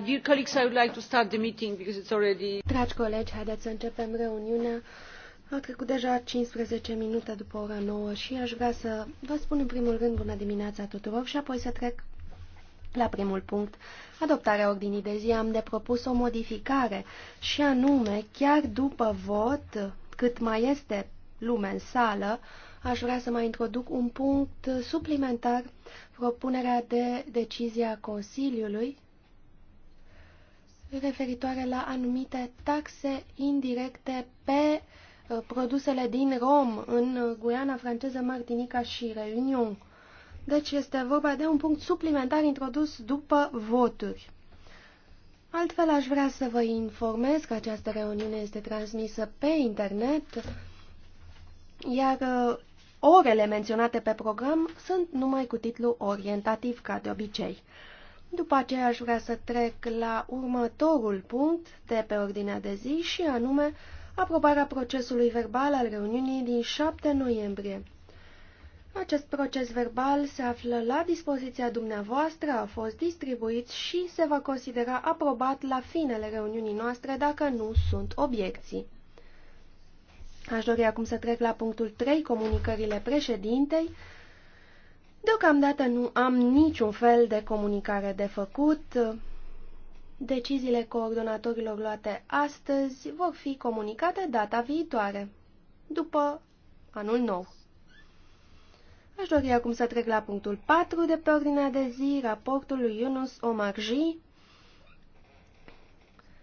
Dragi colegi, haideți să începem reuniunea. A trecut deja 15 minute după ora 9 și aș vrea să vă spun în primul rând bună dimineața tuturor și apoi să trec la primul punct, adoptarea ordinii de zi, am de propus o modificare și anume, chiar după vot, cât mai este lume în sală, aș vrea să mai introduc un punct suplimentar, propunerea de decizie a Consiliului referitoare la anumite taxe indirecte pe uh, produsele din rom în Guiana franceză, Martinica și Reunion. Deci este vorba de un punct suplimentar introdus după voturi. Altfel aș vrea să vă informez că această reuniune este transmisă pe internet, iar uh, orele menționate pe program sunt numai cu titlu orientativ, ca de obicei. După aceea aș vrea să trec la următorul punct de pe ordinea de zi și anume aprobarea procesului verbal al reuniunii din 7 noiembrie. Acest proces verbal se află la dispoziția dumneavoastră, a fost distribuit și se va considera aprobat la finele reuniunii noastre dacă nu sunt obiecții. Aș dori acum să trec la punctul 3, comunicările președintei. Deocamdată nu am niciun fel de comunicare de făcut. Deciziile coordonatorilor luate astăzi vor fi comunicate data viitoare, după anul nou. Aș dori acum să trec la punctul 4 de pe ordinea de zi, raportul lui Yunus Omarji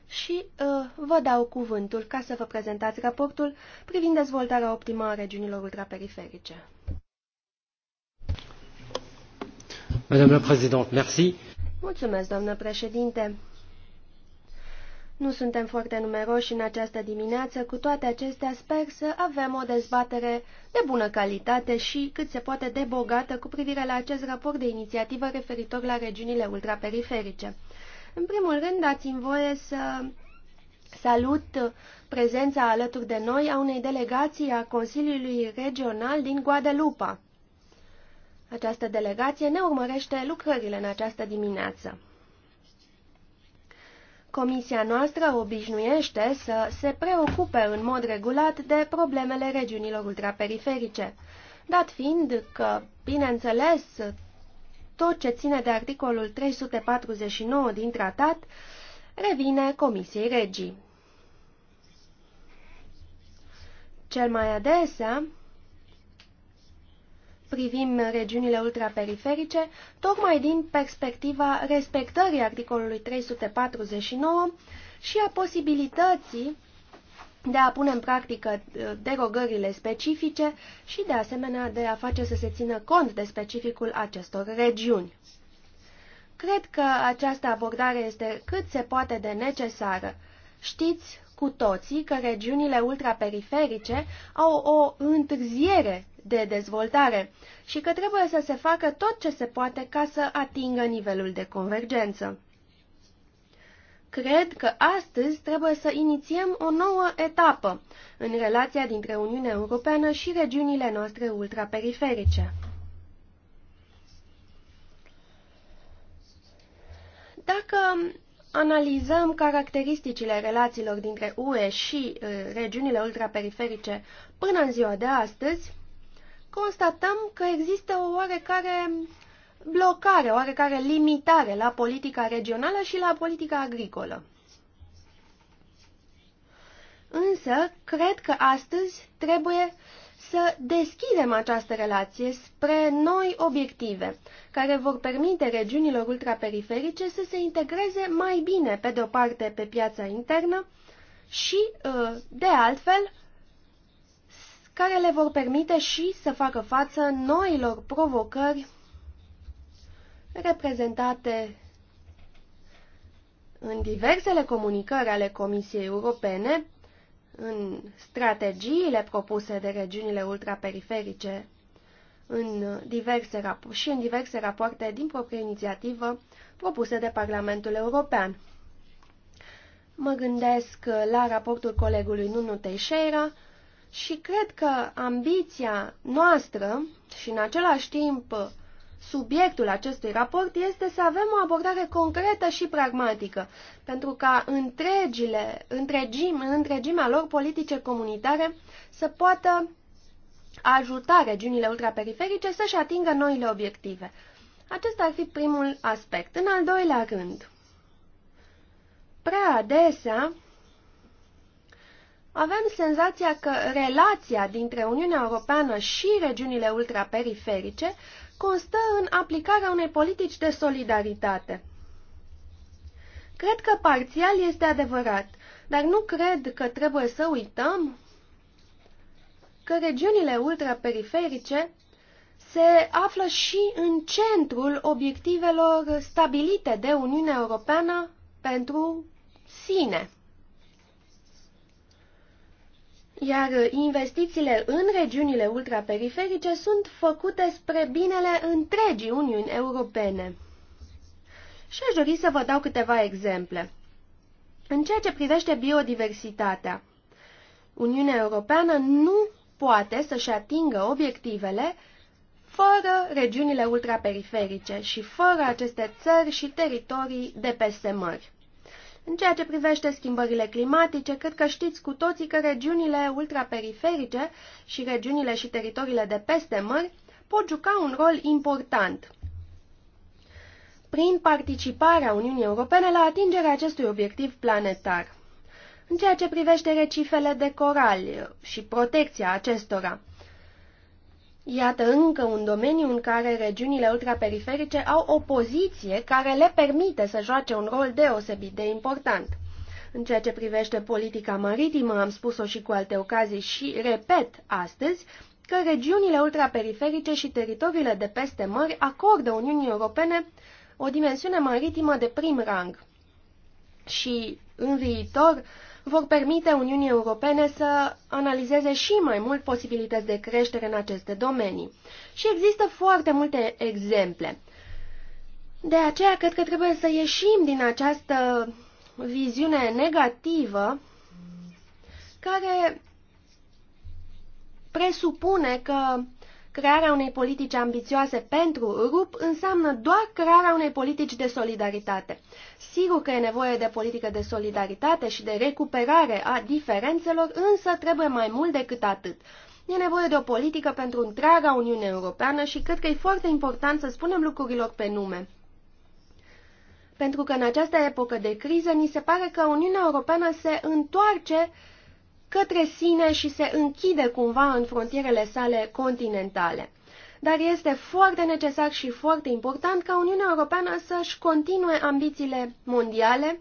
și uh, vă dau cuvântul ca să vă prezentați raportul privind dezvoltarea optimă a regiunilor ultraperiferice. Mulțumesc, doamnă președinte. Nu suntem foarte numeroși în această dimineață, cu toate acestea sper să avem o dezbatere de bună calitate și cât se poate de bogată cu privire la acest raport de inițiativă referitor la regiunile ultraperiferice. În primul rând, dați-mi voie să salut prezența alături de noi a unei delegații a Consiliului Regional din Guadalupa. Această delegație ne urmărește lucrările în această dimineață. Comisia noastră obișnuiește să se preocupe în mod regulat de problemele regiunilor ultraperiferice, dat fiind că, bineînțeles, tot ce ține de articolul 349 din tratat revine Comisiei Regii. Cel mai adesea, privim regiunile ultraperiferice, tocmai din perspectiva respectării articolului 349 și a posibilității de a pune în practică uh, derogările specifice și, de asemenea, de a face să se țină cont de specificul acestor regiuni. Cred că această abordare este cât se poate de necesară. Știți cu toții că regiunile ultraperiferice au o întârziere de dezvoltare și că trebuie să se facă tot ce se poate ca să atingă nivelul de convergență. Cred că astăzi trebuie să inițiem o nouă etapă în relația dintre Uniunea Europeană și regiunile noastre ultraperiferice. Dacă analizăm caracteristicile relațiilor dintre UE și uh, regiunile ultraperiferice până în ziua de astăzi, constatăm că există o oarecare blocare, oarecare limitare la politica regională și la politica agricolă. Însă, cred că astăzi trebuie să deschidem această relație spre noi obiective, care vor permite regiunilor ultraperiferice să se integreze mai bine, pe de o parte, pe piața internă și, uh, de altfel, care le vor permite și să facă față noilor provocări reprezentate în diversele comunicări ale Comisiei Europene, în strategiile propuse de regiunile ultraperiferice în diverse și în diverse rapoarte din proprie inițiativă propuse de Parlamentul European. Mă gândesc la raportul colegului Nunu Teixeira, și cred că ambiția noastră și în același timp subiectul acestui raport este să avem o abordare concretă și pragmatică, pentru ca întregile, întregim, întregimea lor politice comunitare să poată ajuta regiunile ultraperiferice să-și atingă noile obiective. Acesta ar fi primul aspect. În al doilea rând, prea adesea avem senzația că relația dintre Uniunea Europeană și regiunile ultraperiferice constă în aplicarea unei politici de solidaritate. Cred că parțial este adevărat, dar nu cred că trebuie să uităm că regiunile ultraperiferice se află și în centrul obiectivelor stabilite de Uniunea Europeană pentru sine. Iar investițiile în regiunile ultraperiferice sunt făcute spre binele întregii Uniuni Europene. Și aș dori să vă dau câteva exemple. În ceea ce privește biodiversitatea, Uniunea Europeană nu poate să-și atingă obiectivele fără regiunile ultraperiferice și fără aceste țări și teritorii de peste mări. În ceea ce privește schimbările climatice, cred că știți cu toții că regiunile ultraperiferice și regiunile și teritoriile de peste mări pot juca un rol important prin participarea Uniunii Europene la atingerea acestui obiectiv planetar. În ceea ce privește recifele de corali și protecția acestora, Iată încă un domeniu în care regiunile ultraperiferice au o poziție care le permite să joace un rol deosebit de important. În ceea ce privește politica maritimă, am spus-o și cu alte ocazii și repet astăzi, că regiunile ultraperiferice și teritoriile de peste mări acordă Uniunii Europene o dimensiune maritimă de prim rang. Și în viitor, vor permite Uniunii Europene să analizeze și mai mult posibilități de creștere în aceste domenii. Și există foarte multe exemple. De aceea, cred că trebuie să ieșim din această viziune negativă care presupune că Crearea unei politici ambițioase pentru RUP înseamnă doar crearea unei politici de solidaritate. Sigur că e nevoie de politică de solidaritate și de recuperare a diferențelor, însă trebuie mai mult decât atât. E nevoie de o politică pentru întreaga Uniune Europeană și cred că e foarte important să spunem lucrurilor pe nume. Pentru că în această epocă de criză ni se pare că Uniunea Europeană se întoarce uh, către sine și se închide cumva în frontierele sale continentale. Dar este foarte necesar și foarte important ca Uniunea Europeană să-și continue ambițiile mondiale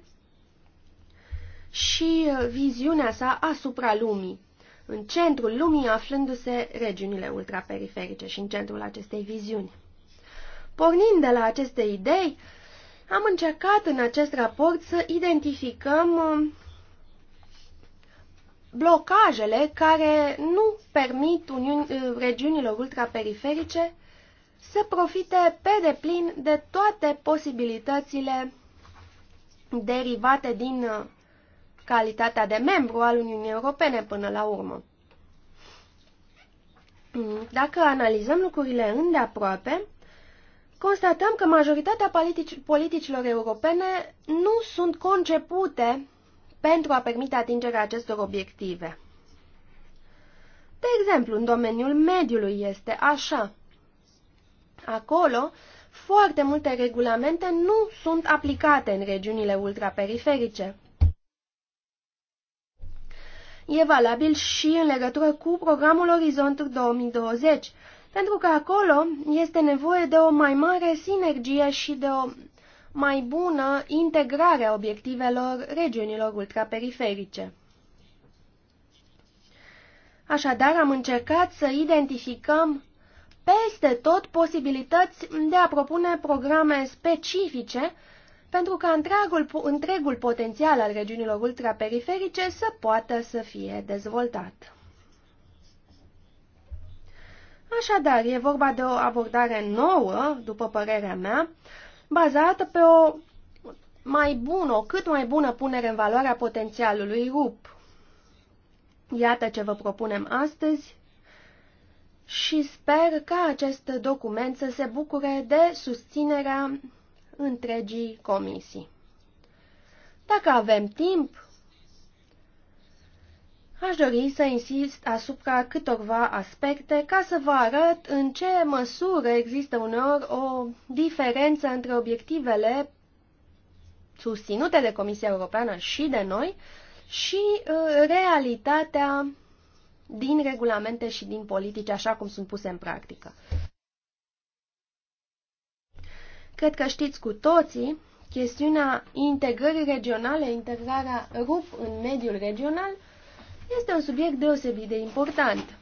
și uh, viziunea sa asupra lumii, în centrul lumii aflându-se regiunile ultraperiferice și în centrul acestei viziuni. Pornind de la aceste idei, am încercat în acest raport să identificăm uh, blocajele care nu permit uniuni, regiunilor ultraperiferice să profite pe deplin de toate posibilitățile derivate din uh, calitatea de membru al Uniunii Europene până la urmă. Mm, dacă analizăm lucrurile îndeaproape, constatăm că majoritatea politici, politicilor europene nu sunt concepute pentru a permite atingerea acestor obiective. De exemplu, în domeniul mediului este așa. Acolo, foarte multe regulamente nu sunt aplicate în regiunile ultraperiferice. E valabil și în legătură cu programul Orizont 2020, pentru că acolo este nevoie de o mai mare sinergie și de o mai bună integrare a obiectivelor regiunilor ultraperiferice. Așadar, am încercat să identificăm peste tot posibilități de a propune programe specifice pentru ca întregul, întregul potențial al regiunilor ultraperiferice să poată să fie dezvoltat. Așadar, e vorba de o abordare nouă, după părerea mea, bazată pe o mai bună, o cât mai bună punere în valoare a potențialului RUP. Iată ce vă propunem astăzi și sper ca acest document să se bucure de susținerea întregii comisii. Dacă avem timp, Aș dori să insist asupra câtorva aspecte ca să vă arăt în ce măsură există uneori o diferență între obiectivele susținute de Comisia Europeană și de noi și uh, realitatea din regulamente și din politici așa cum sunt puse în practică. Cred că știți cu toții chestiunea integrării regionale, integrarea RUP în mediul regional – este un subiect deosebit de important.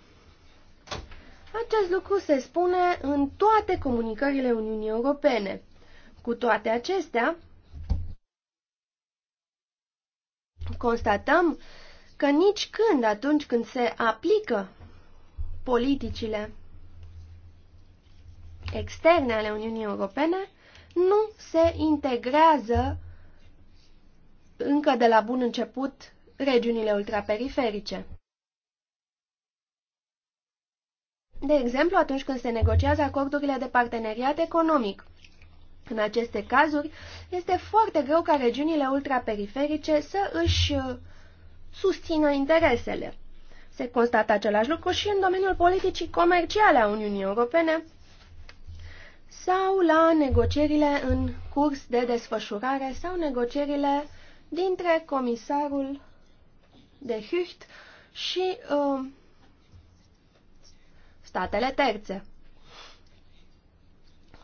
Acest lucru se spune în toate comunicările Uniunii Europene. Cu toate acestea, constatăm că nici când, atunci când se aplică politicile externe ale Uniunii Europene, nu se integrează încă de la bun început regiunile ultraperiferice. De exemplu, atunci când se negociază acordurile de parteneriat economic. În aceste cazuri, este foarte greu ca regiunile ultraperiferice să își uh, susțină interesele. Se constată același lucru și în domeniul politicii comerciale a Uniunii Europene sau la negocierile în curs de desfășurare sau negocierile dintre comisarul de Hücht și uh, statele terțe.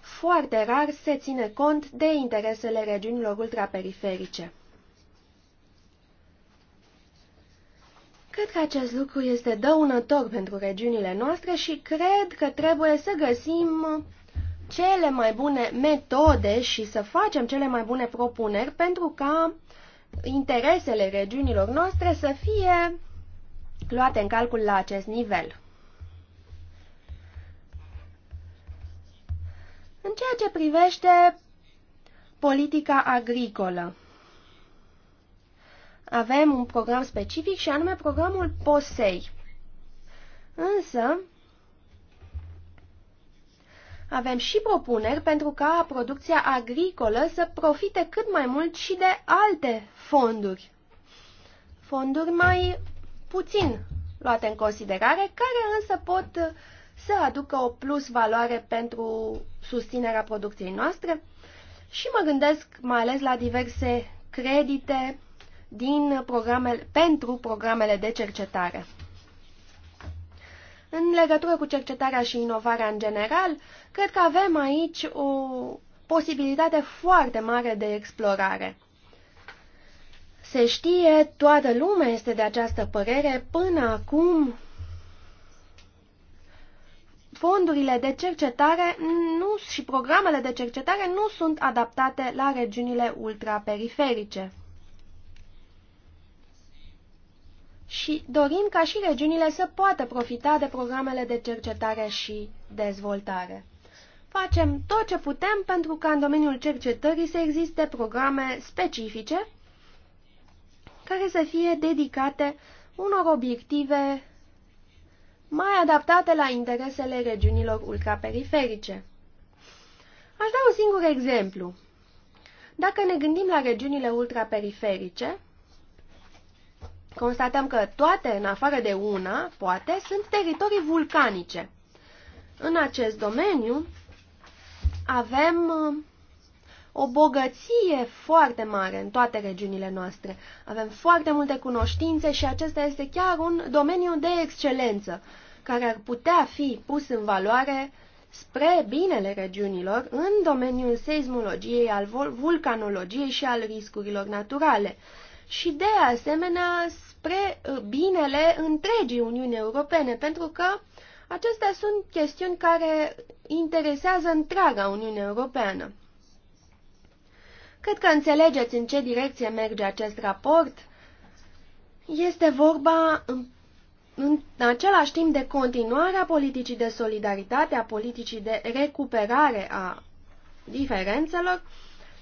Foarte rar se ține cont de interesele regiunilor ultraperiferice. Cred că acest lucru este dăunător pentru regiunile noastre și cred că trebuie să găsim cele mai bune metode și să facem cele mai bune propuneri pentru ca interesele regiunilor noastre să fie luate în calcul la acest nivel. În ceea ce privește politica agricolă, avem un program specific și anume programul POSEI. Însă, avem și propuneri pentru ca producția agricolă să profite cât mai mult și de alte fonduri. Fonduri mai puțin luate în considerare, care însă pot să aducă o plus valoare pentru susținerea producției noastre. Și mă gândesc mai ales la diverse credite din programele, pentru programele de cercetare. În legătură cu cercetarea și inovarea în general, Cred că avem aici o posibilitate foarte mare de explorare. Se știe, toată lumea este de această părere, până acum fondurile de cercetare nu, și programele de cercetare nu sunt adaptate la regiunile ultraperiferice. Și dorim ca și regiunile să poată profita de programele de cercetare și dezvoltare facem tot ce putem pentru ca în domeniul cercetării să existe programe specifice care să fie dedicate unor obiective mai adaptate la interesele regiunilor ultraperiferice. Aș da un singur exemplu. Dacă ne gândim la regiunile ultraperiferice, constatăm că toate, în afară de una, poate, sunt teritorii vulcanice. În acest domeniu, avem uh, o bogăție foarte mare în toate regiunile noastre. Avem foarte multe cunoștințe și acesta este chiar un domeniu de excelență care ar putea fi pus în valoare spre binele regiunilor în domeniul seismologiei, al vulcanologiei și al riscurilor naturale și de asemenea spre uh, binele întregii Uniunii Europene, pentru că uh, Acestea sunt chestiuni care interesează întreaga Uniune Europeană. Cred că înțelegeți în ce direcție merge acest raport. Este vorba în, în același timp de continuarea politicii de solidaritate, a politicii de recuperare a diferențelor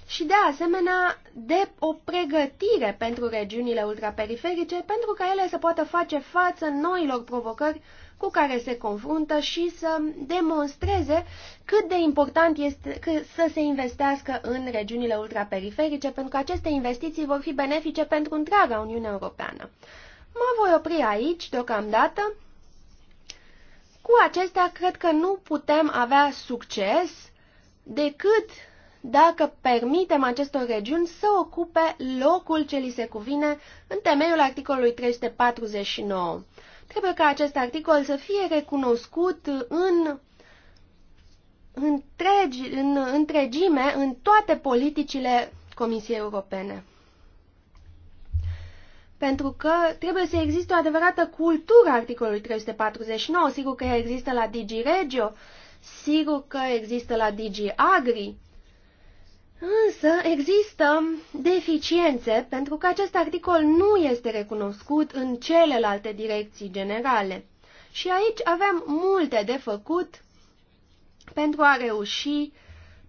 și de asemenea de o pregătire pentru regiunile ultraperiferice pentru ca ele să poată face față noilor provocări cu care se confruntă și să demonstreze cât de important este să se investească în regiunile ultraperiferice, pentru că aceste investiții vor fi benefice pentru întreaga Uniune Europeană. Mă voi opri aici deocamdată. Cu acestea, cred că nu putem avea succes decât dacă permitem acestor regiuni să ocupe locul ce li se cuvine în temeiul articolului 349. Trebuie ca acest articol să fie recunoscut în întregi, în întregime în toate politicile Comisiei Europene. Pentru că trebuie să existe o adevărată cultură articolului 349, sigur că există la Digi Regio, sigur că există la Digi Agri, Însă există deficiențe pentru că acest articol nu este recunoscut în celelalte direcții generale. Și aici avem multe de făcut pentru a reuși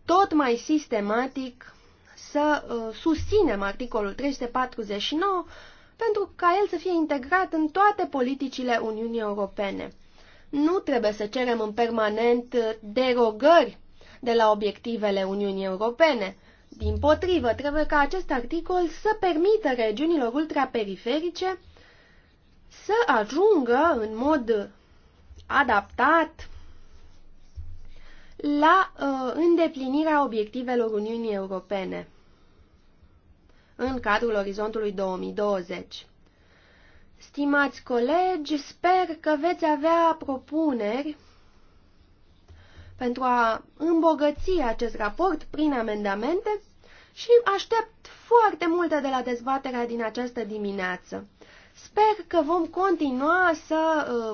tot mai sistematic să uh, susținem articolul 349 pentru ca el să fie integrat în toate politicile Uniunii Europene. Nu trebuie să cerem în permanent uh, derogări de la obiectivele Uniunii Europene. Din potrivă, trebuie ca acest articol să permită regiunilor ultraperiferice să ajungă în mod adaptat la uh, îndeplinirea obiectivelor Uniunii Europene în cadrul orizontului 2020. Stimați colegi, sper că veți avea propuneri pentru a îmbogăți acest raport prin amendamente și aștept foarte multe de la dezbaterea din această dimineață. Sper că vom continua să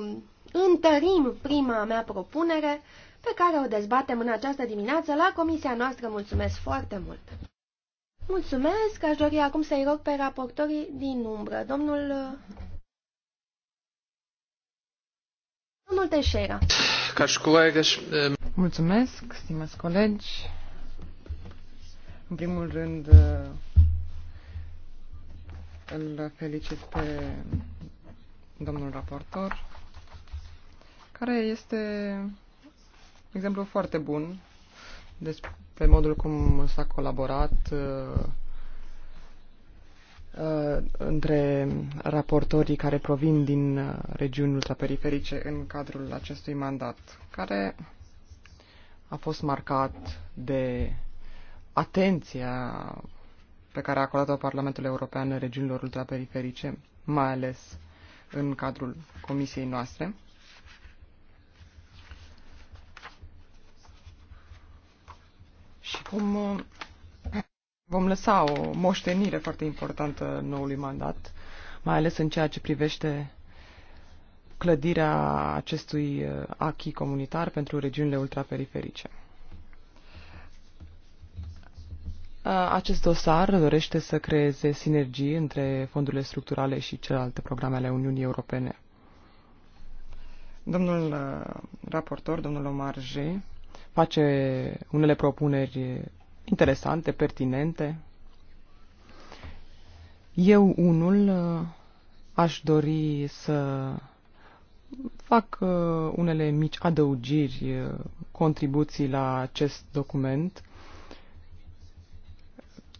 uh, întărim prima mea propunere pe care o dezbatem în această dimineață la comisia noastră. Mulțumesc foarte mult! Mulțumesc! Aș dori acum să-i rog pe raportorii din umbră. Domnul Domnul Teșera. Ca și colegăș... Ehm, Mulțumesc, stimați colegi. În primul rând, eh, îl felicit pe domnul raportor, care este exemplu foarte bun despre modul cum s-a colaborat eh, Uh, între raportorii care provin din uh, regiuni ultraperiferice în cadrul acestui mandat, care a fost marcat de atenția pe care a acordat-o Parlamentul European în regiunilor ultraperiferice, mai ales în cadrul comisiei noastre. Și cum uh, vom lăsa o moștenire foarte importantă noului mandat, mai ales în ceea ce privește clădirea acestui uh, achi comunitar pentru regiunile ultraperiferice. Uh, acest dosar dorește să creeze sinergii între fondurile structurale și celelalte programe ale Uniunii Europene. Domnul uh, raportor, domnul Omarje, face unele propuneri interesante, pertinente. Eu unul uh, aș dori să fac uh, unele mici adăugiri, uh, contribuții la acest document,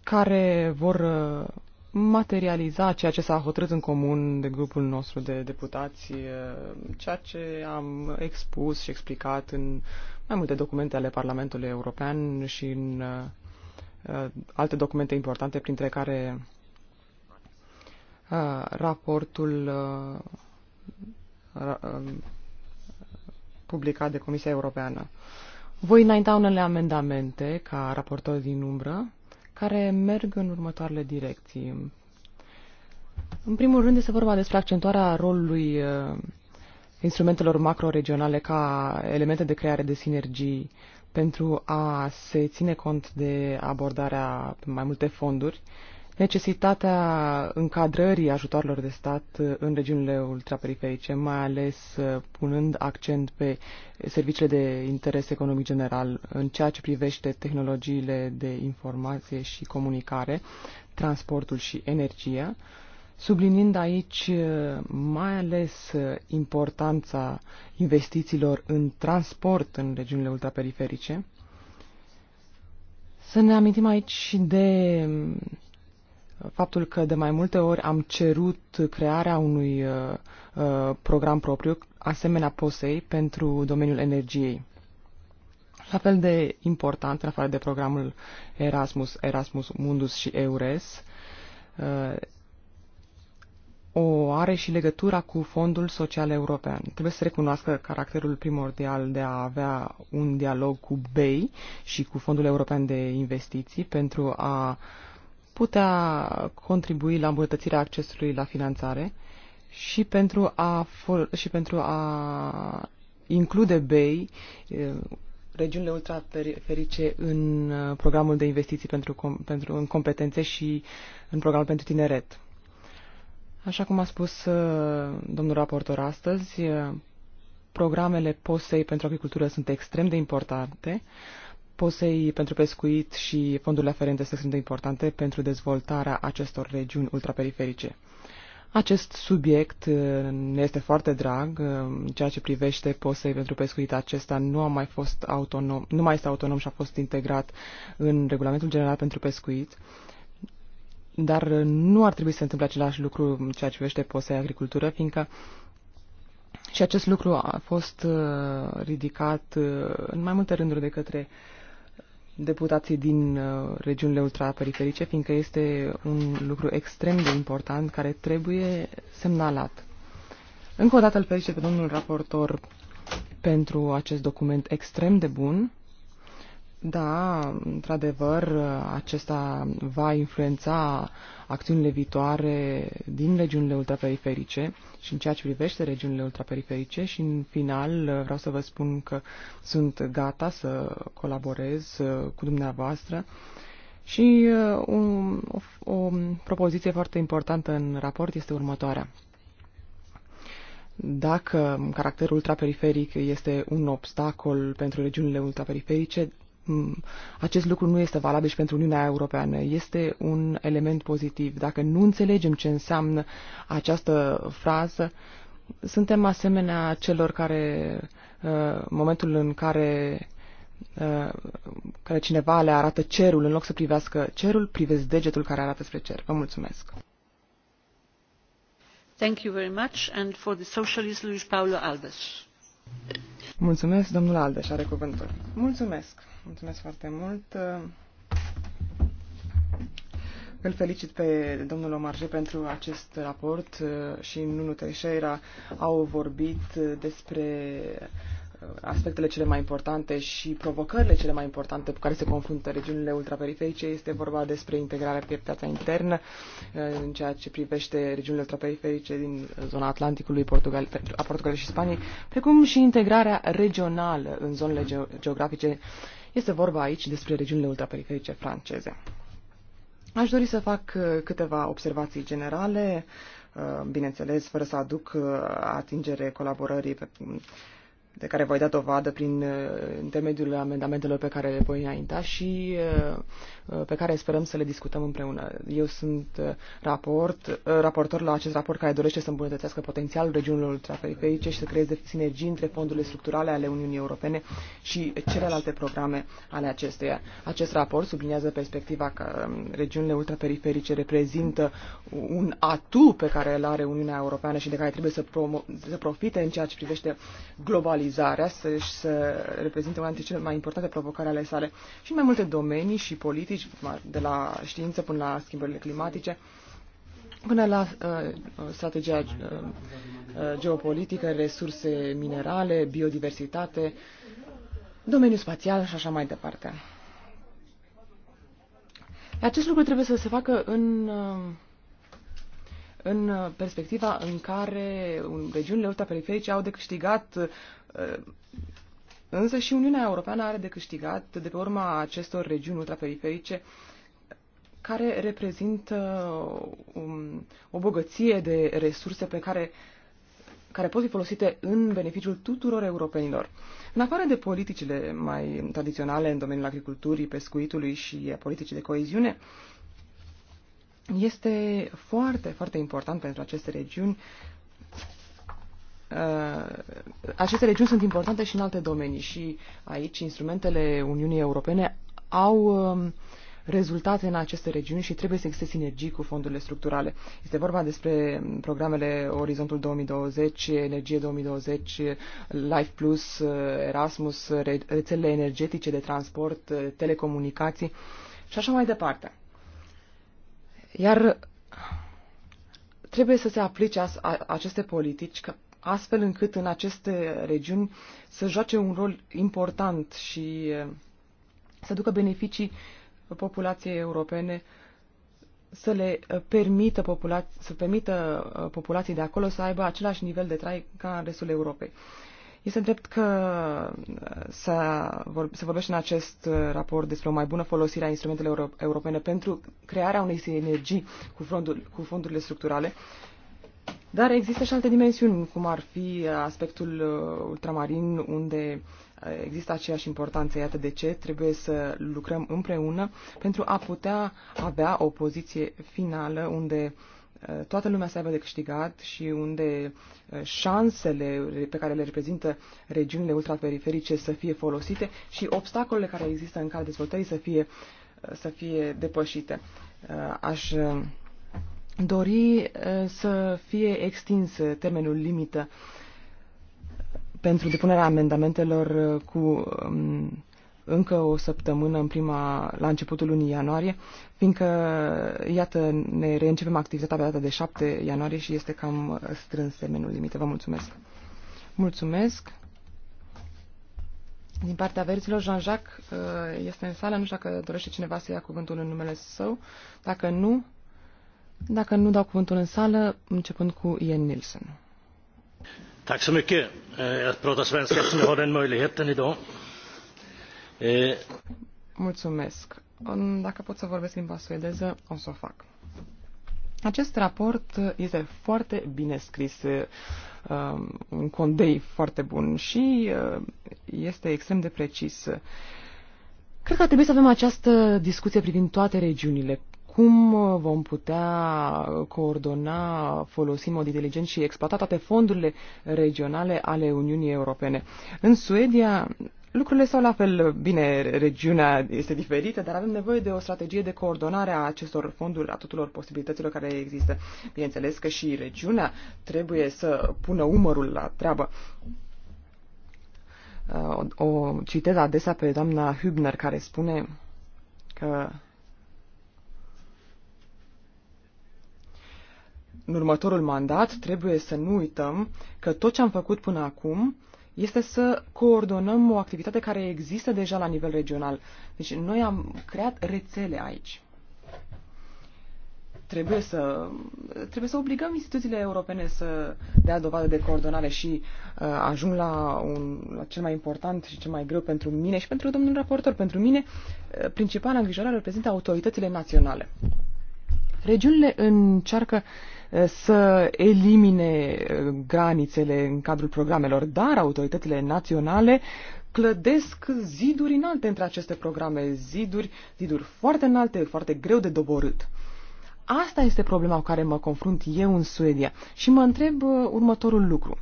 care vor materializa ceea ce s-a hotărât în comun de grupul nostru de deputați, eh, ceea ce am expus și explicat în mai multe documente ale Parlamentului European și în eh, alte documente importante, printre care eh, raportul publicat de Comisia Europeană. Voi înainta unele amendamente ca raportor din umbră care merg în următoarele direcții. În primul rând este vorba despre accentuarea rolului uh, instrumentelor macroregionale ca elemente de creare de sinergii pentru a se ține cont de abordarea mai multe fonduri necesitatea încadrării ajutoarelor de stat uh, în regiunile ultraperiferice, mai ales uh, punând accent pe serviciile de interes economic general în ceea ce privește tehnologiile de informație și comunicare, transportul și energia, sublinind aici uh, mai ales importanța investițiilor în transport în regiunile ultraperiferice. Să ne amintim aici de um, faptul că de mai multe ori am cerut crearea unui uh, uh, program propriu, asemenea POSEI, pentru domeniul energiei. La fel de important, în afară de programul Erasmus, Erasmus Mundus și EURES, uh, o are și legătura cu Fondul Social European. Trebuie să recunoască caracterul primordial de a avea un dialog cu BEI și cu Fondul European de Investiții pentru a uh, putea contribui la îmbunătățirea accesului la finanțare și pentru a, for- și pentru a include BEI regiunile ultraferice în uh, programul de investiții pentru, com- pentru în competențe și în programul pentru tineret. Așa cum a spus uh, domnul raportor astăzi, uh, programele POSEI pentru agricultură sunt extrem de importante posei pentru pescuit și fondurile aferente sunt importante pentru dezvoltarea acestor regiuni ultraperiferice. Acest subiect uh, ne este foarte drag. Uh, în ceea ce privește posei pentru pescuit, acesta nu, a mai fost autonom, nu mai este autonom și a fost integrat în Regulamentul General pentru Pescuit. Dar uh, nu ar trebui să se întâmple același lucru în ceea ce privește posei agricultură, fiindcă și acest lucru a fost ridicat în mai multe rânduri de către uh, deputații din uh, regiunile ultraperiferice, fiindcă este un lucru extrem de important care trebuie semnalat. Încă o dată îl felicit pe domnul raportor pentru acest document extrem de bun da, într-adevăr, acesta va influența acțiunile viitoare din regiunile ultraperiferice și în ceea ce privește regiunile ultraperiferice și în final vreau să vă spun că sunt gata să colaborez uh, cu dumneavoastră și o, uh, o, o propoziție foarte importantă în raport este următoarea dacă caracterul ultraperiferic este un obstacol pentru regiunile ultraperiferice, Mm, acest lucru nu este valabil și pentru Uniunea Europeană. Este un element pozitiv. Dacă nu înțelegem ce înseamnă această frază, suntem asemenea celor care, în uh, momentul în care uh, care cineva le arată cerul, în loc să privească cerul, privesc degetul care arată spre cer. Vă mulțumesc. Thank you very much and for the socialist Luis Paulo Alves. Mulțumesc, domnul Aldeș, are cuvântul. Mulțumesc, mulțumesc foarte mult. Îl felicit pe domnul Omarje pentru acest raport uh, și Nunu Teixeira au vorbit despre aspectele cele mai importante și provocările cele mai importante cu care se confruntă regiunile ultraperiferice. Este vorba despre integrarea pe piața internă uh, în ceea ce privește regiunile ultraperiferice din zona Atlanticului, Portugal, a Portugaliei și Spaniei, precum și integrarea regională în zonele geografice. Este vorba aici despre regiunile ultraperiferice franceze. Aș dori să fac uh, câteva observații generale uh, bineînțeles, fără să aduc atingere colaborării pe de care voi da dovadă prin uh, intermediul amendamentelor pe care le voi înainta și uh, uh, pe care sperăm să le discutăm împreună. Eu sunt raport, raportor la acest raport care dorește să îmbunătățească potențialul regiunilor ultraperiferice și să creeze sinergii între fondurile structurale ale Uniunii Europene și celelalte programe ale acesteia. Acest raport subliniază perspectiva că um, regiunile ultraperiferice reprezintă un atu pe care îl are Uniunea Europeană și de care trebuie să, promo- să profite în ceea ce privește globalizarea globalizarea să, să reprezinte una dintre cele mai importante provocări ale sale și în mai multe domenii și politici, de la știință până la schimbările climatice, până la uh, uh strategia uh, uh, geopolitică, resurse minerale, biodiversitate, domeniul spațial și așa mai departe. Acest lucru trebuie să se facă în uh, în perspectiva în care regiunile ultraperiferice au de câștigat uh, Însă și Uniunea Europeană are de câștigat de pe urma acestor regiuni ultraperiferice care reprezintă uh, um, o bogăție de resurse pe care, care pot fi folosite în beneficiul tuturor europenilor. În afară de politicile mai tradiționale în domeniul agriculturii, pescuitului și politicii de coeziune, este foarte, foarte important pentru aceste regiuni. Uh, aceste regiuni sunt importante și în alte domenii și aici instrumentele Uniunii Europene au um, rezultate în aceste regiuni și trebuie să existe sinergii cu fondurile structurale. Este vorba despre programele Orizontul 2020, Energie 2020, Life Plus, Erasmus, rețelele energetice de transport, telecomunicații și așa mai departe. Iar trebuie să se aplice aceste politici ca, astfel încât în aceste regiuni să joace un rol important și eh, să ducă beneficii populației europene să le eh, permită, populați să permită eh, populației de acolo să aibă același nivel de trai ca în restul Europei. Este drept că uh, să vorbește în acest uh, raport despre o mai bună folosire a instrumentelor europene pentru crearea unei sinergii cu, fondul, cu fondurile structurale, dar există și alte dimensiuni, cum ar fi uh, aspectul ultramarin, unde există aceeași importanță. Iată de ce trebuie să lucrăm împreună pentru a putea avea o poziție finală unde uh, Eh, toată lumea să aibă de câștigat și unde eh, șansele pe care le reprezintă regiunile ultraperiferice să fie folosite și obstacolele care există în calea dezvoltării să fie, eh, să fie depășite. Aș dori să fie extins termenul limită pentru depunerea amendamentelor cu mm, încă o săptămână în prima, la începutul lunii ianuarie, fiindcă, iată, ne reîncepem activitatea pe data de 7 ianuarie și este cam strâns semenul limite. Vă mulțumesc! Mulțumesc! Din partea verzilor, Jean-Jacques uh, este în sală, nu știu dacă dorește cineva să ia cuvântul în numele său. Dacă nu, dacă nu dau cuvântul în sală, începând cu Ian Nielsen. Tack så mycket. Eh, jag pratar svenska så jag har den möjligheten idag. E... Mulțumesc. Dacă pot să vorbesc limba suedeză, o să o fac. Acest raport este foarte bine scris, um, un condei foarte bun și este extrem de precis. Cred că ar trebui să avem această discuție privind toate regiunile. Cum uh, vom putea coordona, folosi în mod inteligent și exploata toate fondurile regionale ale Uniunii Europene? În Suedia Lucrurile sau la fel. Bine, regiunea este diferită, dar avem nevoie de o strategie de coordonare a acestor fonduri, a tuturor posibilităților care există. Bineînțeles că și regiunea trebuie să pună umărul la treabă. Uh, o, o citez adesea pe doamna Hübner care spune că în următorul mandat trebuie să nu uităm că tot ce am făcut până acum este să coordonăm o activitate care există deja la nivel regional. Deci noi am creat rețele aici. Trebuie să, trebuie să obligăm instituțiile europene să dea dovadă de coordonare și uh, ajung la, un, la cel mai important și cel mai greu pentru mine și pentru domnul raportor. Pentru mine, uh, principala îngrijorare reprezintă autoritățile naționale. Regiunile încearcă uh, să elimine uh, granițele în cadrul programelor, dar autoritățile naționale clădesc ziduri înalte între aceste programe, ziduri, ziduri foarte înalte, foarte greu de doborât. Asta este problema cu care mă confrunt eu în Suedia și mă întreb uh, următorul lucru.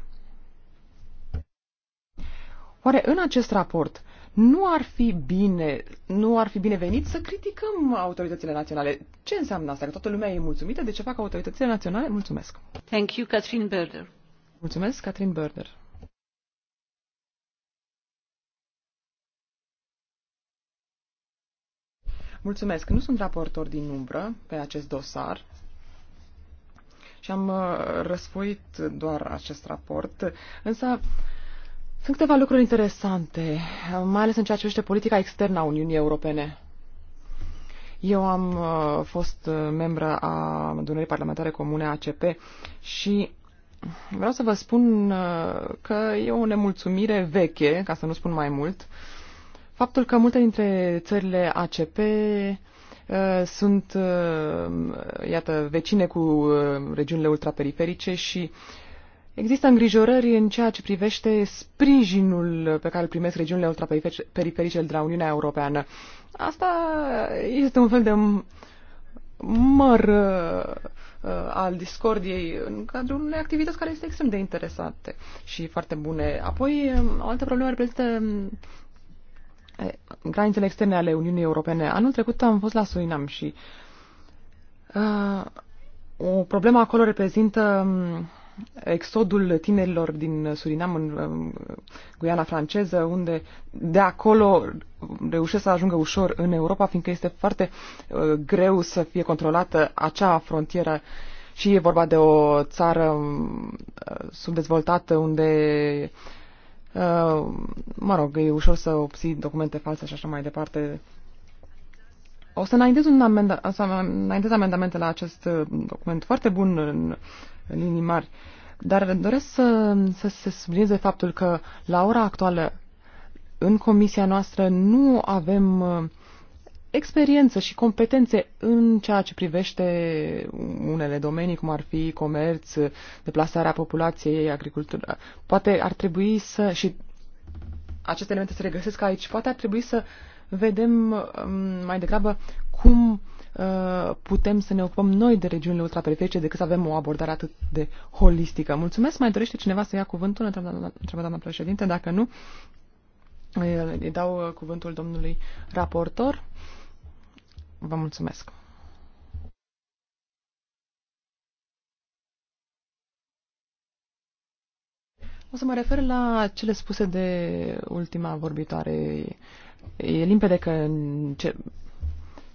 Oare în acest raport nu ar fi bine, nu ar fi binevenit să criticăm autoritățile naționale. Ce înseamnă asta? Că toată lumea e mulțumită de ce fac autoritățile naționale? Mulțumesc. Thank you, Catherine Berder. Mulțumesc, Catherine Berder. Mulțumesc. Nu sunt raportor din umbră pe acest dosar și am uh, răsfoit doar acest raport, însă sunt câteva lucruri interesante, mai ales în ceea ce privește politica externă a Uniunii Europene. Eu am uh, fost uh, membră a adunării parlamentare comune ACP și vreau să vă spun uh, că e o nemulțumire veche, ca să nu spun mai mult, faptul că multe dintre țările ACP uh, sunt, uh, iată, vecine cu uh, regiunile ultraperiferice și uh, Există îngrijorări în ceea ce privește sprijinul pe care îl primesc regiunile ultraperiferice de la Uniunea Europeană. Asta este un fel de măr uh, al discordiei în cadrul unei activități care este extrem de interesante și foarte bune. Apoi, um, o altă problemă reprezintă um, granițele externe ale Uniunii Europene. Anul trecut am fost la Suinam și uh, o problemă acolo reprezintă um, exodul tinerilor din Surinam în Guiana franceză, unde de acolo reușesc să ajungă ușor în Europa, fiindcă este foarte uh, greu să fie controlată acea frontieră și e vorba de o țară um, uh, subdezvoltată unde uh, mă rog, e ușor să obții documente false și așa mai departe. O să înaintez, un amenda, să înaintez amendamente la acest document foarte bun în în linii mari. Dar doresc să, să se sublinieze faptul că la ora actuală în comisia noastră nu avem uh, experiență și competențe în ceea ce privește unele domenii, cum ar fi comerț, deplasarea populației, agricultură. Poate ar trebui să, și aceste elemente se regăsesc aici, poate ar trebui să vedem um, mai degrabă cum uh, Uh, putem să ne ocupăm noi de regiunile ultraperiferice decât să avem o abordare atât de holistică. Mulțumesc. Mai dorește cineva să ia cuvântul? Întreabă doamna președinte. Dacă nu, îi dau uh, cuvântul domnului raportor. Vă mulțumesc. O să mă refer la cele spuse de ultima vorbitoare. E limpede că, ce,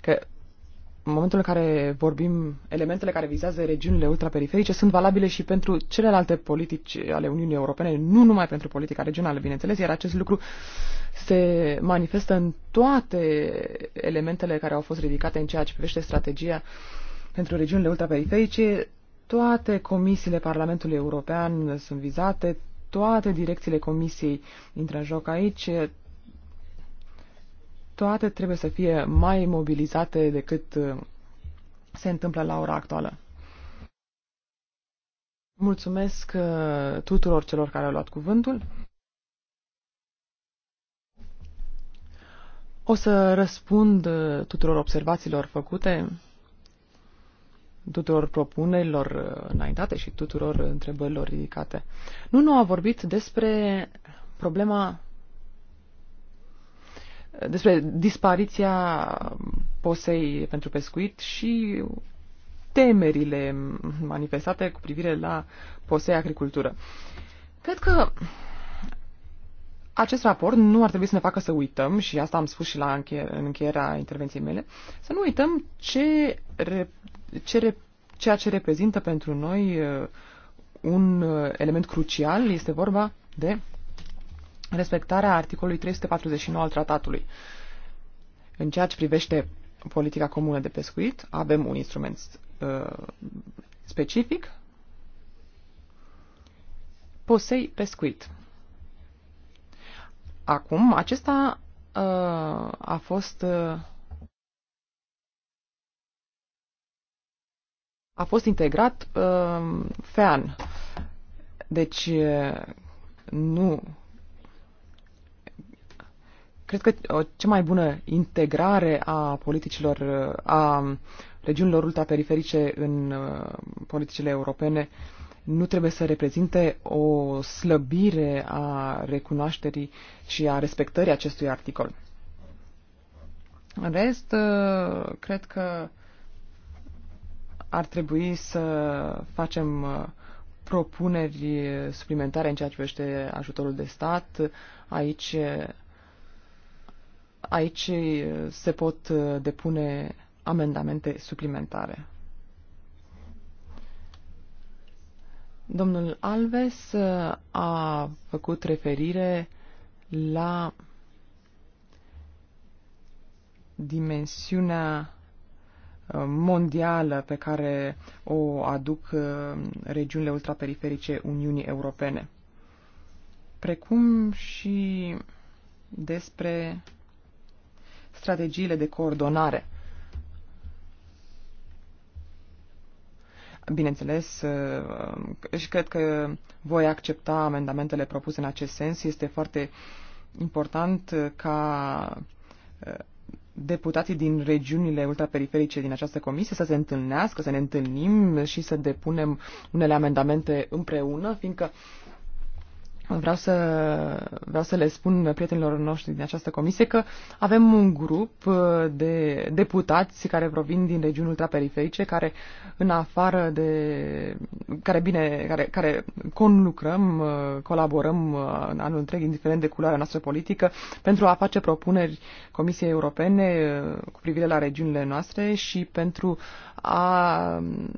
că în momentul în care vorbim, elementele care vizează regiunile ultraperiferice sunt valabile și pentru celelalte politici ale Uniunii Europene, nu numai pentru politica regională, bineînțeles, iar acest lucru se manifestă în toate elementele care au fost ridicate în ceea ce privește strategia pentru regiunile ultraperiferice. Toate comisiile Parlamentului European sunt vizate, toate direcțiile comisiei intră în joc aici, toate trebuie să fie mai mobilizate decât uh, se întâmplă la ora actuală. Mulțumesc uh, tuturor celor care au luat cuvântul. O să răspund uh, tuturor observațiilor făcute, tuturor propunerilor înaintate și tuturor întrebărilor ridicate. Nu nu a vorbit despre problema despre dispariția posei pentru pescuit și temerile manifestate cu privire la posei agricultură. Cred că acest raport nu ar trebui să ne facă să uităm, și asta am spus și la încheier, în încheierea intervenției mele, să nu uităm ce, ce, ceea ce reprezintă pentru noi uh, un uh, element crucial, este vorba de respectarea articolului 349 al tratatului. În ceea ce privește politica comună de pescuit, avem un instrument uh, specific, Posei Pescuit. Acum, acesta uh, a fost uh, a fost integrat uh, FEAN. Deci uh, nu Cred că o uh, cea mai bună integrare a politicilor, uh, a regiunilor ultraperiferice în uh, politicile europene nu trebuie să reprezinte o slăbire a recunoașterii și a respectării acestui articol. În rest, cred că ar trebui să facem propuneri suplimentare în ceea ce privește ajutorul de stat. Aici Aici se pot depune amendamente suplimentare. Domnul Alves a făcut referire la dimensiunea mondială pe care o aduc regiunile ultraperiferice Uniunii Europene, precum și despre strategiile de coordonare. Bineînțeles, uh, și cred că voi accepta amendamentele propuse în acest sens. Este foarte important ca uh, deputații din regiunile ultraperiferice din această comisie să se întâlnească, să ne întâlnim și să depunem unele amendamente împreună, fiindcă uh, Vreau să, vreau să le spun prietenilor noștri din această comisie că avem un grup uh, de deputați care provin din regiuni ultraperiferice, care în afară de care bine, care, care conlucrăm, uh, colaborăm uh, în anul întreg, indiferent de culoarea noastră politică, pentru a face propuneri Comisiei Europene cu privire la regiunile noastre și pentru a um,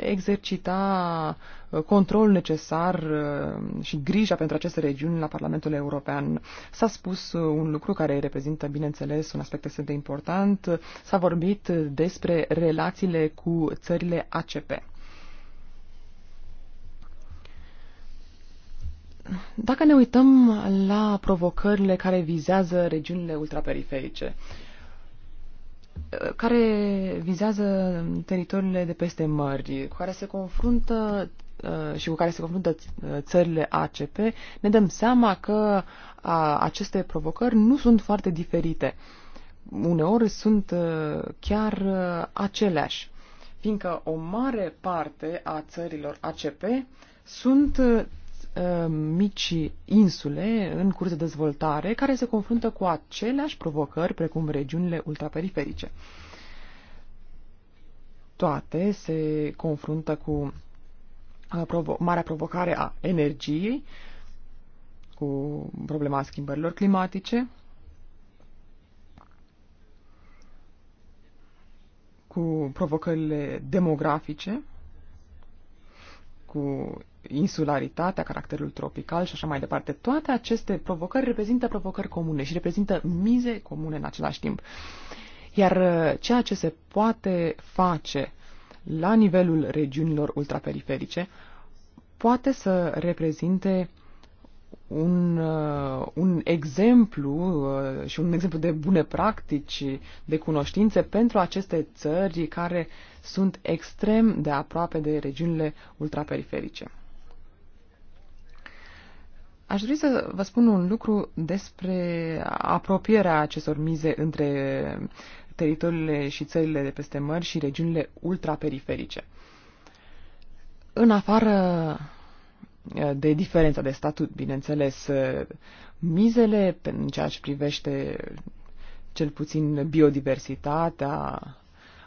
exercita uh, control necesar uh, și grija pentru aceste regiuni la Parlamentul European. S-a spus uh, un lucru care reprezintă, bineînțeles, un aspect extrem de important. S-a vorbit despre relațiile cu țările ACP. Dacă ne uităm la provocările care vizează regiunile ultraperiferice, uh, care vizează teritoriile de peste mări, cu care se confruntă Uh, și cu care se confruntă uh, țările ACP, ne dăm seama că aceste provocări nu sunt foarte diferite. Uneori sunt uh, chiar aceleași, fiindcă o mare parte a țărilor ACP sunt mici insule în curs de dezvoltare care se confruntă cu aceleași provocări precum regiunile ultraperiferice. Toate se confruntă cu provo- marea provocare a energiei, cu problema schimbărilor climatice, cu provocările demografice, cu insularitatea, caracterul tropical și așa mai departe. Toate aceste provocări reprezintă provocări comune și reprezintă mize comune în același timp. Iar uh, ceea ce se poate face la nivelul regiunilor ultraperiferice poate să reprezinte un, uh, un exemplu uh, și un exemplu de bune practici, de cunoștințe pentru aceste țări care sunt extrem de aproape de regiunile ultraperiferice. Aș dori să vă spun un lucru despre apropierea acestor mize între teritoriile și țările de peste mări și regiunile ultraperiferice. În afară de diferența de statut, bineînțeles, mizele în ceea ce privește cel puțin biodiversitatea,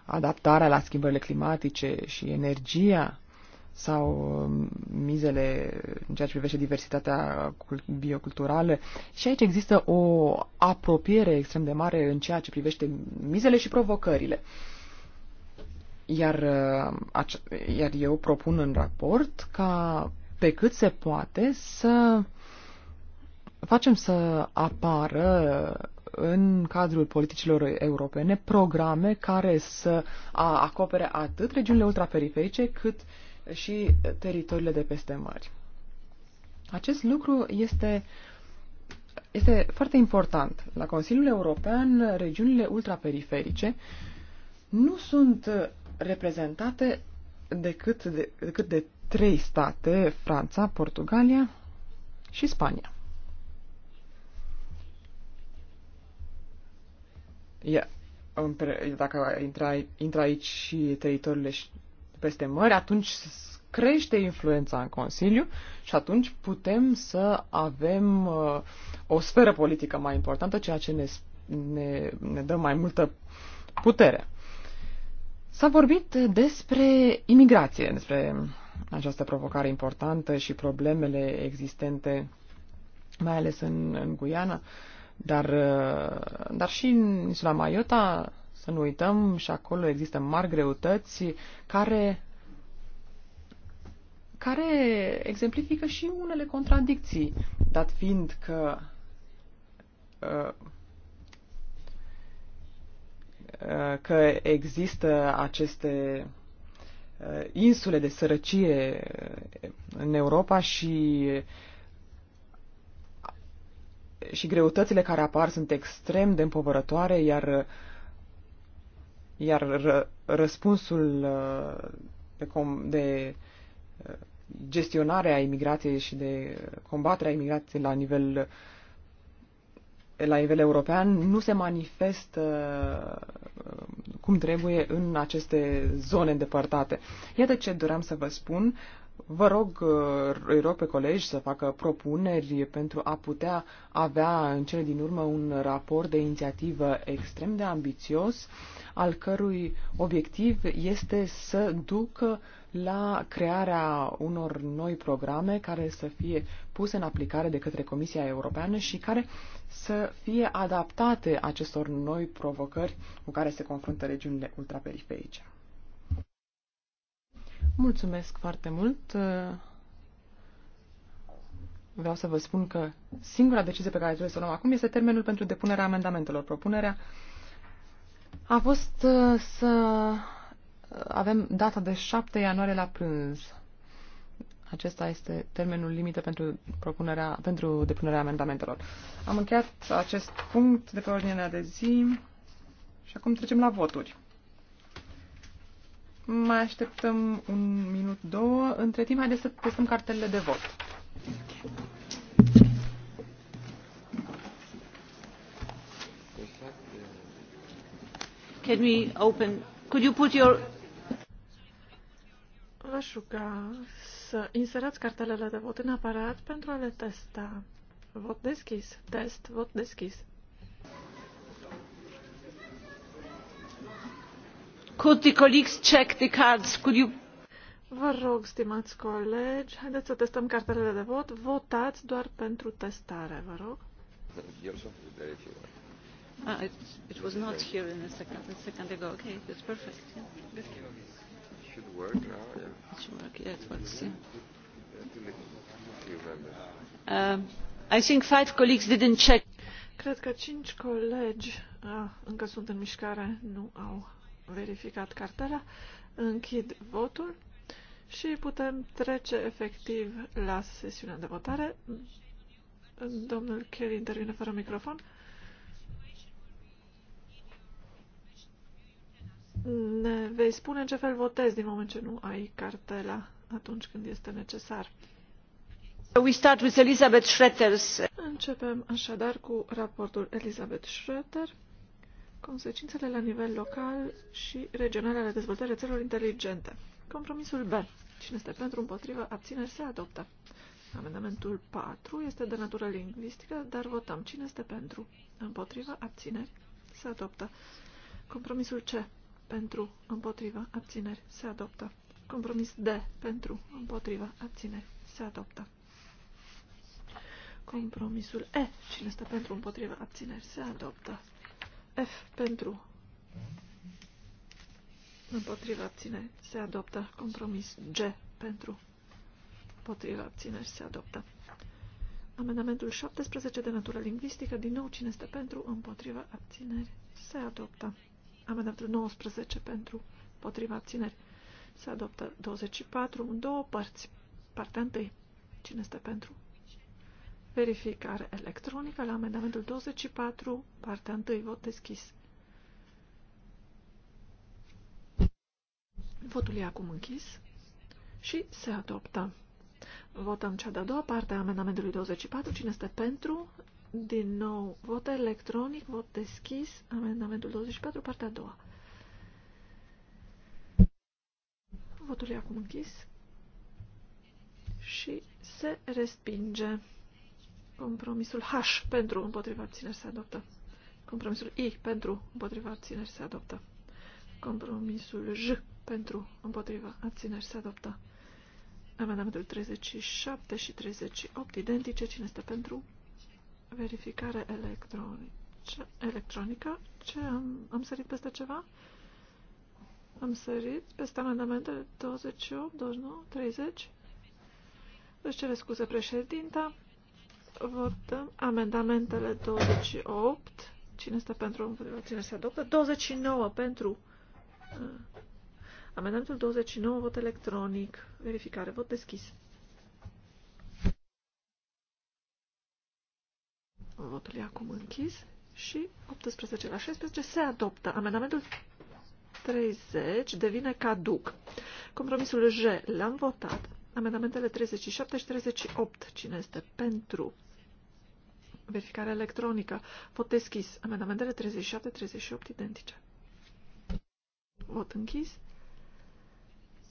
adaptarea la schimbările climatice și energia sau um, mizele în ceea ce privește diversitatea bioculturală. Și aici există o apropiere extrem de mare în ceea ce privește mizele și provocările. Iar, um, iar eu propun în raport ca pe cât se poate să facem să apară în cadrul politicilor europene programe care să acopere atât regiunile ultraperiferice cât și teritoriile de peste mări. Acest lucru este, este foarte important. La Consiliul European, regiunile ultraperiferice nu sunt reprezentate decât de, decât de trei state, Franța, Portugalia și Spania. Yeah. Dacă intra, intra aici și teritoriile peste mări, atunci crește influența în Consiliu și atunci putem să avem uh, o sferă politică mai importantă, ceea ce ne, ne, ne dă mai multă putere. S-a vorbit despre imigrație, despre această provocare importantă și problemele existente, mai ales în, în Guiana, dar, uh, dar și în insula Maiota, să nu uităm, și acolo există mari greutăți care, care exemplifică și unele contradicții, dat fiind că uh, uh, că există aceste uh, insule de sărăcie în Europa și și greutățile care apar sunt extrem de împovărătoare, iar iar ră, răspunsul uh, de, com, de uh, gestionare a imigrației și de combaterea imigrației la nivel la nivel european nu se manifestă uh, cum trebuie în aceste zone îndepărtate. Iată ce doream să vă spun. Vă rog, uh, îi rog pe colegi să facă propuneri pentru a putea avea în cele din urmă un raport de inițiativă extrem de ambițios, al cărui obiectiv este să ducă la crearea unor noi programe care să fie puse în aplicare de către Comisia Europeană și care să fie adaptate acestor noi provocări cu care se confruntă regiunile ultraperiferice. Mulțumesc foarte mult. Vreau să vă spun că singura decizie pe care trebuie să o luăm acum este termenul pentru depunerea amendamentelor. Propunerea a fost uh, să avem data de 7 ianuarie la prânz. Acesta este termenul limită pentru, propunerea, pentru depunerea amendamentelor. Am încheiat acest punct de pe ordinea de zi și acum trecem la voturi. Mai așteptăm un minut, două. Între timp, haideți să testăm cartelele de vot. Can we open? Could you put your... Aș ruga să inserați cartelele de vot în aparat pentru a le testa. Vot deschis. Test. Vot deschis. Could the colleagues check the cards? Could you... Vă rog, stimați colegi, haideți să testăm cartelele de vot. Votați doar pentru testare, vă rog. Ah, it, it was not here in a second, a second ago. Okay, that's perfect. Yeah. It should work now, yeah. It should work, yeah, it works, yeah. Uh, I think five colleagues didn't check. Cred că cinci colegi ah, încă sunt în mișcare, nu au verificat cartela, închid votul și putem trece efectiv la sesiunea de votare. Domnul Kelly intervine fără microfon. Ne vei spune în ce fel votezi din moment ce nu ai cartela atunci când este necesar. We start with Elizabeth Schroeder's. Începem așadar cu raportul Elizabeth Schroeter consecințele la nivel local și regional ale dezvoltării țărilor inteligente. Compromisul B. Cine este pentru, împotrivă, abține, se adoptă. Amendamentul 4 este de natură lingvistică, dar votăm. Cine este pentru, împotrivă, abțineri, se adoptă. Compromisul C. Pentru, împotrivă, abțineri, se adoptă. Compromis D. Pentru, împotrivă, abțineri, se adoptă. Compromisul E. Cine este pentru, împotrivă, abțineri, se adoptă. F pentru. Împotriva ține, se adoptă. Compromis G pentru. Împotriva ține, se adoptă. Amendamentul 17 de natură lingvistică, din nou cine este pentru, împotriva abțineri, se adoptă. Amendamentul 19 pentru, împotriva abțineri, se adoptă 24 în două părți. Partea 1, cine este pentru, Verificare electronică la amendamentul 24, partea 1, vot deschis. Votul e acum închis și se adoptă. Votăm cea de-a doua parte a amendamentului 24. Cine este pentru? Din nou, vot electronic, vot deschis, amendamentul 24, partea a doua. Votul e acum închis și se respinge. Compromisul H pentru împotriva abțineri se adoptă. Compromisul I pentru împotriva abțineri se adoptă. Compromisul J pentru împotriva abțineri se adoptă. Amendamentul 37 și 38 identice. Cine este pentru? Verificare electronică? electronică. Ce? Am, am sărit peste ceva? Am sărit peste amendamentele 28, 29, 30. Își cere scuze președinta. Votăm amendamentele 28. Cine este pentru? Împotriva Cine se adoptă. 29 pentru. Uh, amendamentul 29, vot electronic. Verificare, vot deschis. Votul e acum închis și 18 la 16 se adoptă. Amendamentul 30 devine caduc. Compromisul J l-am votat. Amendamentele 37 și 38. Cine este pentru? Verificare electronică. Vot deschis. Amendamentele 37-38 identice. Vot închis.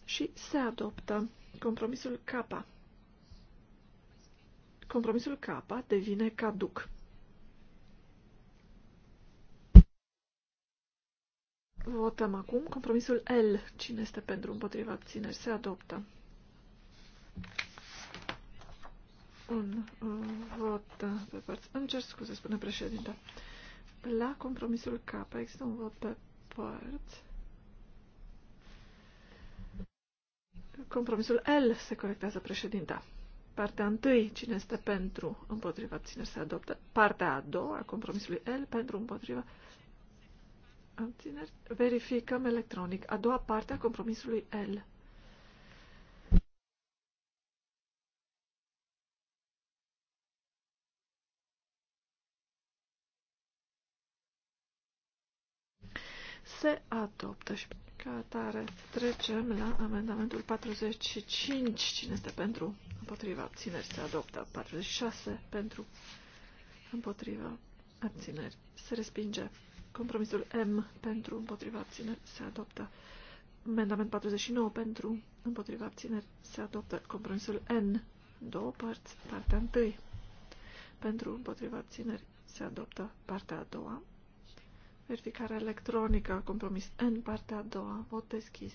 Și se adoptă compromisul K. Compromisul K devine caduc. Votăm acum compromisul L. Cine este pentru împotriva abțineri? Se adoptă un uh, vot uh, pe părți. Îmi cer scuze, spune președinte. La compromisul K există un vot pe părți. Compromisul L se corectează președinta. Partea întâi, cine este pentru, împotriva, cine se adoptă. Partea a doua, compromisului L, pentru, împotriva, abțineri. Verificăm electronic. A doua parte a compromisului L. se adoptă și ca atare trecem la amendamentul 45. Cine este pentru? Împotriva abțineri se adoptă. 46 pentru. Împotriva abțineri se respinge. Compromisul M pentru împotriva abțineri se adoptă. Amendament 49 pentru împotriva abțineri se adoptă. Compromisul N. Două părți. Partea 1. Pentru împotriva abțineri se adoptă. Partea a doua Verificarea electronică, compromis în partea a doua, vot deschis.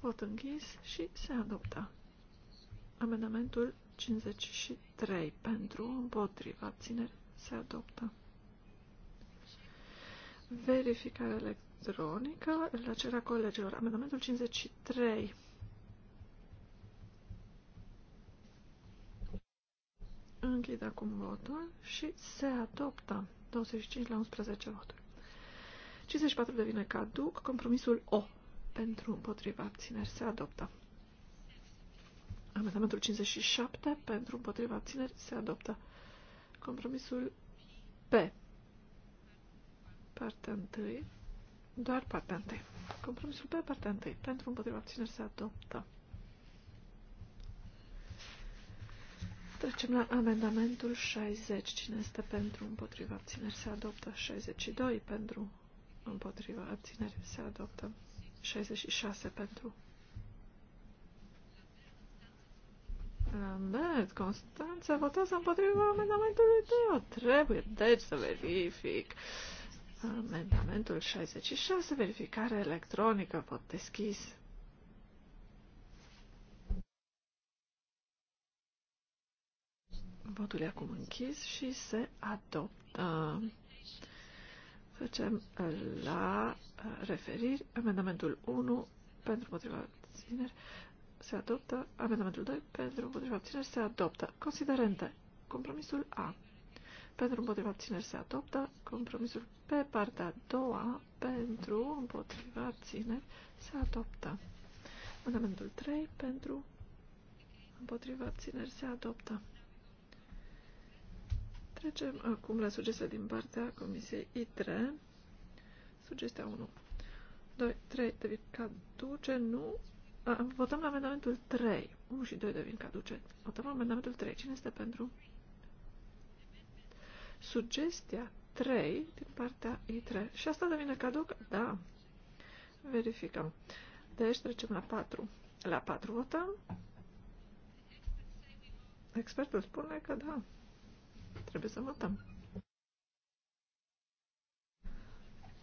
Vot închis și se adoptă. Amendamentul 53 pentru, împotriva, abținere, se adoptă. Verificare electronică la cererea colegilor. Amendamentul 53 Închid acum votul și se adoptă 25 la 11 voturi. 54 devine caduc, compromisul O pentru împotriva abțineri se adoptă. Amendamentul 57 pentru împotriva abțineri se adoptă. Compromisul P. Partea 1. Doar partea 1. Compromisul P, partea 1. Pentru împotriva abțineri se adoptă. Trecem la amendamentul 60. Cine este pentru împotriva abțineri se adoptă. 62 pentru împotriva abțineri se adoptă. 66 pentru Lambert, Constanța votează împotriva amendamentului tău. Trebuie, deci, să verific. Amendamentul 66, verificare electronică, vot deschis. Votul e acum închis și se adoptă. Trecem la uh, referiri. Amendamentul 1 pentru împotriva abțineri se adoptă. Amendamentul 2 pentru împotriva abțineri se adoptă. Considerente. Compromisul A. Pentru împotriva abțineri se adoptă. Compromisul pe partea a doua pentru împotriva abțineri se adoptă. Amendamentul 3 pentru împotriva abțineri se adoptă. Trecem acum la sugestia din partea Comisiei ITRE. Sugestia 1. 2, 3 devin caduce, nu. A, votăm la amendamentul 3. 1 și 2 devin caduce. Votăm la amendamentul 3. Cine este pentru? Sugestia 3 din partea ITRE. Și asta devine caduc? Da. Verificăm. Deci trecem la 4. La 4 votăm. Expertul spune că da. Trebuie să votăm.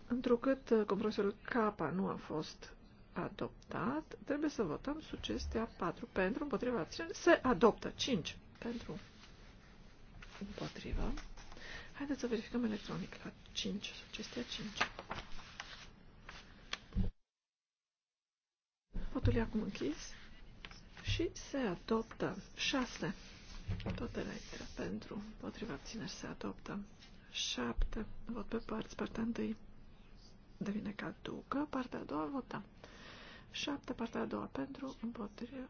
Întrucât uh, compromisul K nu a fost adoptat, trebuie să votăm sugestia 4 pentru, împotriva, abțineri, se adoptă 5 pentru, împotriva. Haideți să verificăm electronic la 5, sugestia 5. Votul e acum închis și se adoptă 6 tot Electra pentru, potriva abțineri se adoptă. 7. Vot pe părți. Partea 1 devine caducă. Partea a doua votăm. 7. Partea a doua pentru, împotriva.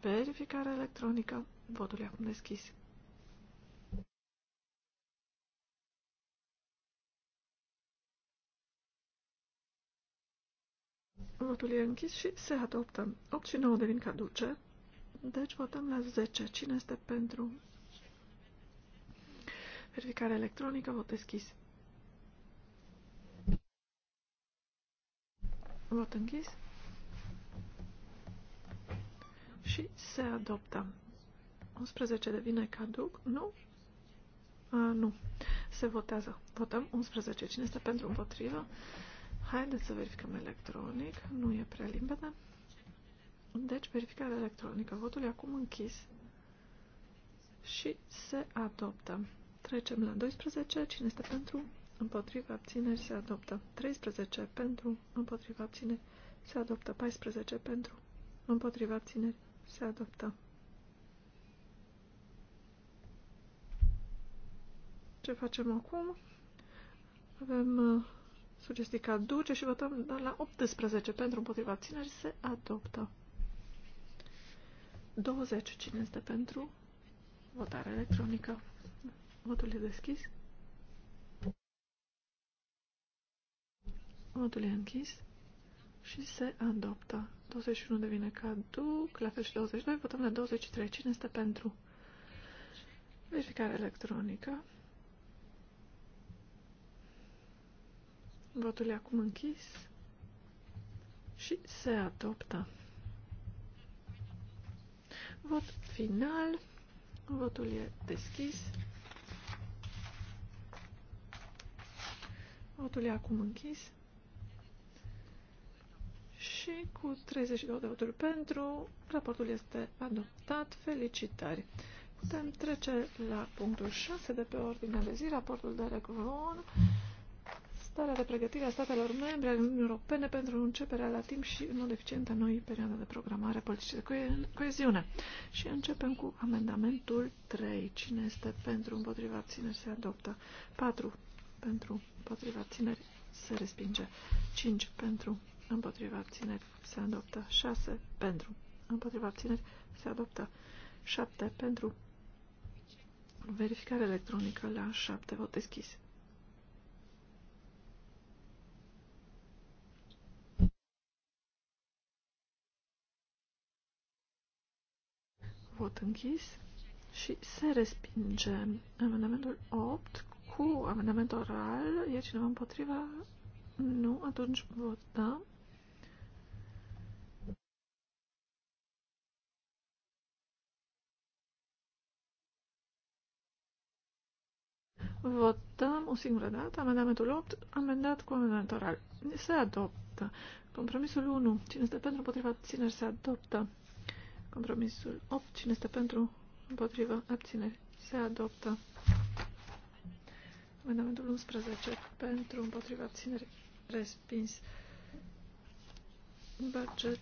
Verificare electronică. Votul e acum deschis. Votul e închis și se adoptă. 8 și 9 devin caduce. Deci votăm la 10. Cine este pentru? Verificare electronică, vot deschis. Vot închis. Și se adoptă. 11 devine caduc, nu? A, nu. Se votează. Votăm 11. Cine este pentru împotrivă? Haideți să verificăm electronic. Nu e prea limpede. Deci, verificarea electronică. Votul e acum închis și se adoptă. Trecem la 12. Cine este pentru? Împotriva abțineri se adoptă. 13 pentru. Împotriva abțineri se adoptă. 14 pentru. Împotriva abțineri se adoptă. Ce facem acum? Avem uh, sugestii duce și votăm la 18 pentru împotriva abțineri se adoptă. 20. Cine este pentru? Votare electronică. Votul e deschis. Votul e închis și se adoptă. 21 devine caduc, la fel și 22, votăm la 23. Cine este pentru? Verificare electronică. Votul e acum închis și se adoptă. Vot final. Votul e deschis. Votul e acum închis. Și cu 32 de voturi pentru, raportul este adoptat. Felicitări! Putem trece la punctul 6 de pe ordinea de zi, raportul de Recvon starea de pregătire a statelor membre ale Uniunii Europene pentru începerea la timp și în mod eficient a noii perioade de programare politice de coeziune. Și începem cu amendamentul 3. Cine este pentru împotriva abțineri se adoptă. 4. Pentru împotriva abțineri se respinge. 5. Pentru împotriva abțineri se adoptă. 6. Pentru împotriva abțineri se adoptă. 7. Pentru verificare electronică la 7 vot deschis. Vot închis. Și se respinge amendamentul 8 cu amendament oral. E cineva împotriva? Nu. Atunci vot Da. Votăm o singură dată amendamentul 8, amendat cu amendament oral. Se adoptă. Compromisul 1. Cine este pentru împotriva țineri se adoptă. Compromisul 8. Cine este pentru? Împotrivă. Abțineri. Se adoptă. Amendamentul 11. Pentru. Împotrivă. Abțineri. Respins. Budget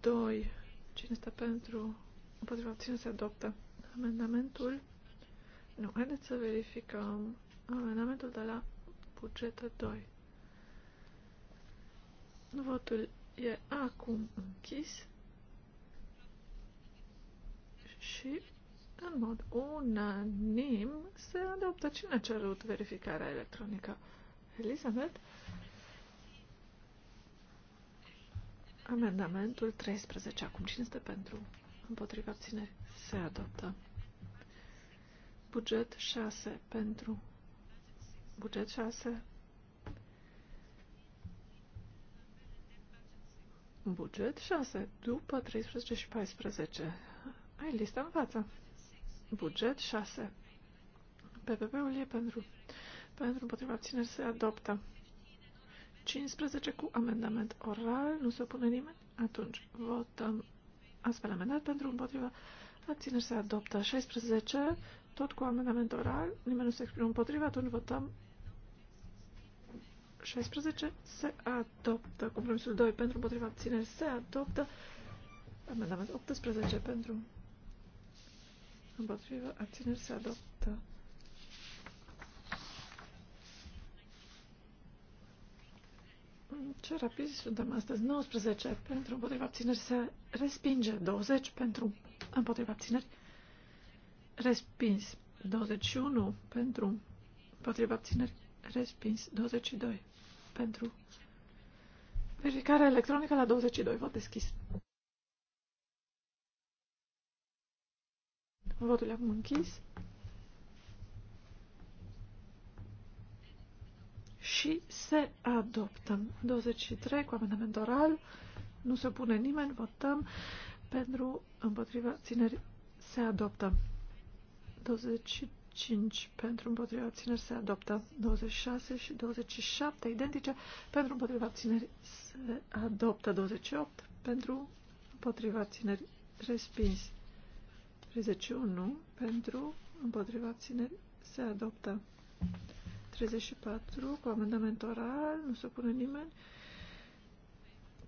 2. Cine este pentru? Împotrivă. Abțineri. Se adoptă. Amendamentul. Nu. Haideți să verificăm. Amendamentul de la bugetă 2. Votul e acum închis și în mod unanim se adoptă. Cine a cerut verificarea electronică? Elisabeth? Amendamentul 13. Acum cine este pentru? Împotriva abțineri. Se adoptă. Buget 6 pentru. Buget 6. Buget 6 după 13 și 14. Ai lista în față. Buget 6. PPP-ul e pentru. Pentru împotriva abțineri se adoptă. 15 cu amendament oral. Nu se opune nimeni? Atunci votăm astfel amendat pentru împotriva abțineri se adoptă. 16 tot cu amendament oral. Nimeni nu se exprimă împotriva. Atunci votăm 16 se adoptă. Compromisul 2 pentru împotriva abțineri se adoptă. Amendament 18 pentru împotrivă, abțineri se adoptă. Ce rapid suntem astăzi? 19 pentru împotriva abțineri se respinge. 20 pentru împotriva abțineri respins. 21 pentru împotriva abțineri respins. 22 pentru verificare electronică la 22. Vot deschis. Votul acum închis. Și se adoptă. 23 cu amendament oral. Nu se opune nimeni. Votăm pentru împotriva țineri. Se adoptă. 25 pentru împotriva țineri. se adoptă. 26 și 27 identice pentru împotriva țineri. se adoptă. 28 pentru împotriva țineri. respins. 31 pentru, împotriva abțineri, se adoptă. 34 cu amendament oral, nu se opune nimeni.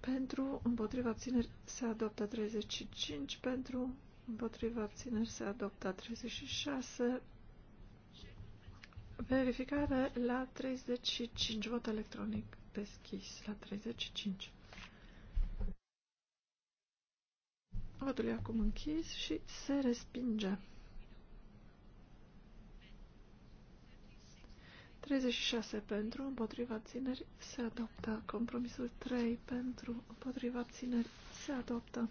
Pentru, împotriva abțineri, se adoptă 35 pentru, împotriva abțineri, se adoptă 36 Verificare la 35, vot electronic deschis la 35. Votul e acum închis și se respinge. 36 pentru, împotriva țineri, se adoptă. Compromisul 3 pentru, împotriva țineri, se adoptă.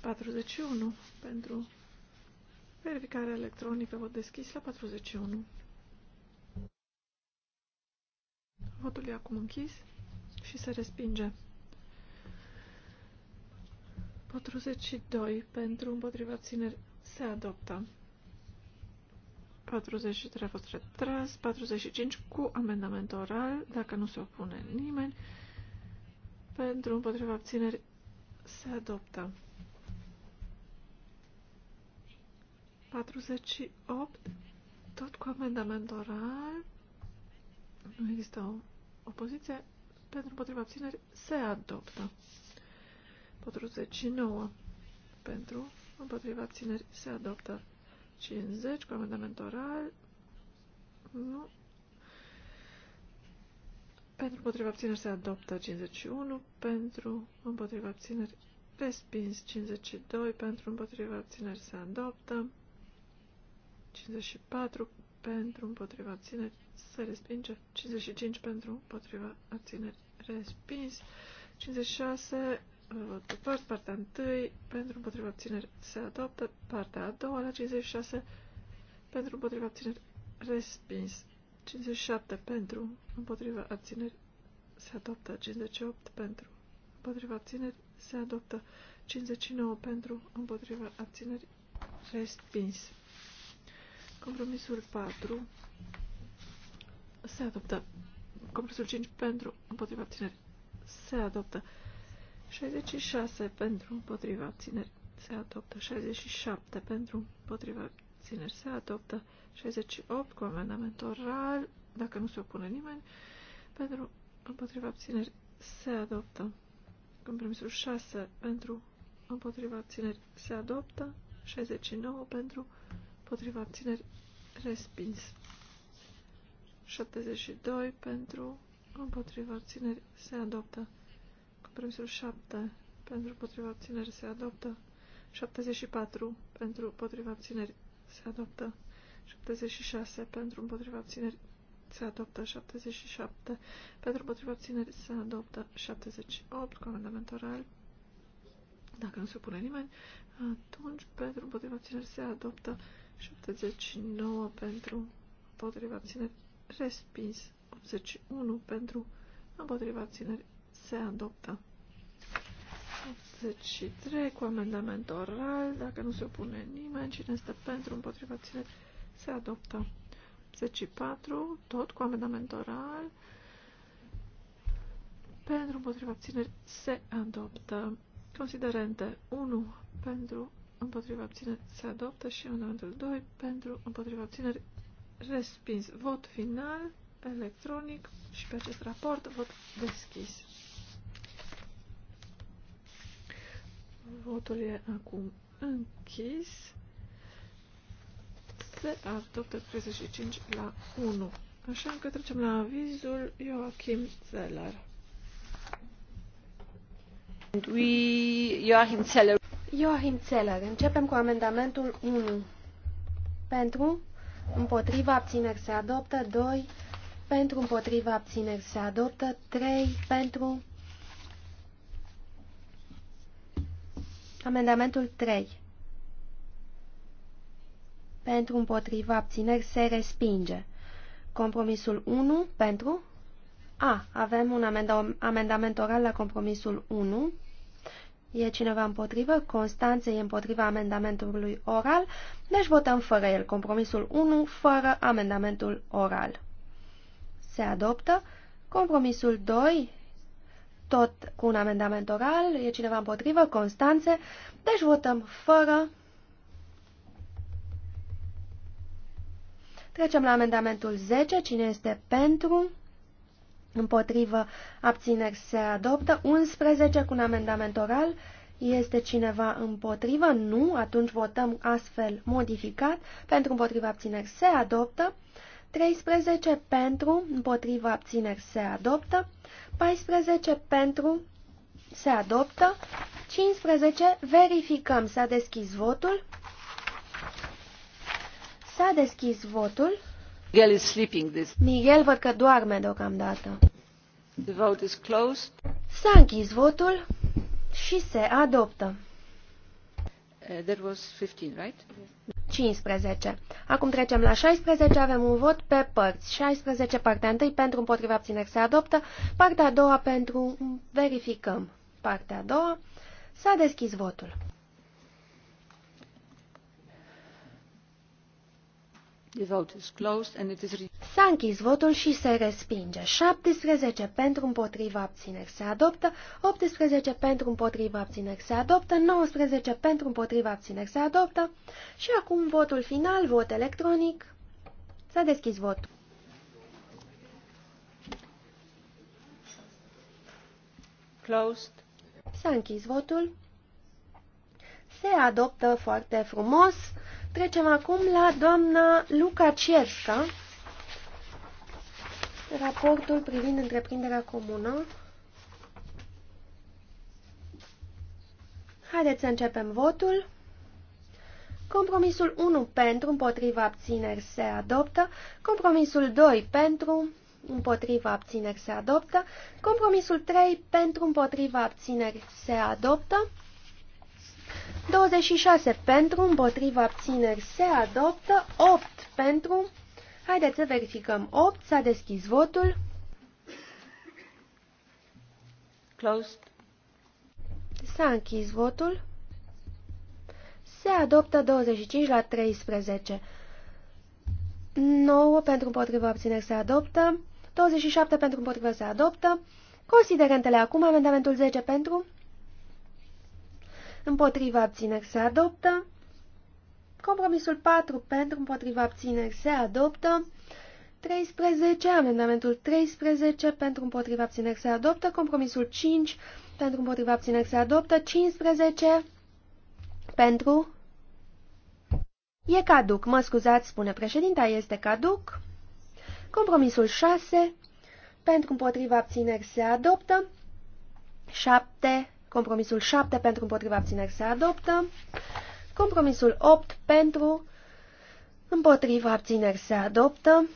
41 pentru verificare electronică, vot deschis la 41. Votul e acum închis și se respinge. 42 pentru împotriva țineri se adoptă. 43 a fost retras, 45 cu amendament oral, dacă nu se opune nimeni. Pentru împotriva abțineri se adoptă. 48, tot cu amendament oral, nu există o opoziție, pentru împotriva abțineri se adoptă. 49 pentru, împotriva abțineri se adoptă 50 cu amendament oral, nu. Pentru împotriva abțineri se adoptă 51, pentru împotriva abțineri respins 52, pentru împotriva abțineri se adoptă 54, pentru împotriva abțineri se respinge 55, pentru împotriva abțineri respins 56, Vot pe părți, partea 1, pentru împotriva abțineri se adoptă, partea a doua la 56, pentru împotriva abțineri respins, 57 pentru împotriva abțineri se adoptă, 58 pentru împotriva abțineri se adoptă, 59 pentru împotriva abțineri respins. Compromisul 4 se adoptă. Compromisul 5 pentru împotriva abțineri se adoptă. 66 pentru împotriva țineri se adoptă. 67 pentru împotriva țineri se adoptă. 68 cu amendament oral, dacă nu se opune nimeni, pentru împotriva țineri se adoptă. Compromisul 6 pentru împotriva țineri se adoptă. 69 pentru împotriva țineri respins. 72 pentru împotriva țineri se adoptă. Compromisul 7 pentru potriva abțineri se adoptă. 74 pentru potriva abțineri se adoptă. 76 pentru împotriva abțineri se adoptă 77, pentru împotriva abțineri se adoptă 78 cu amendament oral. Dacă nu se opune nimeni, atunci pentru împotriva abțineri se adoptă 79 pentru împotriva abțineri respins, 81 pentru împotriva abțineri se adoptă. 83 cu amendament oral, dacă nu se opune nimeni, cine este pentru, împotriva ține, se adoptă. 84, tot cu amendament oral, pentru, împotriva abțineri, se adoptă. Considerente 1 pentru, împotriva abțineri, se adoptă și amendamentul 2 pentru, împotriva abțineri, respins. Vot final, electronic și pe acest raport, vot deschis. Votul e acum închis. Se adoptă 35 la 1. Așa că trecem la avizul Joachim Zeller. We... Joachim Zeller. Joachim Zeller. Începem cu amendamentul 1. Pentru, împotriva, abțineri se adoptă. 2. Pentru, împotriva, abțineri se adoptă. 3. Pentru, Amendamentul 3. Pentru împotriva abțineri se respinge. Compromisul 1 pentru... A, avem un amenda amendament oral la compromisul 1. E cineva împotrivă? Constanță e împotriva amendamentului oral, deci votăm fără el. Compromisul 1 fără amendamentul oral. Se adoptă. Compromisul 2 tot cu un amendament oral, e cineva împotrivă, Constanțe, deci votăm fără. Trecem la amendamentul 10, cine este pentru, împotrivă, abțineri, se adoptă. 11 cu un amendament oral, este cineva împotrivă, nu, atunci votăm astfel modificat, pentru împotrivă, abțineri, se adoptă. 13 pentru, împotriva abțineri se adoptă, 14 pentru, se adoptă, 15 verificăm, s-a deschis votul, s-a deschis votul, Miguel, is sleeping this. Miguel văd că doarme deocamdată. The vote is closed. S-a închis votul și se adoptă. Uh, that was 15, right? Yes. 15. Acum trecem la 16, avem un vot pe părți. 16, partea 1 pentru împotriva abțineri se adoptă, partea a doua pentru verificăm. Partea a doua s-a deschis votul. S-a închis votul și se respinge. 17 pentru împotriva abțineri se adoptă, 18 pentru împotriva abțineri se adoptă, 19 pentru împotriva abțineri se adoptă și acum votul final, vot electronic. S-a deschis votul. Closed. S-a închis votul. Se adoptă foarte frumos. Trecem acum la doamna Luca Lukacievska, raportul privind întreprinderea comună. Haideți să începem votul. Compromisul 1 pentru, împotriva abțineri se adoptă. Compromisul 2 pentru, împotriva abțineri se adoptă. Compromisul 3 pentru, împotriva abțineri se adoptă. 26 pentru, împotriva abțineri se adoptă, 8 pentru. Haideți să verificăm. 8 s-a deschis votul. Closed. S-a închis votul. Se adoptă 25 la 13. 9 pentru împotriva abțineri se adoptă. 27 pentru împotriva se adoptă. Considerentele acum, amendamentul 10 pentru împotriva abțineri se adoptă. Compromisul 4 pentru împotriva abțineri se adoptă. 13, amendamentul 13 pentru împotriva abțineri se adoptă. Compromisul 5 pentru împotriva abțineri se adoptă. 15 pentru... E caduc, mă scuzați, spune președinta, este caduc. Compromisul 6 pentru împotriva abțineri se adoptă. 7 Compromisul 7 pentru împotriva abțineri se adoptă. Compromisul 8 pentru împotriva abțineri se adoptă.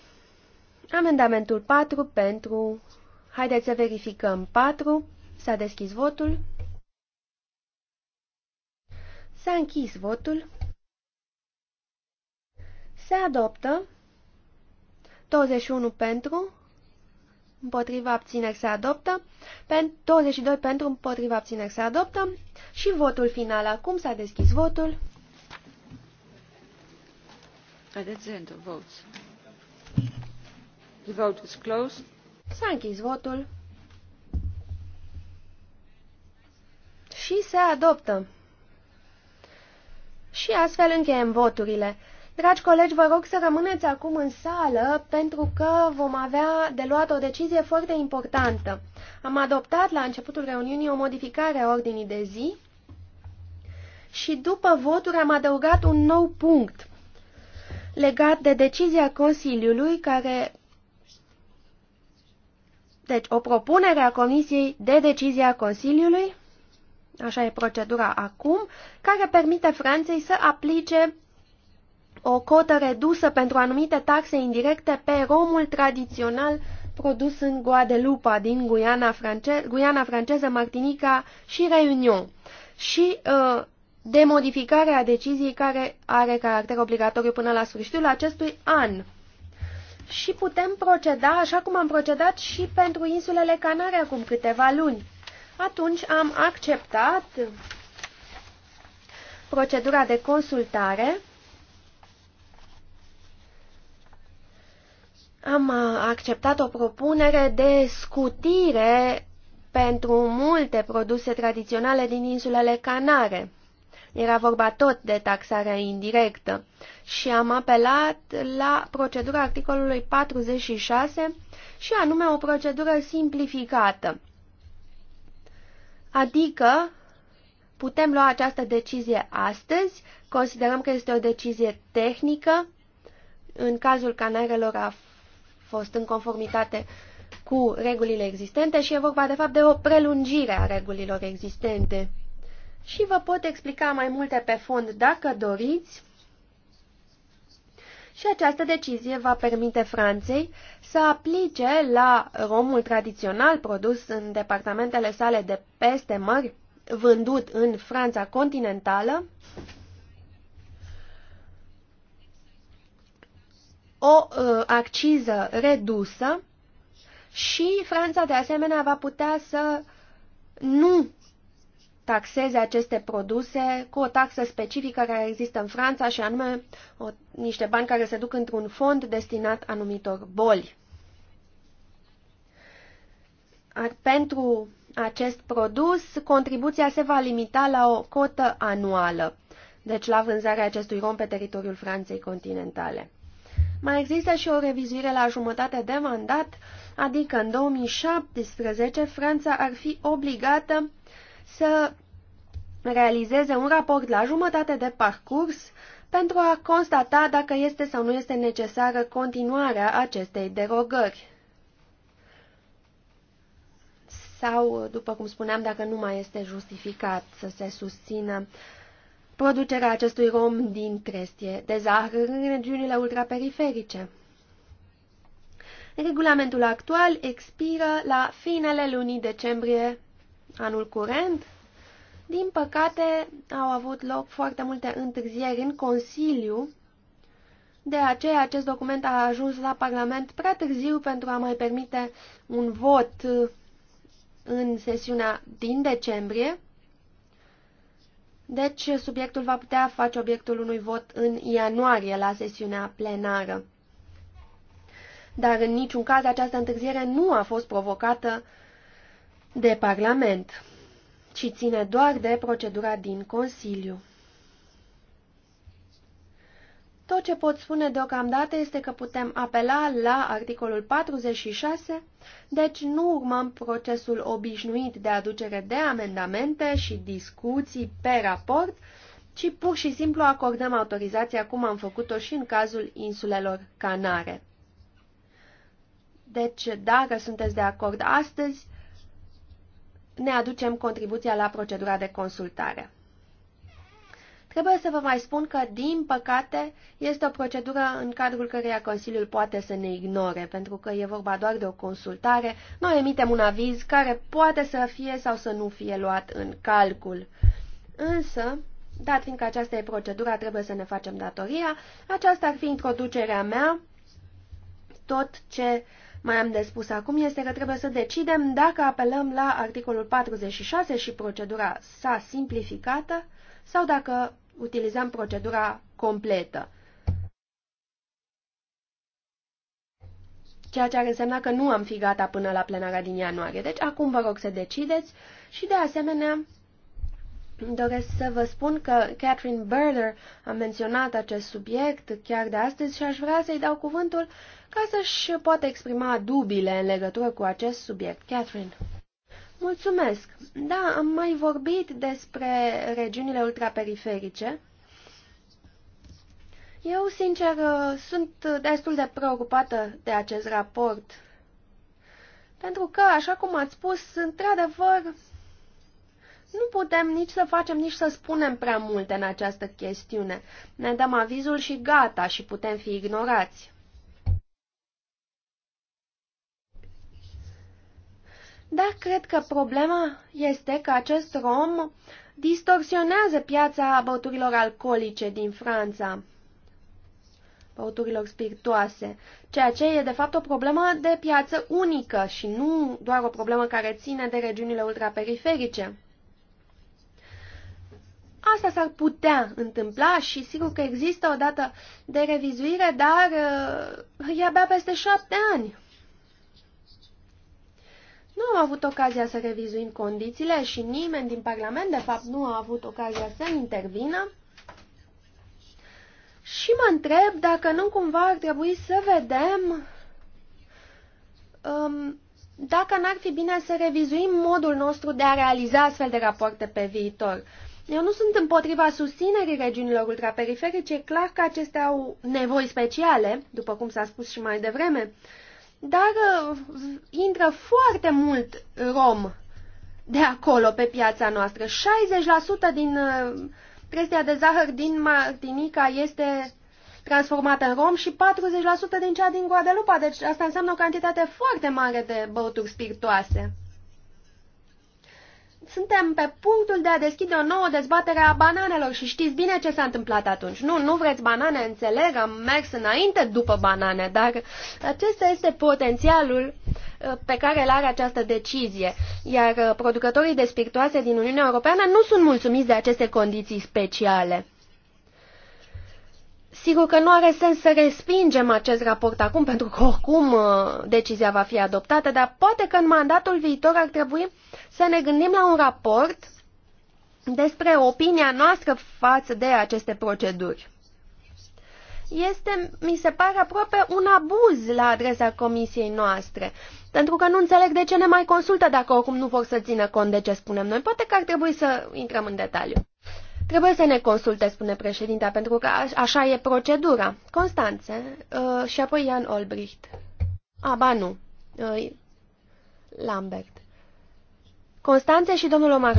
Amendamentul 4 pentru... Haideți să verificăm 4. S-a deschis votul. S-a închis votul. Se adoptă 21 pentru, împotriva abțineri se adoptă, 22 pentru împotriva abțineri se adoptă și votul final. Acum s-a deschis votul. At the end of votes. The vote is closed. S-a închis votul. Și se adoptă. Și astfel încheiem voturile. Dragi colegi, vă rog să rămâneți acum în sală pentru că vom avea de luat o decizie foarte importantă. Am adoptat la începutul reuniunii o modificare a ordinii de zi și după voturi am adăugat un nou punct legat de decizia Consiliului care deci, o propunere a Comisiei de decizia Consiliului, așa e procedura acum, care permite Franței să aplice o cotă redusă pentru anumite taxe indirecte pe romul tradițional produs în Guadelupa, din Guiana, france Guiana franceză, Martinica și Reunion, și uh, de modificare a deciziei care are caracter obligatoriu până la sfârșitul acestui an. Și putem proceda așa cum am procedat și pentru insulele Canare acum câteva luni. Atunci am acceptat procedura de consultare Am uh, acceptat o propunere de scutire pentru multe produse tradiționale din insulele Canare. Era vorba tot de taxarea indirectă și am apelat la procedura articolului 46 și anume o procedură simplificată. Adică putem lua această decizie astăzi, considerăm că este o decizie tehnică, în cazul canarelor a fost în conformitate cu regulile existente și e vorba de fapt de o prelungire a regulilor existente. Și vă pot explica mai multe pe fond dacă doriți. Și această decizie va permite Franței să aplice la romul tradițional produs în departamentele sale de peste mări, vândut în Franța continentală, o uh, acciză redusă și Franța, de asemenea, va putea să nu taxeze aceste produse cu o taxă specifică care există în Franța și anume o, niște bani care se duc într-un fond destinat anumitor boli. Ar, pentru acest produs, contribuția se va limita la o cotă anuală, deci la vânzarea acestui rom pe teritoriul Franței continentale. Mai există și o revizuire la jumătate de mandat, adică în 2017 Franța ar fi obligată să realizeze un raport la jumătate de parcurs pentru a constata dacă este sau nu este necesară continuarea acestei derogări. Sau, după cum spuneam, dacă nu mai este justificat să se susțină uh, producerea acestui rom din trestie de zahăr în regiunile ultraperiferice. Regulamentul actual expiră la finele lunii decembrie anul curent. Din păcate, au avut loc foarte multe întârzieri în Consiliu, de aceea acest document a ajuns la Parlament prea târziu pentru a mai permite un vot în sesiunea din decembrie, deci, subiectul va putea face obiectul unui vot în ianuarie la sesiunea plenară. Dar în niciun caz această întârziere nu a fost provocată de Parlament, ci ține doar de procedura din Consiliu. Tot ce pot spune deocamdată este că putem apela la articolul 46, deci nu urmăm procesul obișnuit de aducere de amendamente și discuții pe raport, ci pur și simplu acordăm autorizația cum am făcut-o și în cazul insulelor Canare. Deci, dacă sunteți de acord astăzi, ne aducem contribuția la procedura de consultare. Trebuie să vă mai spun că, din păcate, este o procedură în cadrul căreia Consiliul poate să ne ignore, pentru că e vorba doar de o consultare. Noi emitem un aviz care poate să fie sau să nu fie luat în calcul. Însă, dat fiindcă aceasta e procedura, trebuie să ne facem datoria, aceasta ar fi introducerea mea. Tot ce uh, mai am de spus acum este că trebuie să decidem dacă apelăm la articolul 46 și procedura sa simplificată sau dacă utilizăm procedura completă. Ceea ce ar însemna că nu am fi gata până la plenara din ianuarie. Deci acum vă rog să decideți și de asemenea Doresc să vă spun că Catherine Berler a menționat acest subiect chiar de astăzi și aș vrea să-i dau cuvântul ca să-și poată exprima dubile în legătură cu acest subiect. Catherine. Mulțumesc! Da, am mai vorbit despre regiunile ultraperiferice. Eu, sincer, sunt destul de preocupată de acest raport. Pentru că, așa cum ați spus, într-adevăr, nu putem nici să facem, nici să spunem prea multe în această chestiune. Ne dăm avizul și gata și putem fi ignorați. Dar cred că problema este că acest rom distorsionează piața băuturilor alcoolice din Franța, băuturilor spiritoase, ceea ce e de fapt o problemă de piață unică și nu doar o problemă care ține de regiunile ultraperiferice. Asta s-ar putea întâmpla și sigur că există o dată de revizuire, dar uh, e abia peste șapte ani. Nu am avut ocazia să revizuim condițiile și nimeni din Parlament, de fapt, nu a avut ocazia să intervină. Și mă întreb dacă nu cumva ar trebui să vedem um, dacă n-ar fi bine să revizuim modul nostru de a realiza astfel de rapoarte pe viitor. Uh, eu nu sunt împotriva susținerii regiunilor ultraperiferice, e clar că acestea au nevoi speciale, după cum s-a spus și mai devreme, dar uh, intră foarte mult rom de acolo pe piața noastră. 60% din uh, trestia de zahăr din Martinica este transformată în rom și 40% din cea din Guadalupe, deci asta înseamnă o cantitate foarte mare de băuturi spiritoase suntem pe punctul de a deschide o nouă dezbatere a bananelor și știți bine ce s-a întâmplat atunci. Nu, nu vreți banane, înțeleg, am mers înainte după banane, dar acesta este potențialul uh, pe care îl are această decizie. Iar uh, producătorii de spiritoase din Uniunea Europeană nu sunt mulțumiți de aceste condiții speciale. Sigur că nu are sens să respingem acest raport acum, pentru că oricum uh, decizia va fi adoptată, dar poate că în mandatul viitor ar trebui să ne gândim la un raport despre opinia noastră față de aceste proceduri. Este, mi se pare, aproape un abuz la adresa comisiei noastre, pentru că nu înțeleg de ce ne mai consultă dacă oricum nu vor să țină cont de ce spunem noi. Poate că ar trebui să intrăm în detaliu. Trebuie să ne consulte, spune președinta, pentru că așa e procedura. Constanțe uh, și apoi Ian Olbricht. A, ba nu. Uh, Lambert. Constanțe și domnul Omar.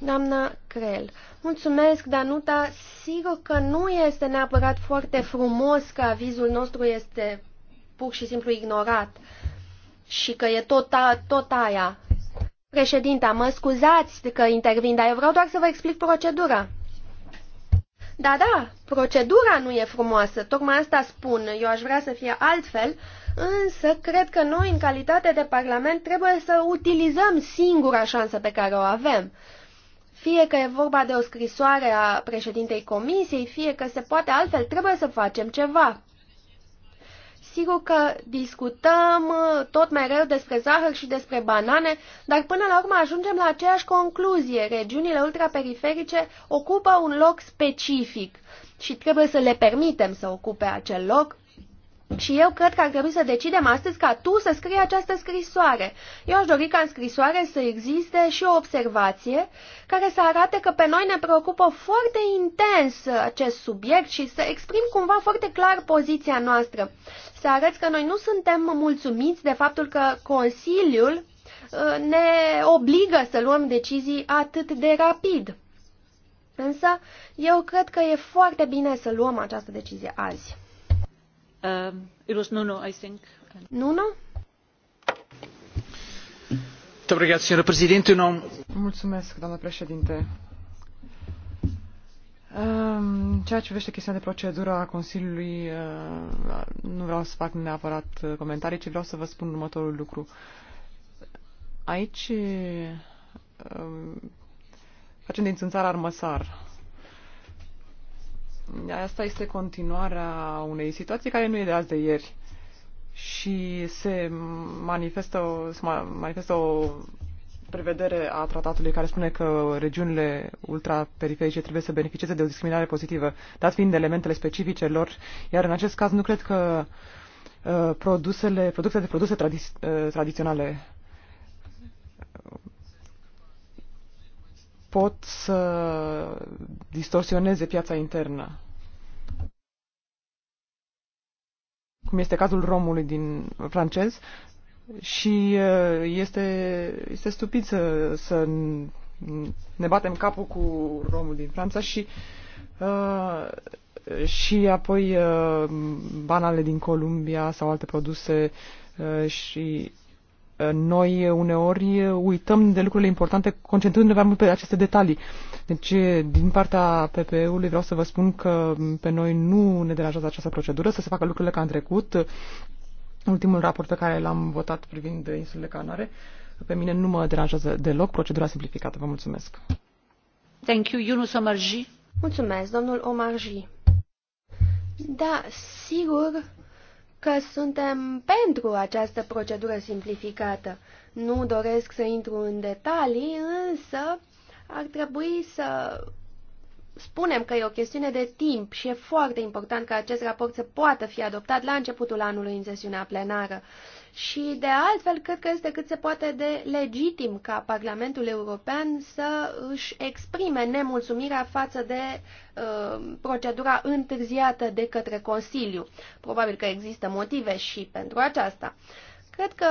Doamna Crel, mulțumesc, Danuta. Sigur că nu este neapărat foarte frumos că avizul nostru este pur și simplu ignorat și că e tot, a, tot aia. Președinta, mă scuzați că intervin, dar eu vreau doar să vă explic procedura. Da, da, procedura nu e frumoasă, tocmai asta spun, eu aș vrea să fie altfel, însă cred că noi, în calitate de Parlament, trebuie să utilizăm singura șansă pe care o avem. Fie că e vorba de o scrisoare a președintei Comisiei, fie că se poate altfel, trebuie să facem ceva. Sigur că discutăm uh, tot mereu despre zahăr și despre banane, dar până la urmă ajungem la aceeași concluzie. Regiunile ultraperiferice ocupă un loc specific și trebuie să le permitem să ocupe acel loc. Și eu cred că ar trebui să decidem astăzi ca tu să scrii această scrisoare. Eu aș dori ca în scrisoare să existe și o observație care să arate că pe noi ne preocupă foarte intens acest subiect și să exprim cumva foarte clar poziția noastră să arăți că noi nu suntem mulțumiți de faptul că Consiliul uh, ne obligă să luăm decizii atât de rapid. Însă, eu cred că e foarte bine să luăm această decizie azi. Uh, it was Nuno, I think. Nuno? Mulțumesc, doamnă președinte ceea ce privește chestia de procedură a Consiliului, uh, nu vreau să fac neapărat uh, comentarii, ci vreau să vă spun următorul lucru. Aici uh, facem din țânțar armăsar. Asta este continuarea unei situații care nu e de azi de ieri și se manifestă, se manifestă o prevedere a tratatului care spune că regiunile ultraperiferice trebuie să beneficieze de o discriminare pozitivă, dat fiind elementele specifice lor, iar în acest caz nu cred că uh, produsele, producția de produse tradi- uh, tradiționale uh, pot să distorsioneze piața internă. Cum este cazul romului din francez, și este, este stupid să, să ne batem capul cu romul din Franța și, uh, și apoi uh, banale din Columbia sau alte produse uh, și noi uneori uităm de lucrurile importante concentrându-ne mai mult pe aceste detalii. Deci, din partea PPE-ului vreau să vă spun că pe noi nu ne deranjează această procedură, să se facă lucrurile ca în trecut, ultimul raport pe care l-am votat privind insulele Canare. Pe mine nu mă deranjează deloc procedura simplificată. Vă mulțumesc. Thank you, Yunus Omarji. Mulțumesc, domnul Omarji. Da, sigur că suntem pentru această procedură simplificată. Nu doresc să intru în detalii, însă ar trebui să spunem că e o chestiune de timp și e foarte important ca acest raport să poată fi adoptat la începutul anului în sesiunea plenară. Și de altfel, cred că este cât se poate de legitim ca Parlamentul European să își exprime nemulțumirea față de uh, procedura întârziată de către Consiliu. Probabil că există motive și pentru aceasta. Cred că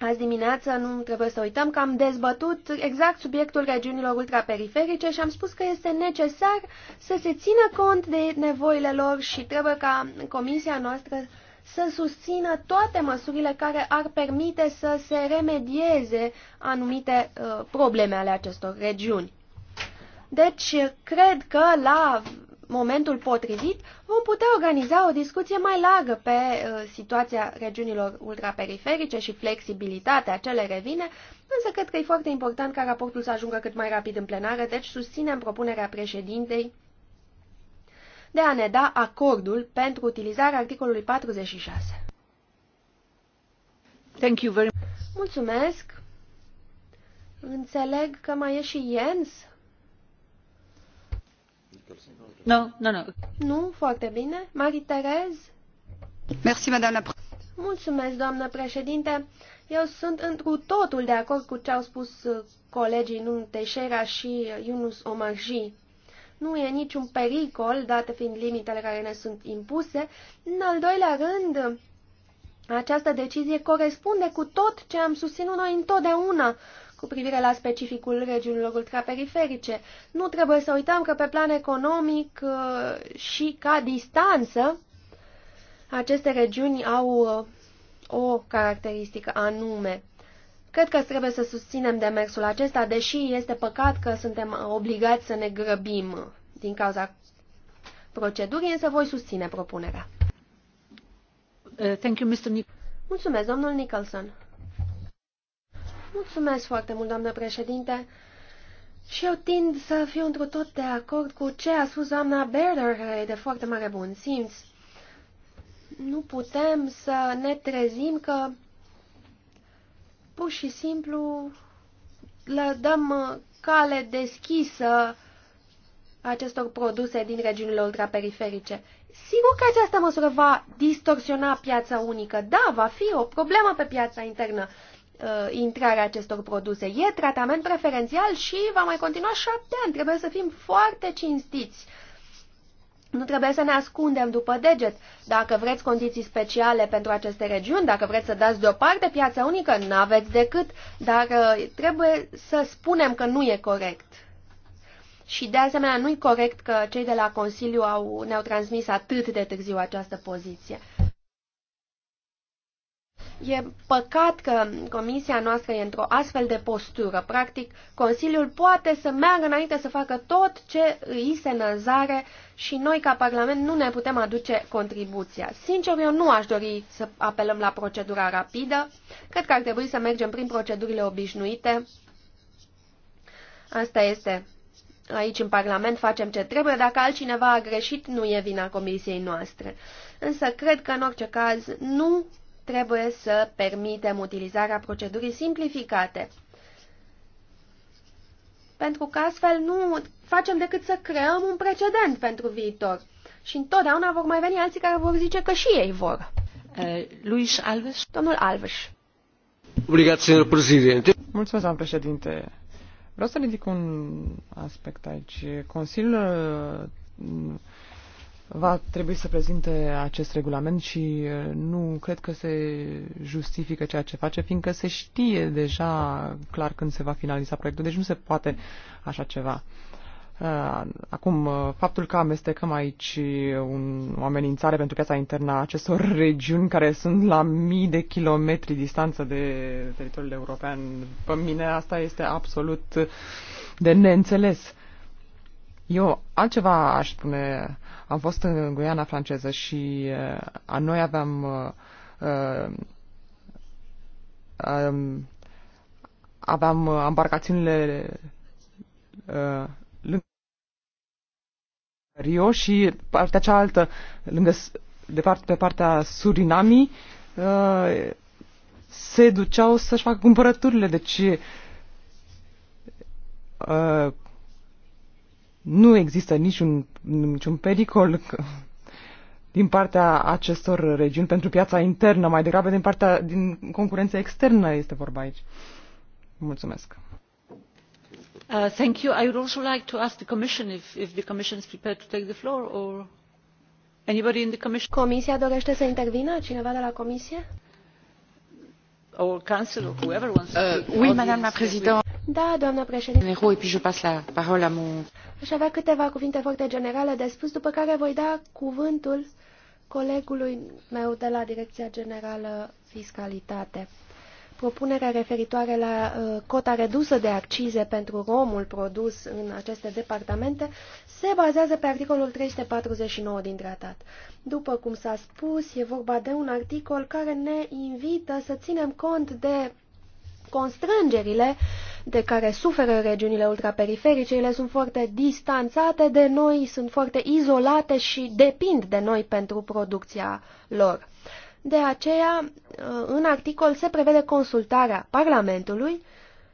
Azi dimineață nu trebuie să uităm că am dezbătut exact subiectul regiunilor ultraperiferice și am spus că este necesar să se țină cont de nevoile lor și trebuie ca comisia noastră să susțină toate măsurile care ar permite să se remedieze anumite uh, probleme ale acestor regiuni. Deci, cred că la momentul potrivit, vom putea organiza o discuție mai largă pe uh, situația regiunilor ultraperiferice și flexibilitatea ce le revine, însă cred că e foarte important ca raportul să ajungă cât mai rapid în plenară, deci susținem propunerea președintei de a ne da acordul pentru utilizarea articolului 46. Thank you very much. Mulțumesc! Înțeleg că mai e și Jens. Nu, no, no. Nu, foarte bine. Marie-Therese? Merci, madame la Mulțumesc, doamnă președinte. Eu sunt întru totul de acord cu ce au spus uh, colegii Nun Teixeira și uh, Yunus Omarji. Nu e niciun pericol, date fiind limitele care ne sunt impuse. În al doilea rând, această decizie corespunde cu tot ce am susținut noi întotdeauna, cu privire la specificul regiunilor ultraperiferice. Nu trebuie să uităm că pe plan economic uh, și ca distanță aceste regiuni au uh, o caracteristică anume. Cred că trebuie să susținem demersul acesta, deși este păcat că suntem obligați să ne grăbim din cauza procedurii, însă voi susține propunerea. Uh, thank you, Mr. Nic Mulțumesc, domnul Nicholson. Mulțumesc foarte mult, doamnă președinte. Și eu tind să fiu într tot de acord cu ce a spus doamna e de foarte mare bun simț. Nu putem să ne trezim că pur și simplu le dăm cale deschisă acestor produse din regiunile ultraperiferice. Sigur că această măsură va distorsiona piața unică. Da, va fi o problemă pe piața internă, uh, intrarea acestor produse. E tratament preferențial și va mai continua șapte ani. Trebuie să fim foarte cinstiți. Nu trebuie să ne ascundem după deget. Dacă vreți condiții speciale pentru aceste regiuni, dacă vreți să dați deoparte piața unică, nu aveți decât, dar uh, trebuie să spunem că nu e corect. Și de asemenea nu-i corect că cei de la Consiliu au, ne-au transmis atât de târziu această poziție. E păcat că comisia noastră e într-o astfel de postură. Practic, Consiliul poate să meargă înainte să facă tot ce îi se năzare și noi, ca Parlament, nu ne putem aduce contribuția. Sincer, eu nu aș dori să apelăm la procedura rapidă. Cred că ar trebui să mergem prin procedurile obișnuite. Asta este. Aici, în Parlament, facem ce trebuie. Dacă altcineva a greșit, nu e vina comisiei noastre. Însă, cred că, în orice caz, nu trebuie să permitem utilizarea procedurii simplificate. Pentru că astfel nu facem decât să creăm un precedent pentru viitor. Și întotdeauna vor mai veni alții care vor zice că și ei vor. Eh, Luis Alves. Domnul Alves. Obligat, senor președinte. Mulțumesc, doamnă președinte. Vreau să ridic un aspect aici. Consiliul va trebui să prezinte acest regulament și uh, nu cred că se justifică ceea ce face, fiindcă se știe deja clar când se va finaliza proiectul, deci nu se poate așa ceva. Uh, acum, uh, faptul că amestecăm aici un, o amenințare pentru piața internă a acestor regiuni care sunt la mii de kilometri distanță de teritoriul european, pe mine asta este absolut de neînțeles. Uh, eu altceva aș spune. Am fost în Guiana franceză și uh, a noi aveam uh, uh, um, aveam uh, embarcațiunile uh, lângă Rio și partea cealaltă, lângă, de parte, pe partea Surinamii, uh, se duceau să-și facă cumpărăturile. Deci uh, nu există niciun, niciun pericol din partea acestor regiuni pentru piața internă, mai degrabă din partea din concurență externă este vorba aici. Mulțumesc. Uh, thank you. I would also like to ask the Commission if, if the Commission is prepared to take the floor or anybody in the Commission. Comisia dorește să intervină? Cineva de la Comisie? Or Council or whoever wants to. Uh, oui, Madame la Présidente. Da, doamnă președinte. Leroy, puis je pas la parole à mon... Aș avea câteva cuvinte foarte generale de spus, după care voi da cuvântul colegului meu de la Direcția Generală Fiscalitate. Propunerea referitoare la uh, cota redusă de accize pentru romul produs în aceste departamente se bazează pe articolul 349 din tratat. După cum s-a spus, e vorba de un articol care ne invită să ținem cont de constrângerile de care suferă regiunile ultraperiferice. Ele sunt foarte distanțate de noi, sunt foarte izolate și depind de noi pentru producția lor. De aceea, uh, în articol se prevede consultarea Parlamentului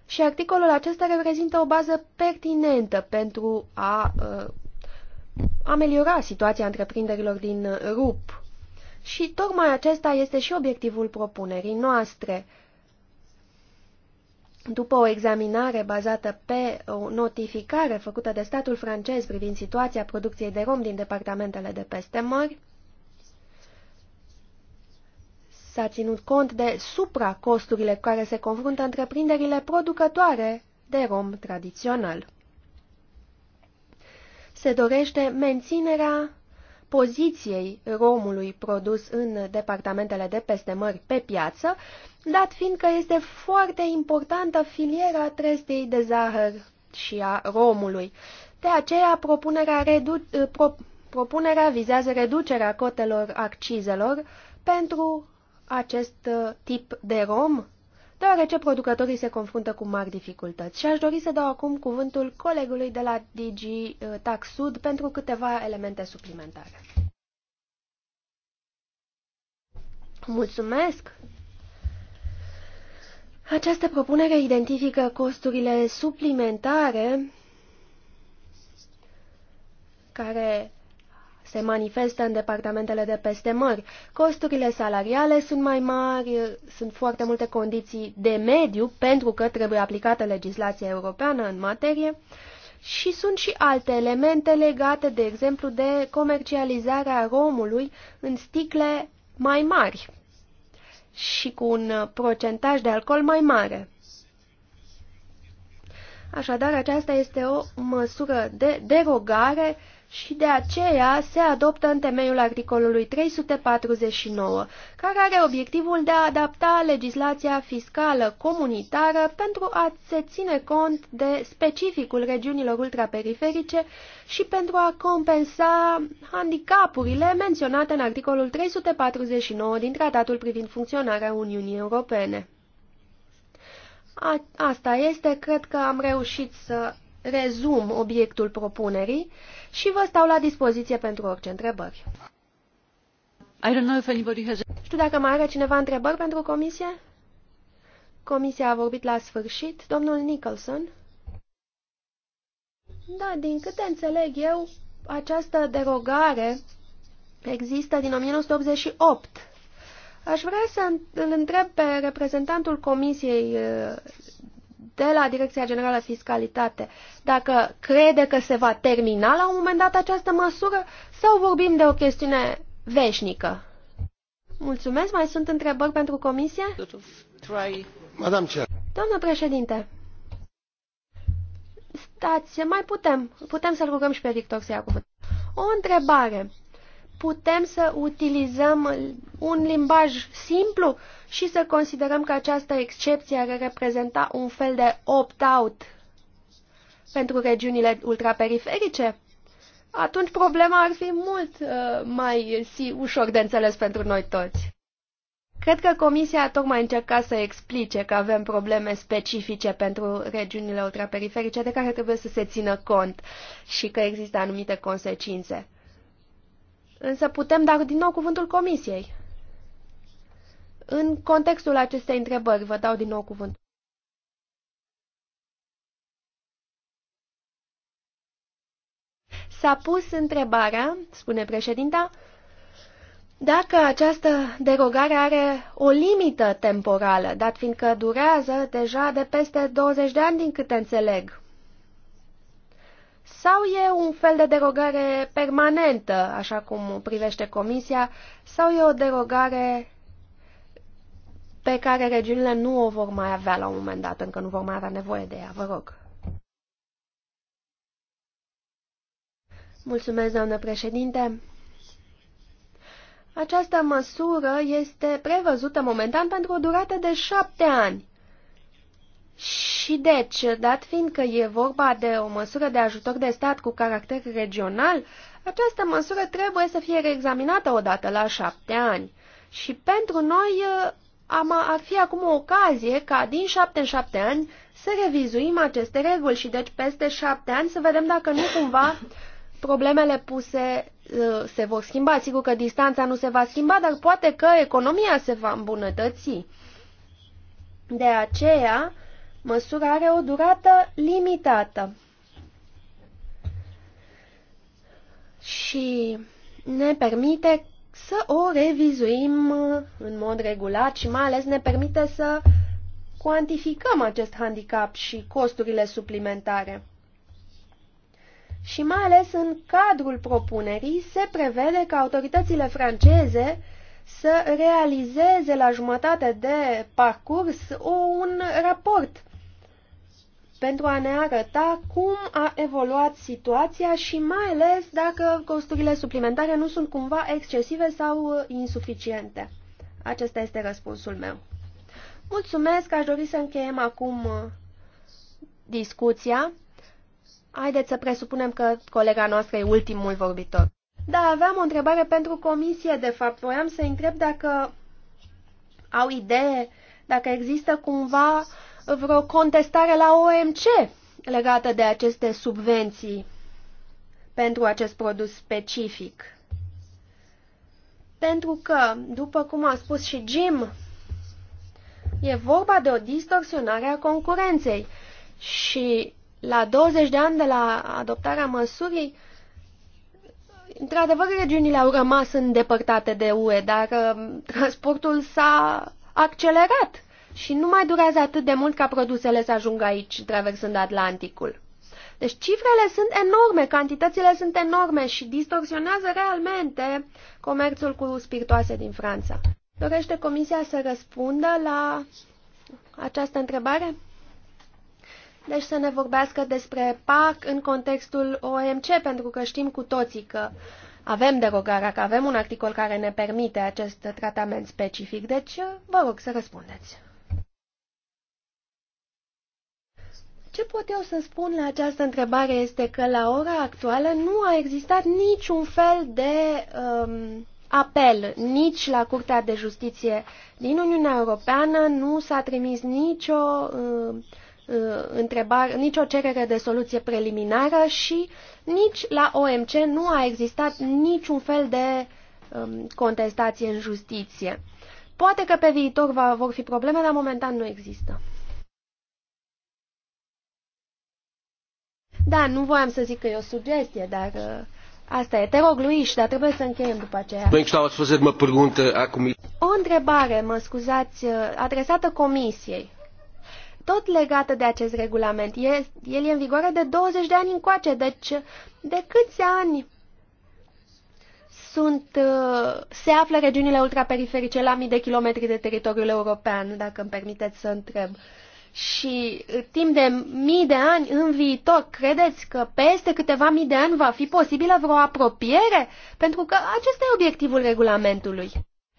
și articolul acesta reprezintă o bază pertinentă pentru a uh, ameliora situația întreprinderilor din RUP. Și tocmai acesta este și obiectivul propunerii noastre – după o examinare bazată pe o notificare făcută de statul francez privind situația producției de rom din departamentele de peste mări, s-a ținut cont de supracosturile cu care se confruntă întreprinderile producătoare de rom tradițional. Se dorește menținerea poziției romului produs în departamentele de peste mări pe piață, dat fiind că este foarte importantă filiera trestei de zahăr și a romului. De aceea, propunerea, redu pro propunerea vizează reducerea cotelor accizelor pentru acest tip de rom deoarece producătorii se confruntă cu mari dificultăți. Și aș dori să dau acum cuvântul colegului de la DG uh, Tax Sud pentru câteva elemente suplimentare. Mulțumesc! Această propunere identifică costurile suplimentare care se manifestă în departamentele de peste mări. Costurile salariale sunt mai mari, sunt foarte multe condiții de mediu pentru că trebuie aplicată legislația europeană în materie și sunt și alte elemente legate, de exemplu, de comercializarea romului în sticle mai mari și cu un procentaj de alcool mai mare. Așadar, aceasta este o măsură de derogare și de aceea se adoptă în temeiul articolului 349, care are obiectivul de a adapta legislația fiscală comunitară pentru a se ține cont de specificul regiunilor ultraperiferice și pentru a compensa handicapurile menționate în articolul 349 din Tratatul privind funcționarea Uniunii Europene. A, asta este, cred că am reușit să rezum obiectul propunerii și vă stau la dispoziție pentru orice întrebări. I don't know if anybody has... Știu dacă mai are cineva întrebări pentru comisie? Comisia a vorbit la sfârșit. Domnul Nicholson? Da, din câte înțeleg eu, această derogare există din 1988. Aș vrea să îl întreb pe reprezentantul Comisiei de la Direcția Generală Fiscalitate dacă crede că se va termina la un moment dat această măsură sau vorbim de o chestiune veșnică? Mulțumesc. Mai sunt întrebări pentru comisie? Doamnă președinte, stați, mai putem. Putem să-l rugăm și pe Victor să ia cuvânt. O întrebare putem să utilizăm un limbaj simplu și să considerăm că această excepție ar reprezenta un fel de opt-out pentru regiunile ultraperiferice? Atunci problema ar fi mult uh, mai si, ușor de înțeles pentru noi toți. Cred că Comisia a tocmai încercat să explice că avem probleme specifice pentru regiunile ultraperiferice de care trebuie să se țină cont și că există anumite consecințe. Însă putem da din nou cuvântul comisiei. În contextul acestei întrebări, vă dau din nou cuvântul. S-a pus întrebarea, spune președinta, dacă această derogare are o limită temporală, dat fiindcă durează deja de peste 20 de ani din câte înțeleg sau e un fel de derogare permanentă, așa cum privește Comisia, sau e o derogare pe care regiunile nu o vor mai avea la un moment dat, încă nu vor mai avea nevoie de ea, vă rog. Mulțumesc, doamnă președinte. Această măsură este prevăzută momentan pentru o durată de șapte ani. Și deci, dat fiind că e vorba de o măsură de ajutor de stat cu caracter regional, această măsură trebuie să fie reexaminată odată la șapte ani. Și pentru noi eh, am, ar fi acum o ocazie ca din șapte în șapte ani să revizuim aceste reguli și deci peste șapte ani să vedem dacă nu cumva problemele puse eh, se vor schimba. Sigur că distanța nu se va schimba, dar poate că economia se va îmbunătăți. De aceea, Măsura are o durată limitată. Și ne permite să o revizuim în mod regulat și mai ales ne permite să cuantificăm acest handicap și costurile suplimentare. Și mai ales în cadrul propunerii se prevede că autoritățile franceze să realizeze la jumătate de parcurs un raport pentru a ne arăta cum a evoluat situația și mai ales dacă costurile suplimentare nu sunt cumva excesive sau uh, insuficiente. Acesta este răspunsul meu. Mulțumesc, aș dori să încheiem acum uh, discuția. Haideți să presupunem că colega noastră e ultimul vorbitor. Da, aveam o întrebare pentru comisie, de fapt. Voiam să întreb dacă au idee, dacă există cumva vreo contestare la OMC legată de aceste subvenții pentru acest produs specific. Pentru că, după cum a spus și Jim, e vorba de o distorsionare a concurenței și la 20 de ani de la adoptarea măsurii, într-adevăr, regiunile au rămas îndepărtate de UE, dar uh, transportul s-a accelerat și nu mai durează atât de mult ca produsele să ajungă aici, traversând Atlanticul. Deci cifrele sunt enorme, cantitățile sunt enorme și distorsionează realmente comerțul cu spiritoase din Franța. Dorește Comisia să răspundă la această întrebare? Deci să ne vorbească despre PAC în contextul OMC, pentru că știm cu toții că avem derogarea, că avem un articol care ne permite acest tratament specific. Deci, vă rog să răspundeți. Ce pot eu să spun la această întrebare este că la ora actuală nu a existat niciun fel de um, apel nici la Curtea de Justiție din Uniunea Europeană, nu s-a trimis nicio, uh, uh, întrebare, nicio cerere de soluție preliminară și nici la OMC nu a existat niciun fel de um, contestație în justiție. Poate că pe viitor va, vor fi probleme, dar momentan nu există. Da, nu voiam să zic că e o sugestie, dar uh, asta e. Te rog, Luis, dar trebuie să încheiem după aceea. Bem, estava a fazer uma pergunta à O întrebare, mă scuzați, uh, adresată comisiei. Tot legată de acest regulament. El, el e în vigoare de 20 de ani încoace, deci de câți ani sunt, uh, se află regiunile ultraperiferice la mii de kilometri de teritoriul european, dacă îmi permiteți să întreb. Uh, și uh, timp de mii de ani în viitor, credeți că peste câteva mii de ani va fi posibilă vreo apropiere? Pentru că acesta e obiectivul regulamentului.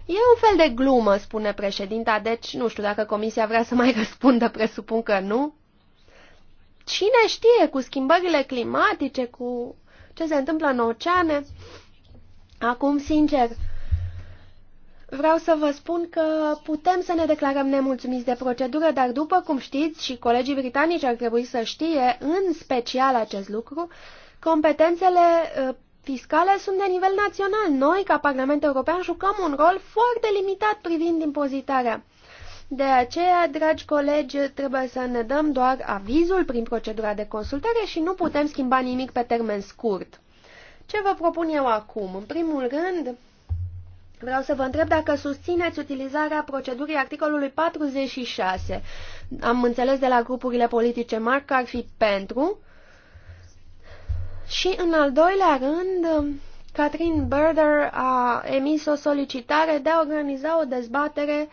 E un fel de glumă, spune președinta, deci nu știu dacă comisia vrea să mai răspundă, presupun că nu. Cine știe cu schimbările climatice, cu ce se întâmplă în oceane? Acum, sincer, uh, Vreau să vă spun că putem să ne declarăm nemulțumiți de procedură, dar după cum știți și colegii britanici ar trebui să știe, în special acest lucru, competențele ă, fiscale sunt de nivel național. Noi, ca Parlament European, jucăm un rol foarte limitat privind impozitarea. De aceea, dragi colegi, trebuie să ne dăm doar avizul prin procedura de consultare și nu putem schimba nimic pe termen scurt. Ce vă propun eu acum? În primul rând, Vreau să vă întreb dacă susțineți utilizarea procedurii articolului 46. Am înțeles de la grupurile politice mari că ar fi pentru. Și în al doilea rând, Catherine Berder a emis o solicitare de a organiza o dezbatere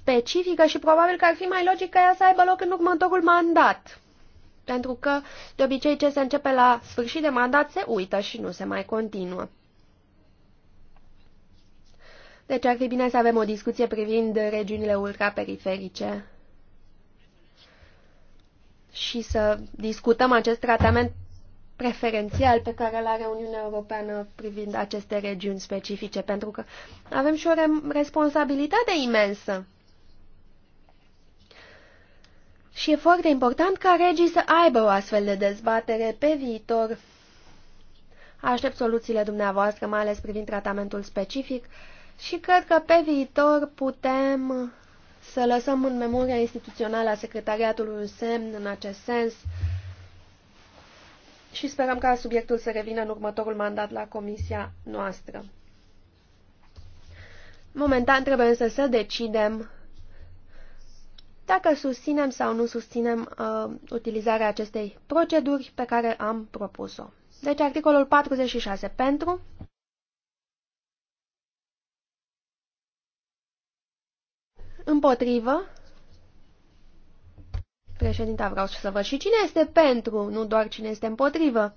specifică și probabil că ar fi mai logic ca ea să aibă loc în următorul mandat. Pentru că, de obicei, ce se începe la sfârșit de mandat se uită și nu se mai continuă. Deci ar fi bine să avem o discuție privind regiunile ultraperiferice și să discutăm acest tratament preferențial pe care îl are Uniunea Europeană privind aceste regiuni specifice, pentru că avem și o responsabilitate imensă. Și e foarte important ca regii să aibă o astfel de dezbatere pe viitor. Aștept soluțiile dumneavoastră, mai ales privind tratamentul specific și cred că pe viitor putem să lăsăm în memoria instituțională a secretariatului un semn în acest sens și sperăm ca subiectul să revină în următorul mandat la comisia noastră. Momentan trebuie însă să decidem dacă susținem sau nu susținem uh, utilizarea acestei proceduri pe care am propus-o. Deci articolul 46 pentru, Împotrivă? Președinta, vreau să văd și cine este pentru, nu doar cine este împotrivă.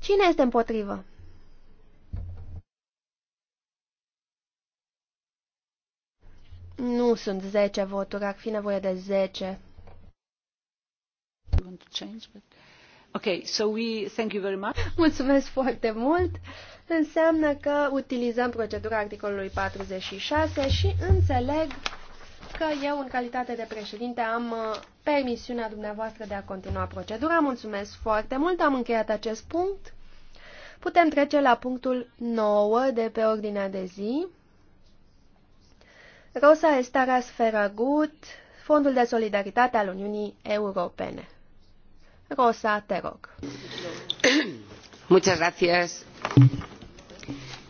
Cine este împotrivă? Nu sunt 10 voturi, ar fi nevoie de 10. Mulțumesc foarte mult. Înseamnă că utilizăm procedura articolului 46 și înțeleg că eu, în calitate de președinte, am uh, permisiunea dumneavoastră de a continua procedura. Mulțumesc foarte mult, am încheiat acest punct. Putem trece la punctul 9 de pe ordinea de zi. Rosa Estaras Feragut, Fondul de Solidaritate al Uniunii Europene. Rosa, te rog. Muchas gracias.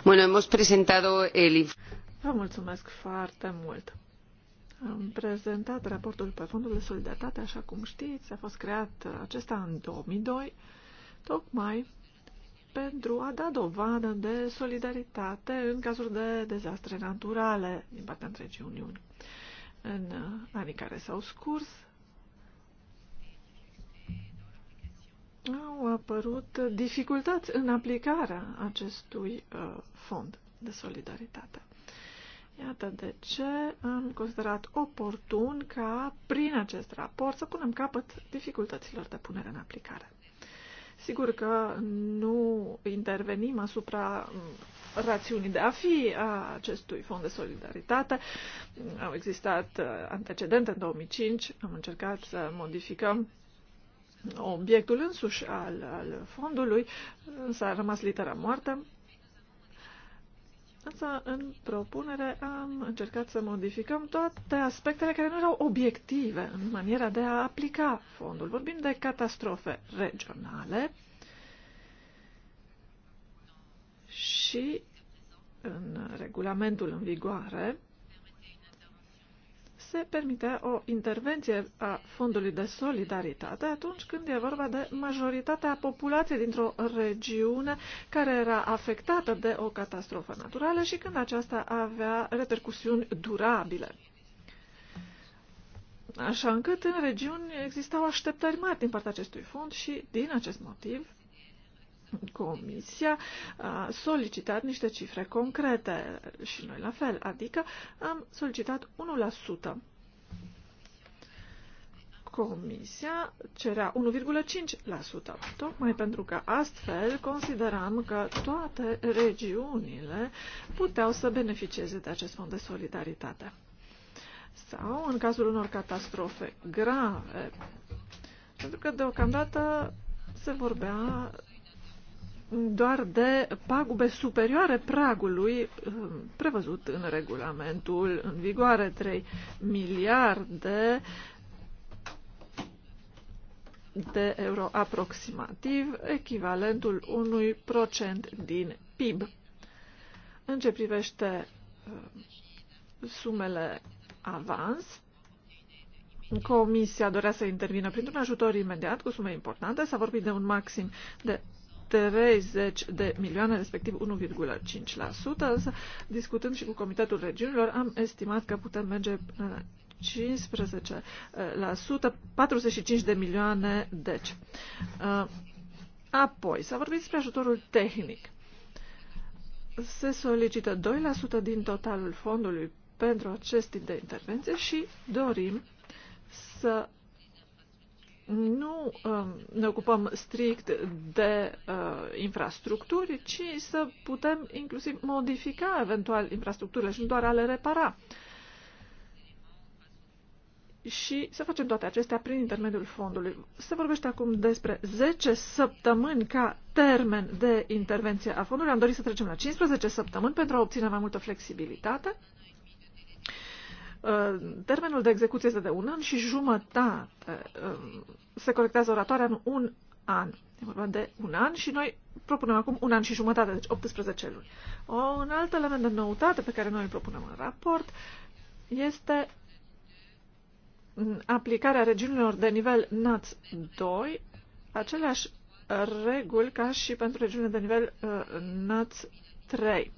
Bueno, hemos presentado el... Vă mulțumesc foarte mult. Am prezentat raportul pe fondul de solidaritate, așa cum știți, a fost creat acesta în 2002, tocmai pentru a da dovadă de solidaritate în cazuri de dezastre naturale din partea întregii Uniuni. În anii care s-au scurs, au apărut dificultăți în aplicarea acestui uh, fond de solidaritate. Iată de ce am considerat oportun ca, prin acest raport, să punem capăt dificultăților de punere în aplicare. Sigur că nu intervenim asupra mm, rațiunii de a fi a acestui fond de solidaritate. Au existat uh, antecedente în 2005, am încercat să modificăm obiectul însuși al, al fondului, însă a rămas litera moartă Însă, în propunere, am încercat să modificăm toate aspectele care nu erau obiective în maniera de a aplica fondul. Vorbim de catastrofe regionale și în regulamentul în vigoare se permite o intervenție a Fondului de Solidaritate atunci când e vorba de majoritatea populației dintr-o regiune care era afectată de o catastrofă naturală și când aceasta avea repercusiuni durabile. Așa încât în regiuni existau așteptări mari din partea acestui fond și din acest motiv Comisia a solicitat niște cifre concrete și noi la fel, adică am solicitat 1%. Comisia cerea 1,5%, tocmai pentru că astfel consideram că toate regiunile puteau să beneficieze de acest fond de solidaritate. Sau în cazul unor catastrofe grave, pentru că deocamdată se vorbea doar de pagube superioare pragului um, prevăzut în regulamentul în vigoare 3 miliarde de euro aproximativ, echivalentul unui procent din PIB. În ce privește um, sumele avans, Comisia dorea să intervină printr-un ajutor imediat cu sume importante. S-a vorbit de un maxim de 30 de milioane, respectiv 1,5%, însă discutând și cu Comitetul Regiunilor am estimat că putem merge până la 15%, 45 de milioane, deci. Uh, apoi, s-a vorbit despre ajutorul tehnic. Se solicită 2% din totalul fondului pentru acest tip de intervenție și dorim să nu um, ne ocupăm strict de uh, infrastructuri, ci să putem inclusiv modifica eventual infrastructurile și nu doar a le repara. Și să facem toate acestea prin intermediul fondului. Se vorbește acum despre 10 săptămâni ca termen de intervenție a fondului. Am dorit să trecem la 15 săptămâni pentru a obține mai multă flexibilitate Uh, termenul de execuție este de un an și jumătate. Uh, um, se corectează oratoarea în un an. E vorba de un an și noi propunem acum un an și jumătate, deci 18 luni. O, un alt element de noutate pe care noi îl propunem în raport este aplicarea regiunilor de nivel NAT 2, aceleași reguli ca și pentru regiunile de nivel uh, NAT 3.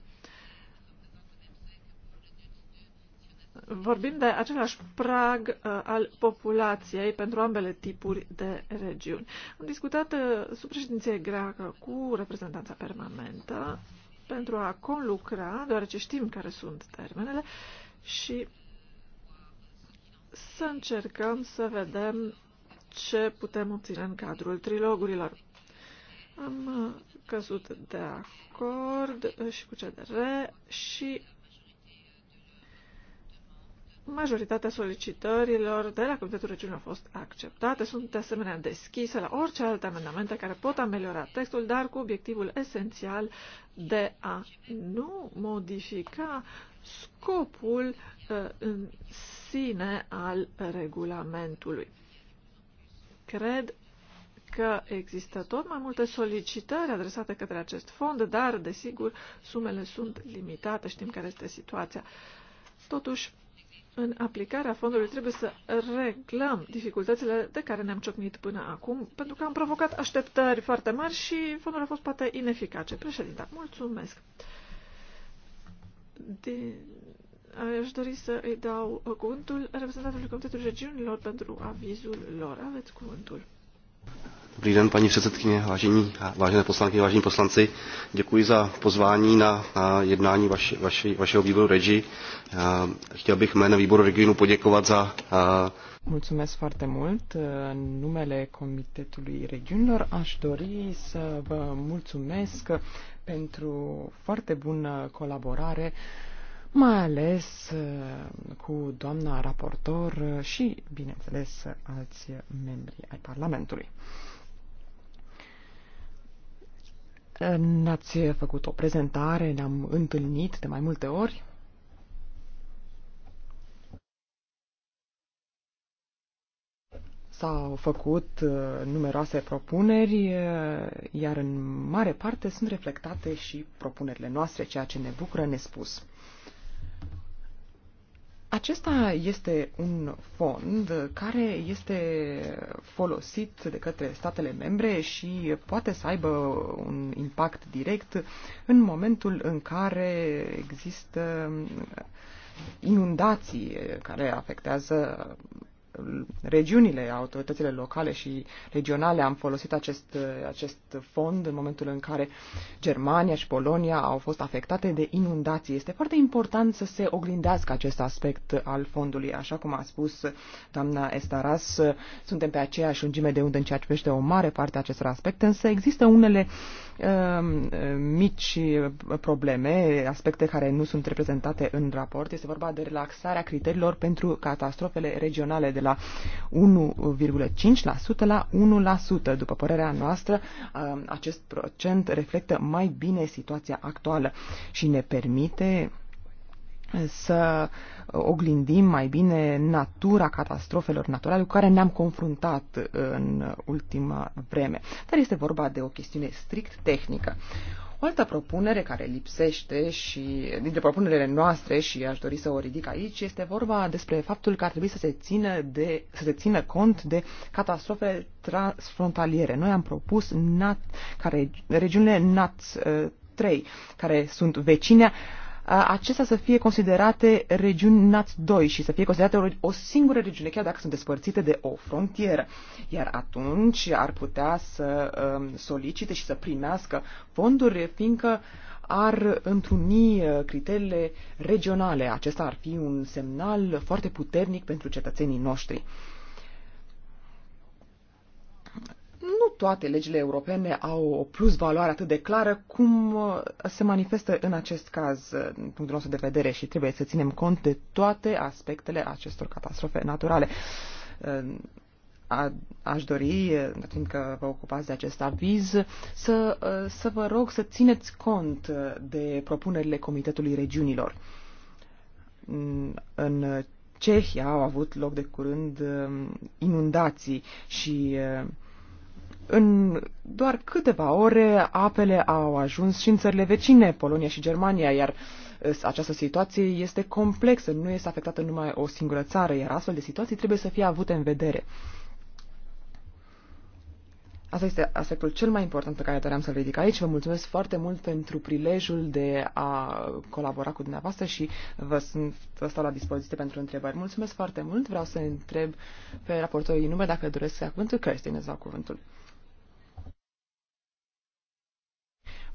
vorbim de același prag uh, al populației pentru ambele tipuri de regiuni. Am discutat uh, sub președinție greacă cu reprezentanța permanentă pentru a conlucra, deoarece știm care sunt termenele, și să încercăm să vedem ce putem obține în cadrul trilogurilor. Am uh, căzut de acord uh, și cu CDR și Majoritatea solicitărilor de la Comitetul Regiunii au fost acceptate. Sunt de asemenea deschise la orice alte amendamente care pot ameliora textul, dar cu obiectivul esențial de a nu modifica scopul uh, în sine al regulamentului. Cred că există tot mai multe solicitări adresate către acest fond, dar, desigur, sumele sunt limitate, știm care este situația. Totuși, în aplicarea fondului trebuie să reglăm dificultățile de care ne-am ciocnit până acum, pentru că am provocat așteptări foarte mari și fondul a fost poate ineficace. Președinte, mulțumesc. De... Aș dori să îi dau cuvântul reprezentantului Comitetului Regiunilor pentru avizul lor. Aveți cuvântul. Dobrý den, paní předsedkyně, vážení, vážené poslankyně, vážení poslanci. Děkuji za pozvání na, na jednání vaši, vaši, vašeho výboru REGI. Chtěl bych jménem výboru regionu poděkovat za... A... Mulțumesc foarte mult. În numele Comitetului Regiunilor aș dori să vă mulțumesc pentru foarte bună colaborare mai ales cu doamna raportor și, bineînțeles, alți membri ai Parlamentului. Ne-ați făcut o prezentare, ne-am întâlnit de mai multe ori. S-au făcut uh, numeroase propuneri, uh, iar în mare parte sunt reflectate și propunerile noastre, ceea ce ne bucură nespus. Acesta este un fond care este folosit de către statele membre și poate să aibă un impact direct în momentul în care există inundații care afectează regiunile, autoritățile locale și regionale. Am folosit acest, acest fond în momentul în care Germania și Polonia au fost afectate de inundații. Este foarte important să se oglindească acest aspect al fondului. Așa cum a spus doamna Estaras, suntem pe aceeași lungime de undă în ceea ce privește o mare parte a acestor aspecte, însă există unele um, mici probleme, aspecte care nu sunt reprezentate în raport. Este vorba de relaxarea criteriilor pentru catastrofele regionale de la la 1,5% la 1%. După părerea noastră, um, acest procent reflectă mai bine situația actuală și ne permite să oglindim mai bine natura catastrofelor naturale cu care ne-am confruntat uh, în ultima vreme. Dar este vorba de o chestiune strict tehnică. O altă propunere care lipsește și dintre propunerile noastre și aș dori să o ridic aici este vorba despre faptul că ar trebui să se țină, de, să se țină cont de catastrofe transfrontaliere. Noi am propus NAT, care, regiunile NAT 3, ă, care sunt vecinea acestea să fie considerate regiuni NAT2 și să fie considerate o, o singură regiune, chiar dacă sunt despărțite de o frontieră. Iar atunci ar putea să um, solicite și să primească fonduri, fiindcă ar întruni uh, criteriile regionale. Acesta ar fi un semnal foarte puternic pentru cetățenii noștri. nu toate legile europene au o plus valoare atât de clară cum uh, se manifestă în acest caz, uh, din punctul nostru de vedere, și trebuie să ținem cont de toate aspectele acestor catastrofe naturale. Uh, a, aș dori, că vă ocupați de acest aviz, să, să vă rog să țineți cont de propunerile Comitetului Regiunilor. În Cehia au avut loc de curând inundații și în doar câteva ore, apele au ajuns și în țările vecine, Polonia și Germania, iar uh, această situație este complexă, nu este afectată numai o singură țară, iar astfel de situații trebuie să fie avute în vedere. Asta este aspectul cel mai important pe care doream să-l ridic aici. Vă mulțumesc foarte mult pentru prilejul de a colabora cu dumneavoastră și vă, sunt, vă stau la dispoziție pentru întrebări. Mulțumesc foarte mult. Vreau să întreb pe raportorii nume dacă doresc să ia cuvântul. Cărstin, îți dau cuvântul.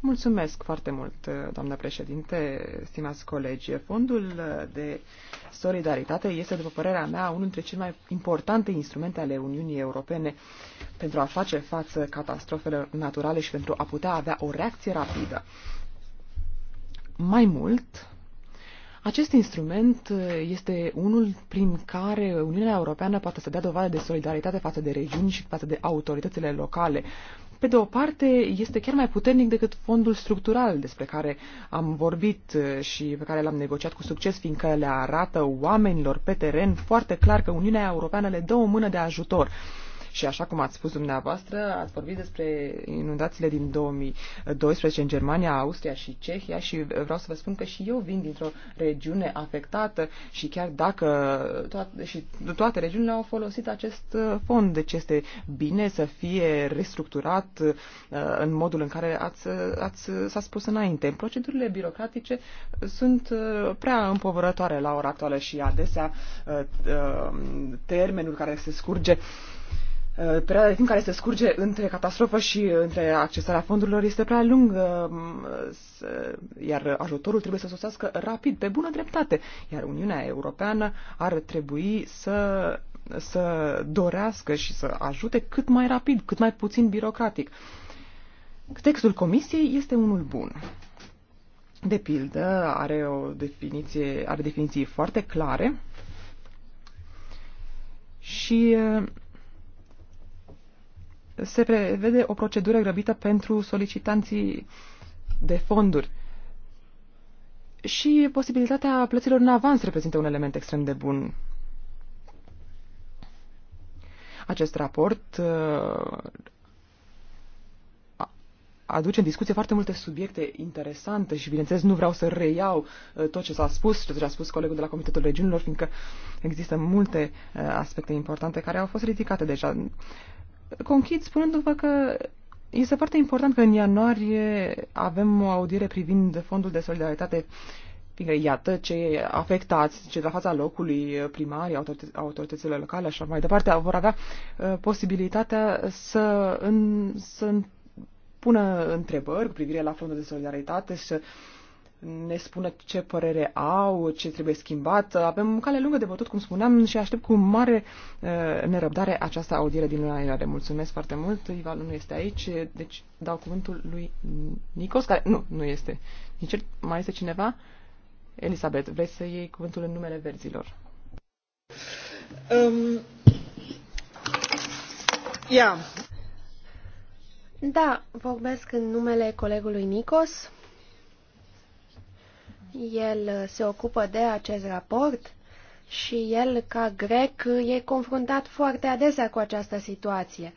Mulțumesc foarte mult, doamnă președinte, stimați colegi. Fondul de solidaritate este, după părerea mea, unul dintre cele mai importante instrumente ale Uniunii Europene pentru a face față catastrofelor naturale și pentru a putea avea o reacție rapidă. Mai mult, acest instrument este unul prin care Uniunea Europeană poate să dea dovadă de solidaritate față de regiuni și față de autoritățile locale, pe de o parte, este chiar mai puternic decât fondul structural despre care am vorbit uh, și pe care l-am negociat cu succes, fiindcă le arată oamenilor pe teren foarte clar că Uniunea Europeană le dă o mână de ajutor și așa cum ați spus dumneavoastră, ați vorbit despre inundațiile din 2012 în Germania, Austria și Cehia și vreau să vă spun că și eu vin dintr-o regiune afectată și chiar dacă toate, și toate regiunile au folosit acest uh, fond, deci este bine să fie restructurat uh, în modul în care ați, ați, s-a spus înainte. Procedurile birocratice sunt uh, prea împovărătoare la ora actuală și adesea termenul care se scurge Uh, perioada de timp care se scurge între catastrofă și uh, între accesarea fondurilor este prea lungă, um, uh, iar ajutorul trebuie să sosească rapid, pe bună dreptate. Iar Uniunea Europeană ar trebui să, să dorească și să ajute cât mai rapid, cât mai puțin birocratic. Textul Comisiei este unul bun. De pildă, are, o definiție, are definiții foarte clare și se prevede o procedură grăbită pentru solicitanții de fonduri. Și posibilitatea plăților în avans reprezintă un element extrem de bun. Acest raport uh, aduce în discuție foarte multe subiecte interesante și, bineînțeles, nu vreau să reiau uh, tot ce s-a spus, tot ce a spus colegul de la Comitetul Regiunilor, fiindcă există multe uh, aspecte importante care au fost ridicate deja conchid spunându-vă că este foarte important că în ianuarie avem o audiere privind fondul de solidaritate, fiindcă iată ce afectați, ce de la fața locului, primarii, autoritățile locale, așa mai departe, vor avea uh, posibilitatea să, în, să pună întrebări cu privire la fondul de solidaritate, să ne spună ce părere au, ce trebuie schimbat. Avem cale lungă de bătut, cum spuneam, și aștept cu mare uh, nerăbdare această audiere din luna ianuarie. Mulțumesc foarte mult. Ival nu este aici, deci dau cuvântul lui Nicos, care nu, nu este nici mai este cineva. Elisabeth, vrei să iei cuvântul în numele verzilor? Um, yeah. Da, vorbesc în numele colegului Nicos el se ocupă de acest raport și el, ca grec, e confruntat foarte adesea cu această situație,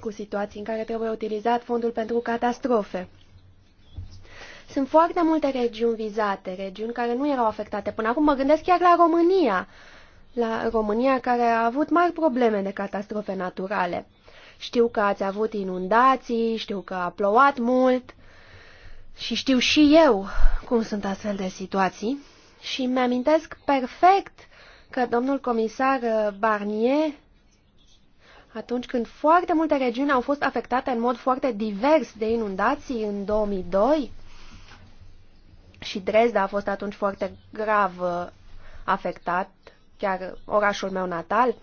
cu situații în care trebuie utilizat fondul pentru catastrofe. Sunt foarte multe regiuni vizate, regiuni care nu erau afectate. Până acum mă gândesc chiar la România, la România care a avut mari probleme de catastrofe naturale. Știu că ați avut inundații, știu că a plouat mult, și știu și eu cum sunt astfel de situații și mi-amintesc perfect că domnul comisar uh, Barnier, atunci când foarte multe regiuni au fost afectate în mod foarte divers de inundații în 2002, și Dresda a fost atunci foarte grav uh, afectat, chiar orașul meu natal,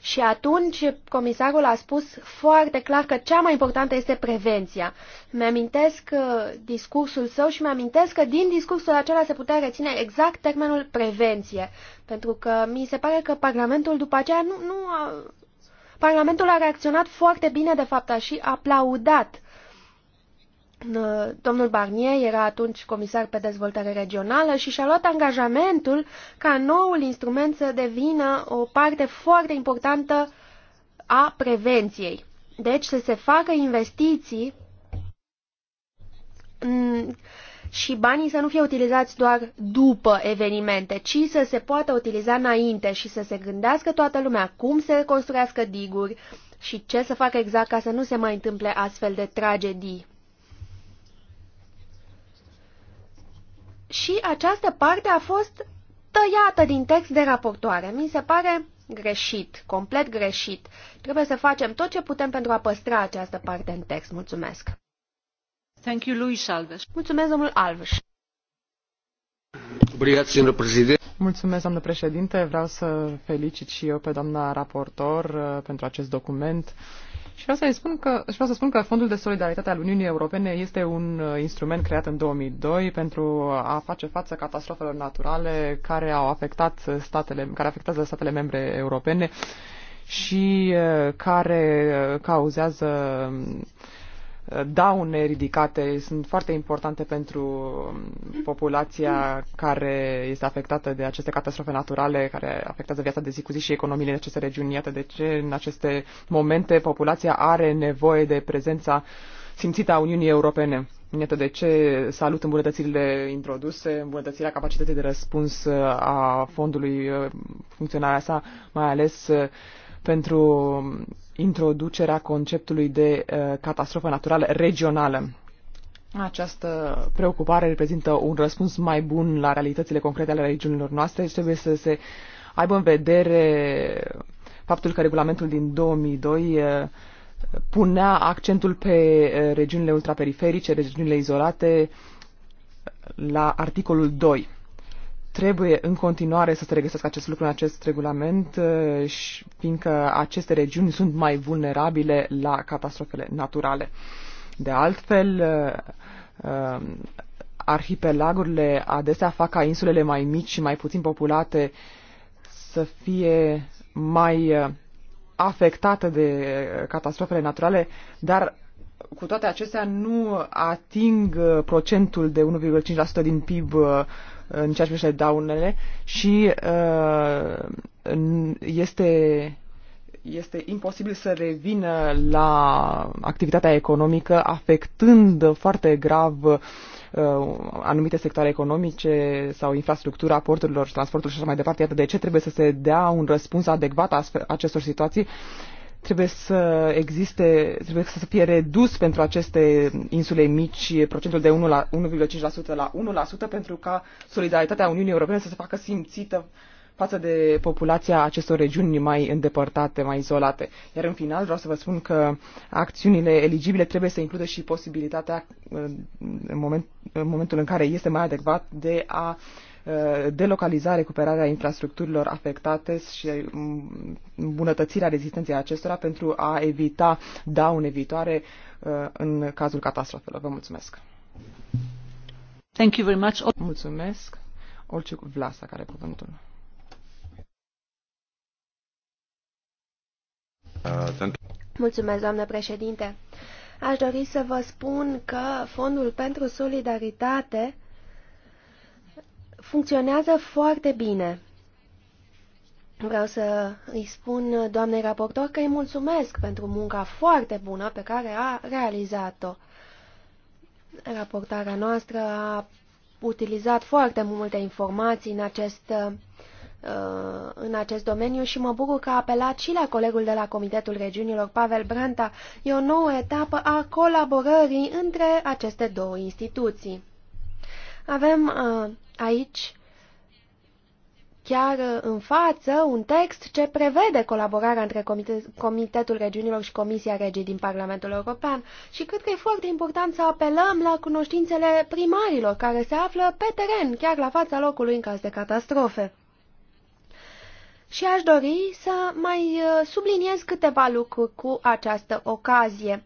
și atunci comisarul a spus foarte clar că cea mai importantă este prevenția. Mi-amintesc uh, discursul său și mi-amintesc că din discursul acela se putea reține exact termenul prevenție. Pentru că mi se pare că Parlamentul după aceea nu, nu a... Parlamentul a reacționat foarte bine, de fapt, a și aplaudat Uh, domnul Barnier era atunci comisar pe dezvoltare regională și și-a luat angajamentul ca noul instrument să devină o parte foarte importantă a prevenției. Deci să se facă investiții și banii să nu fie utilizați doar după evenimente, ci să se poată utiliza înainte și să se gândească toată lumea cum să construiască diguri și ce să facă exact ca să nu se mai întâmple astfel de tragedii. și această parte a fost tăiată din text de raportoare. Mi se pare greșit, complet greșit. Trebuie să facem tot ce putem pentru a păstra această parte în text. Mulțumesc. Thank you, Luis Alves. Mulțumesc, domnul Alves. Mulțumesc, doamnă președinte. Vreau să felicit și eu pe doamna raportor uh, pentru acest document și vreau să spun că, și vreau să spun că Fondul de Solidaritate al Uniunii Europene este un uh, instrument creat în 2002 pentru a face față catastrofelor naturale care au afectat statele, care afectează statele membre europene și uh, care uh, cauzează um, daune ridicate sunt foarte importante pentru populația care este afectată de aceste catastrofe naturale care afectează viața de zi cu zi și economiile în aceste regiuni. Iată de ce în aceste momente populația are nevoie de prezența simțită a Uniunii Europene. Iată de ce salut îmbunătățirile introduse, îmbunătățirea capacității de răspuns a fondului, funcționarea sa, mai ales pentru introducerea conceptului de uh, catastrofă naturală regională. Această preocupare reprezintă un răspuns mai bun la realitățile concrete ale regiunilor noastre și trebuie să se aibă în vedere faptul că regulamentul din 2002 uh, punea accentul pe uh, regiunile ultraperiferice, regiunile izolate la articolul 2. Trebuie în continuare să se regăsească acest lucru în acest regulament, uh, și fiindcă aceste regiuni sunt mai vulnerabile la catastrofele naturale. De altfel, uh, uh, arhipelagurile adesea fac ca insulele mai mici și mai puțin populate să fie mai afectate de catastrofele naturale, dar cu toate acestea nu ating procentul de 1,5% din PIB în ceea ce privește daunele și uh, este este imposibil să revină la activitatea economică, afectând foarte grav uh, anumite sectoare economice sau infrastructura porturilor, transportul și așa mai departe. Iată de ce trebuie să se dea un răspuns adecvat a acestor situații trebuie să existe, trebuie să fie redus pentru aceste insule mici procentul de la 1,5% la 1% pentru ca solidaritatea Uniunii Europene să se facă simțită față de populația acestor regiuni mai îndepărtate, mai izolate. Iar în final vreau să vă spun că acțiunile eligibile trebuie să includă și posibilitatea, uh, în, moment, în momentul în care este mai adecvat, de a uh, delocalizarea, recuperarea infrastructurilor afectate și mm, îmbunătățirea rezistenței acestora pentru a evita daune viitoare uh, în cazul catastrofelor. Vă mulțumesc! Thank you very much. Mulțumesc! Olciuc Vlasa, care cuvântul. Mulțumesc, doamnă președinte. Aș dori să vă spun că Fondul pentru Solidaritate funcționează foarte bine. Vreau să îi spun doamnei raportor că îi mulțumesc pentru munca foarte bună pe care a realizat-o. Raportarea noastră a utilizat foarte multe informații în acest, uh, în acest domeniu și mă bucur că a apelat și la colegul de la Comitetul Regiunilor, Pavel Branta. E o nouă etapă a colaborării între aceste două instituții. Avem uh, aici chiar în față un text ce prevede colaborarea între Comitetul Regiunilor și Comisia Regii din Parlamentul European și cred că e foarte important să apelăm la cunoștințele primarilor care se află pe teren, chiar la fața locului în caz de catastrofe. Și aș dori să mai uh, subliniez câteva lucruri cu această ocazie.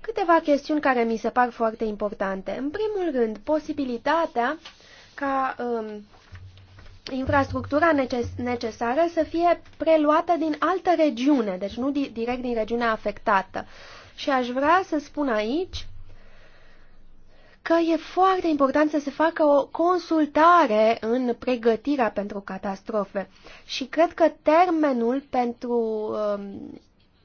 Câteva chestiuni care mi se par foarte importante. În primul rând, posibilitatea ca um, infrastructura neces necesară să fie preluată din altă regiune, deci nu di direct din regiunea afectată. Și aș vrea să spun aici că e foarte important să se facă o consultare în pregătirea pentru catastrofe. Și cred că termenul pentru um,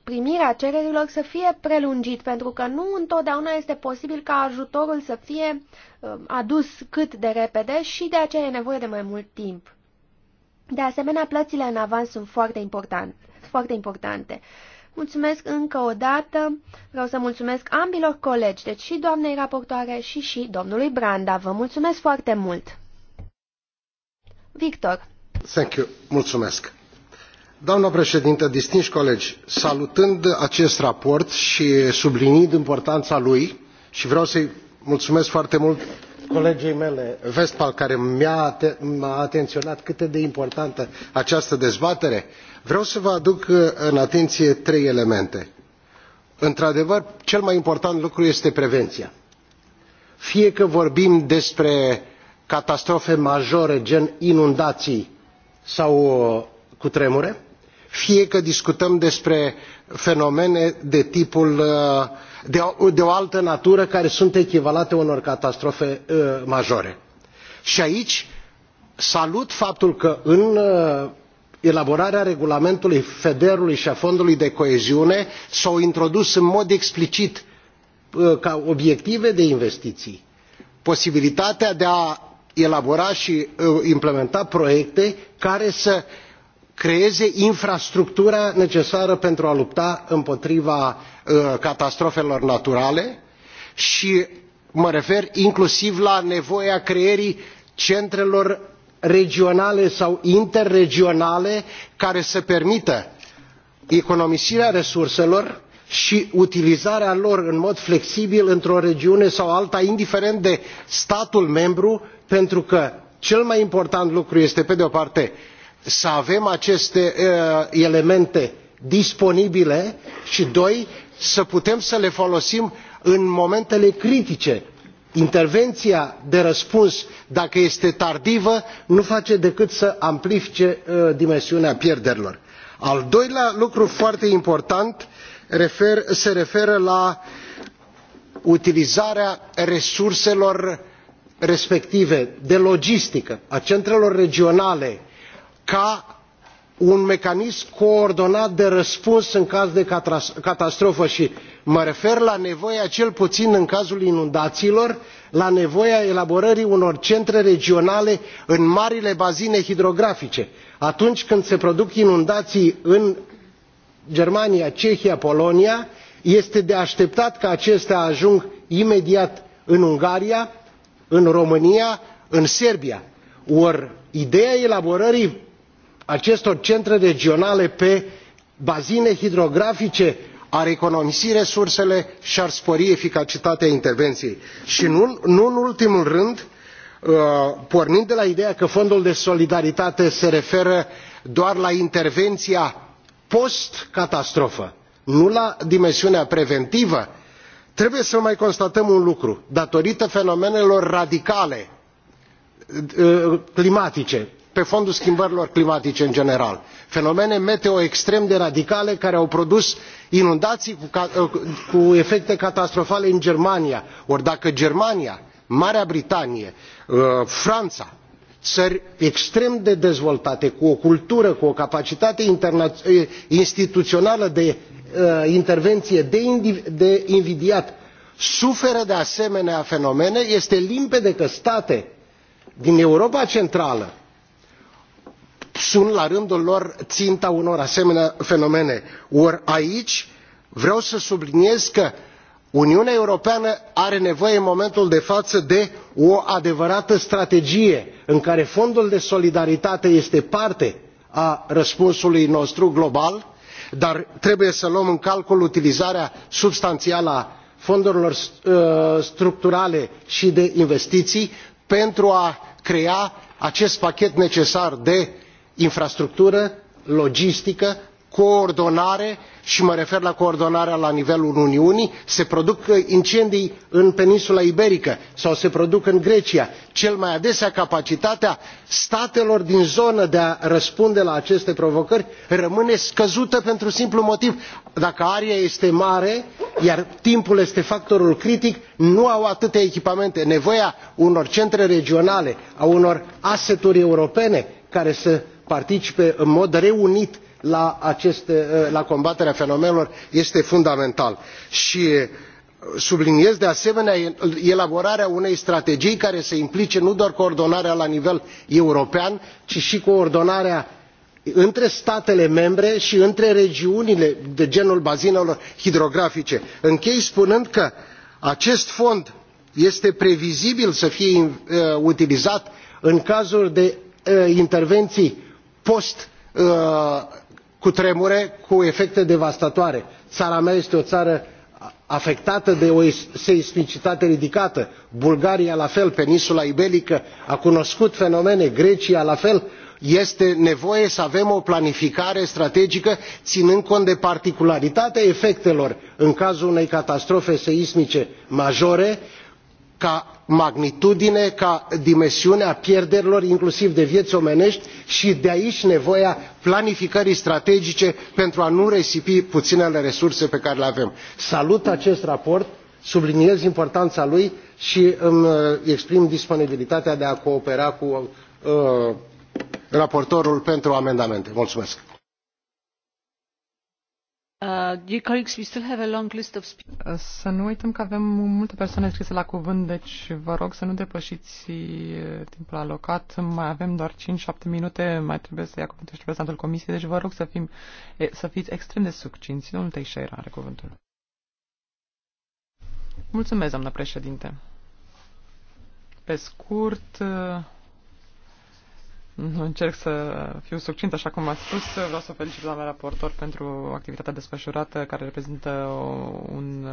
primirea cererilor să fie prelungit, pentru că nu întotdeauna este posibil ca ajutorul să fie uh, adus cât de repede și de aceea e nevoie de mai mult timp. De asemenea, plățile în avans sunt foarte, important, foarte importante. Mulțumesc încă o dată, vreau să mulțumesc ambilor colegi, deci și doamnei raportoare și și domnului Branda. Vă mulțumesc foarte mult! Victor. Thank you. Mulțumesc doamnă președintă distinși colegi salutând acest raport și subliniind importanța lui și vreau să i mulțumesc foarte mult colegei mele westphal care m a atenționat cât de importantă este această dezbatere vreau să vă aduc în atenție trei elemente într adevăr cel mai important lucru este prevenția fie că vorbim despre catastrofe majore gen inundații sau uh, cutremure fie că discutăm despre fenomene de tipul uh, de o, altă natură care sunt echivalente unor catastrofe uh, majore. și aici salut faptul că în uh, elaborarea regulamentului feder și a fondului de coeziune s au introdus în mod explicit ca obiective de investiții posibilitatea de a elabora și implementa proiecte care să creeze infrastructura necesară pentru a lupta împotriva uh, catastrofelor naturale și mă refer inclusiv la nevoia creării centrelor regionale sau interregionale care să permită economisirea resurselor și utilizarea lor în mod flexibil într o regiune sau alta indiferent de statul membru pentru că cel mai important lucru este pe de o parte să avem aceste uh, elemente disponibile și doi să putem să le folosim în momentele critice. intervenția de răspuns dacă este tardivă nu face decât să amplifice uh, dimensiunea pierderilor. al doilea lucru foarte important se referă la utilizarea resurselor respective de logistică a centrelor regionale ca un mecanism coordonat de răspuns în caz de catastrofă și mă refer la nevoia cel puțin în cazul inundațiilor la nevoia elaborării unor centre regionale în marile bazine hidrografice atunci când se produc inundații în germania cehia polonia este de așteptat ca acestea să ajung imediat în ungaria în românia în serbia ori ideea elaborării acestor centre regionale pe bazine hidrografice ar economisi resursele și ar spori eficacitatea intervenției și nu în ultimul rând uh, pornind de la ideea că fondul de solidaritate se referă doar la intervenția post catastrofă nu la dimensiunea preventivă trebuie să mai constatăm un lucru datorită fenomenelor radicale uh, climatice pe fondul schimbărilor climatice în general fenomene meteo extrem de radicale care au produs inundații cu uh, efecte catastrofale în germania ori dacă germania marea britanie uh, franța țări extrem de dezvoltate cu o cultură cu o capacitate uh, instituțională de intervenție de invidiat suferă de asemenea fenomene este limpede că state din europa centrală sunt la rândul lor ținta unor asemenea fenomene. ori aici vreau să subliniez că uniunea europeană are nevoie în momentul de față de o adevărată strategie în care fondul de solidaritate este parte a răspunsului nostru global dar trebuie să luăm în calcul utilizarea substanțială a fondurilor uh, structurale și de investiții pentru a crea acest pachet necesar de infrastructură logistică coordonare și mă refer la coordonarea la nivelul uniunii se produc incendii în peninsula iberică sau se produc în grecia cel mai adesea capacitatea statelor din zonă de a răspunde la aceste provocări rămâne scăzută pentru simplul motiv dacă aria este mare iar timpul este factorul critic nu au atâtea echipamente nevoia unor centre regionale a unor aseturi europene care să participe în mod reunit la, ă, la combaterea fenomenelor este fundamental și ă, subliniez de asemenea elaborarea unei strategii care să implice nu doar coordonarea la nivel european ci și coordonarea între statele membre și între regiunile de genul bazinelor hidrografice. închei spunând că acest fond este previzibil să fie ă, utilizat în cazuri de intervenții post uh, cutremure cu efecte devastatoare. țara mea este o țară afectată de o seismicitate ridicată bulgaria la fel peninsula iberică a cunoscut fenomene grecia la fel este nevoie să avem o planificare strategică ținând cont de particularitatea efectelor în cazul unei catastrofe seismice majore și ca magnitudine ca dimensiune a pierderilor inclusiv de vieți omenești și de aici nevoia planificării strategice pentru a nu risipi puținele resurse pe care le avem. salut acest raport subliniez importanța lui și îmi uh, exprim disponibilitatea de a coopera cu uh, raportorul pentru amendamente. mulțumesc. Să nu uităm că avem multe persoane scrise la cuvânt, deci vă rog să nu depășiți uh, timpul alocat. Mai avem doar 5-7 minute, mai trebuie să ia cuvântul și reprezentantul comisiei, deci vă rog să, fim, să fiți extrem de succinți. Domnul Teixeira are cuvântul. Mulțumesc, doamnă președinte. Pe scurt, uh, încerc să fiu succint, așa cum a spus. Vreau să felicit mea raportor pentru activitatea desfășurată, care reprezintă un,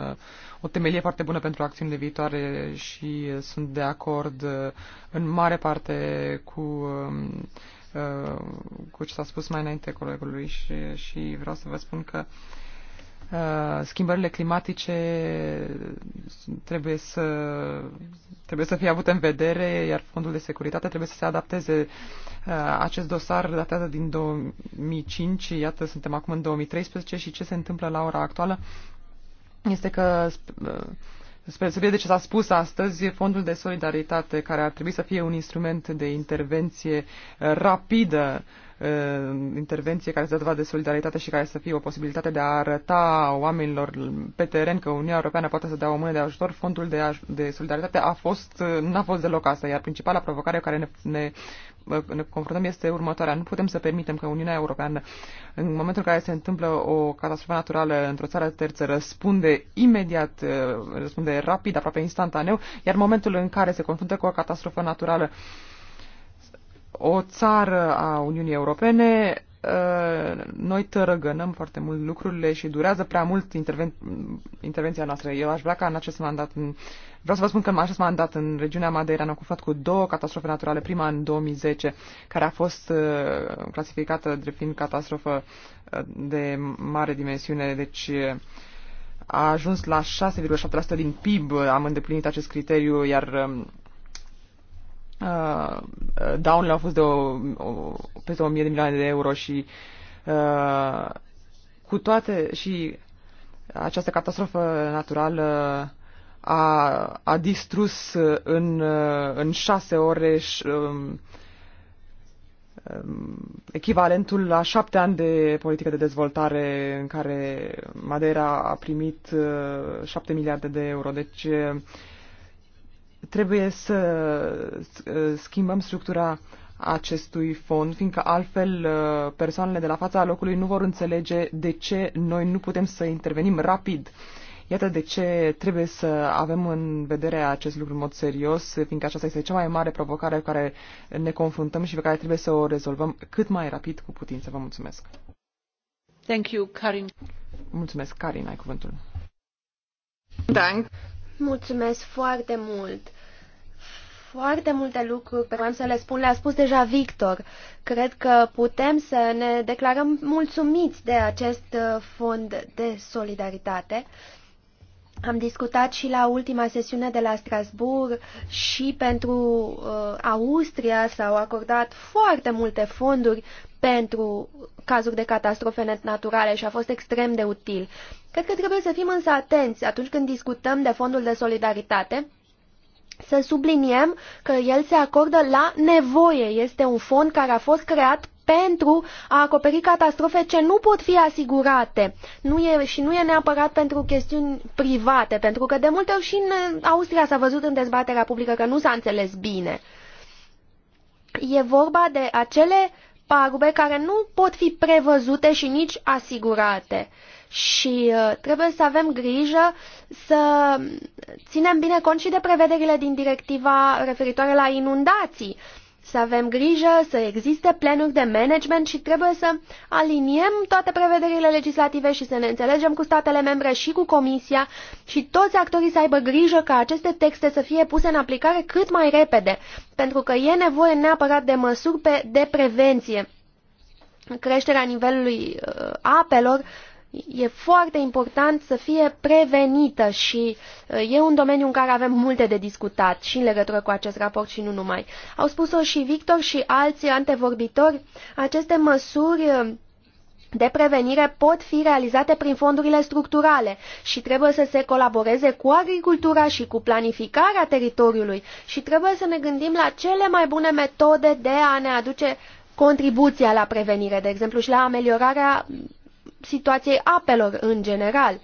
o temelie foarte bună pentru acțiunile viitoare și sunt de acord în mare parte cu, uh, cu ce s-a spus mai înainte colegului și, și vreau să vă spun că uh, Uh, schimbările climatice trebuie să, trebuie să fie avute în vedere, iar fondul de securitate trebuie să se adapteze. Uh, acest dosar datează din 2005, iată, suntem acum în 2013 și ce se întâmplă la ora actuală este că uh, spre deosebire de ce s-a spus astăzi, fondul de solidaritate, care ar trebui să fie un instrument de intervenție rapidă Uh, intervenție care să dea de solidaritate și care să fie o posibilitate de a arăta oamenilor pe teren că Uniunea Europeană poate să dea o mână de ajutor, fondul de, aj- de solidaritate a fost, uh, n-a fost deloc asta, iar principala provocare cu care ne, ne uh, ne confruntăm este următoarea. Nu putem să permitem că Uniunea Europeană, în momentul în care se întâmplă o catastrofă naturală într-o țară terță, răspunde imediat, răspunde rapid, aproape instantaneu, iar momentul în care se confruntă cu o catastrofă naturală o țară a Uniunii Europene, ă, noi tărăgănăm foarte mult lucrurile și durează prea mult interven- intervenția noastră. Eu aș vrea ca în acest mandat, în... vreau să vă spun că în acest mandat în regiunea Madeira ne-am confruntat cu două catastrofe naturale. Prima în 2010, care a fost ă, clasificată drept fiind catastrofă ă, de mare dimensiune, deci a ajuns la 6,7% din PIB, am îndeplinit acest criteriu, iar Uh, uh daunele au fost de o, o, peste 1000 de milioane de euro și uh, cu toate și această catastrofă naturală a, a distrus în, uh, în șase ore ș, um, um, echivalentul la șapte ani de politică de dezvoltare în care Madeira a primit uh, șapte miliarde de euro. Deci Trebuie să uh, schimbăm structura acestui fond, fiindcă altfel uh, persoanele de la fața locului nu vor înțelege de ce noi nu putem să intervenim rapid. Iată de ce trebuie să avem în vedere acest lucru în mod serios, fiindcă aceasta este cea mai mare provocare cu care ne confruntăm și pe care trebuie să o rezolvăm cât mai rapid cu putință. Vă mulțumesc. Thank you, Karin. Mulțumesc, Karin, ai cuvântul. Thank Mulțumesc foarte mult! Foarte multe lucruri pe care am să le spun, le-a spus deja Victor. Cred că putem să ne declarăm mulțumiți de acest uh, fond de solidaritate. Am discutat și la ultima sesiune de la Strasbourg și pentru uh, Austria s-au acordat foarte multe fonduri pentru cazuri de catastrofe naturale și a fost extrem de util. Cred că trebuie să fim însă atenți atunci când discutăm de fondul de solidaritate, să subliniem că el se acordă la nevoie. Este un fond care a fost creat pentru a acoperi catastrofe ce nu pot fi asigurate. Nu e, și nu e neapărat pentru chestiuni private, pentru că de multe ori și în Austria s-a văzut în dezbaterea publică că nu s-a înțeles bine. E vorba de acele pagube care nu pot fi prevăzute și nici asigurate. Și uh, trebuie să avem grijă să ținem bine cont și de prevederile din directiva referitoare la inundații. Uh, să avem grijă să existe planuri de management și trebuie să aliniem toate prevederile legislative și să ne înțelegem cu statele membre și cu Comisia și toți actorii să aibă grijă ca aceste texte să fie puse în aplicare cât mai repede, pentru că e nevoie neapărat de măsuri pe, de prevenție. Creșterea nivelului uh, apelor E foarte important să fie prevenită și uh, e un domeniu în care avem multe de discutat și în legătură cu acest raport și nu numai. Au spus-o și Victor și alți antevorbitori, aceste măsuri uh, de prevenire pot fi realizate prin fondurile structurale și trebuie să se colaboreze cu agricultura și cu planificarea teritoriului și trebuie să ne gândim la cele mai bune metode de a ne aduce contribuția la prevenire, de exemplu, și la ameliorarea situației apelor în general.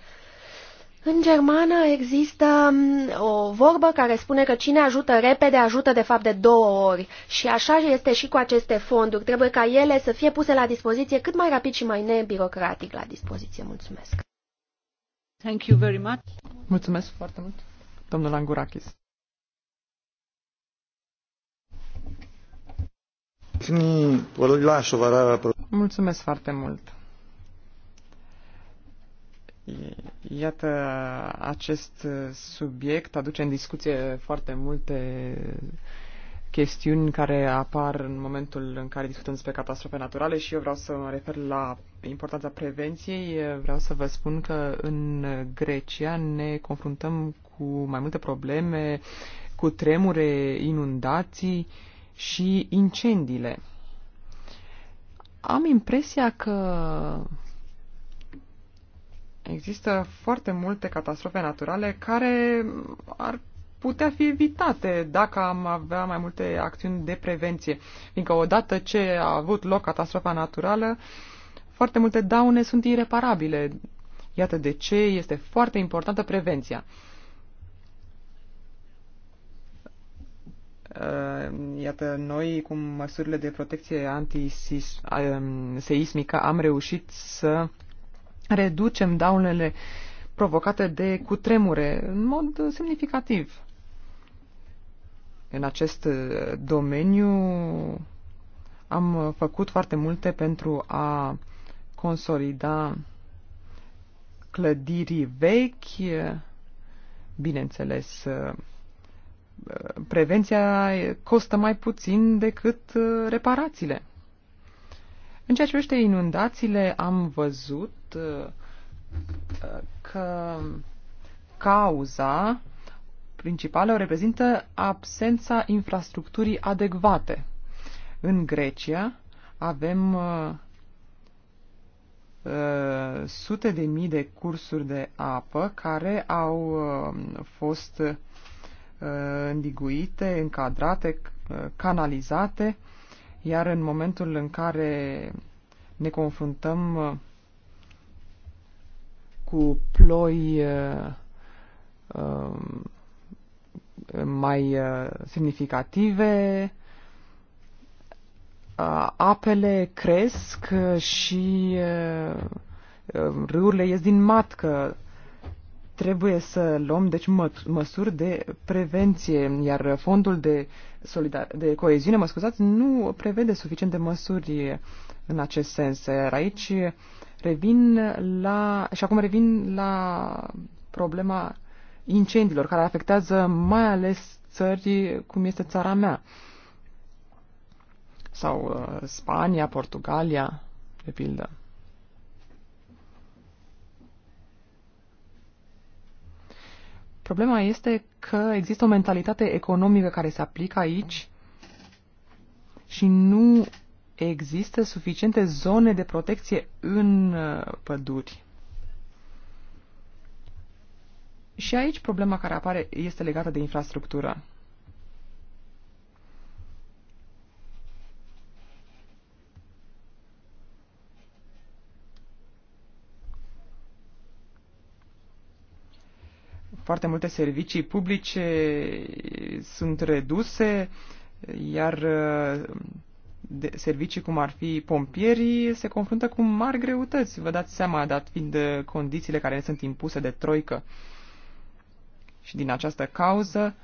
În germană există mm, o vorbă care spune că cine ajută repede, ajută de fapt de două ori. Și așa este și cu aceste fonduri. Trebuie ca ele să fie puse la dispoziție cât mai rapid și mai nebirocratic la dispoziție. Mulțumesc! Thank you very much. Mulțumesc foarte mult, domnul Angurakis. Mulțumesc foarte mult. Iată, acest subiect aduce în discuție foarte multe chestiuni care apar în momentul în care discutăm despre catastrofe naturale și eu vreau să mă refer la importanța prevenției. Vreau să vă spun că în Grecia ne confruntăm cu mai multe probleme, cu tremure, inundații și incendiile. Am impresia că Există foarte multe catastrofe naturale care ar putea fi evitate dacă am avea mai multe acțiuni de prevenție. Fiindcă odată ce a avut loc catastrofa naturală, foarte multe daune sunt ireparabile. Iată de ce este foarte importantă prevenția. Uh, iată, noi cu măsurile de protecție antiseismică uh, am reușit să reducem daunele provocate de cutremure în mod semnificativ. În acest uh, domeniu am făcut foarte multe pentru a consolida clădirii vechi, bineînțeles, uh, prevenția costă mai puțin decât uh, reparațiile. În ceea ce privește inundațiile, am văzut uh, că cauza principală o reprezintă absența infrastructurii adecvate. În Grecia avem uh, uh, sute de mii de cursuri de apă care au fost îndiguite, încadrate, canalizate iar în momentul în care ne confruntăm uh, cu ploi uh, um, mai uh, semnificative, apele cresc și um, râurile ies din matcă. Trebuie să luăm, deci, mă măsuri de prevenție, iar fondul de solidar- de coeziune, mă scuzați, nu prevede suficiente măsuri în acest sens. Iar aici revin la, și acum revin la problema incendiilor, care afectează mai ales țări cum este țara mea, sau uh, Spania, Portugalia, de pildă. Problema este că există o mentalitate economică care se aplică aici și nu există suficiente zone de protecție în uh, păduri. Și aici problema care apare este legată de infrastructură. Foarte multe servicii publice sunt reduse, iar uh, de servicii cum ar fi pompierii se confruntă cu mari greutăți. Vă dați seama, dat fiind uh, condițiile care sunt impuse de troică. Și din această cauză,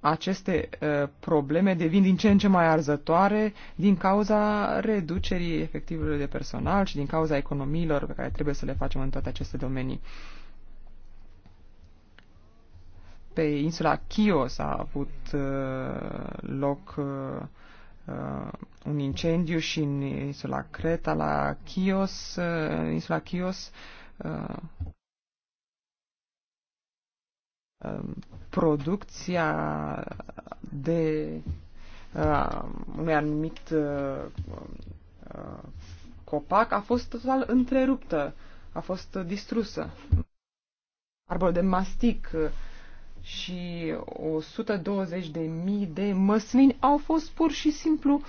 aceste uh, probleme devin din ce în ce mai arzătoare din cauza reducerii efectivului de personal și din cauza economiilor pe care trebuie să le facem în toate aceste domenii. Uh, pe insula Chios a avut uh, loc uh, uh, un incendiu și în insula Creta, la Chios, insula Chios um, producția de unui anumit copac a fost total întreruptă, a fost distrusă. Arbol de mastic și 120.000 de măslini au fost pur și simplu,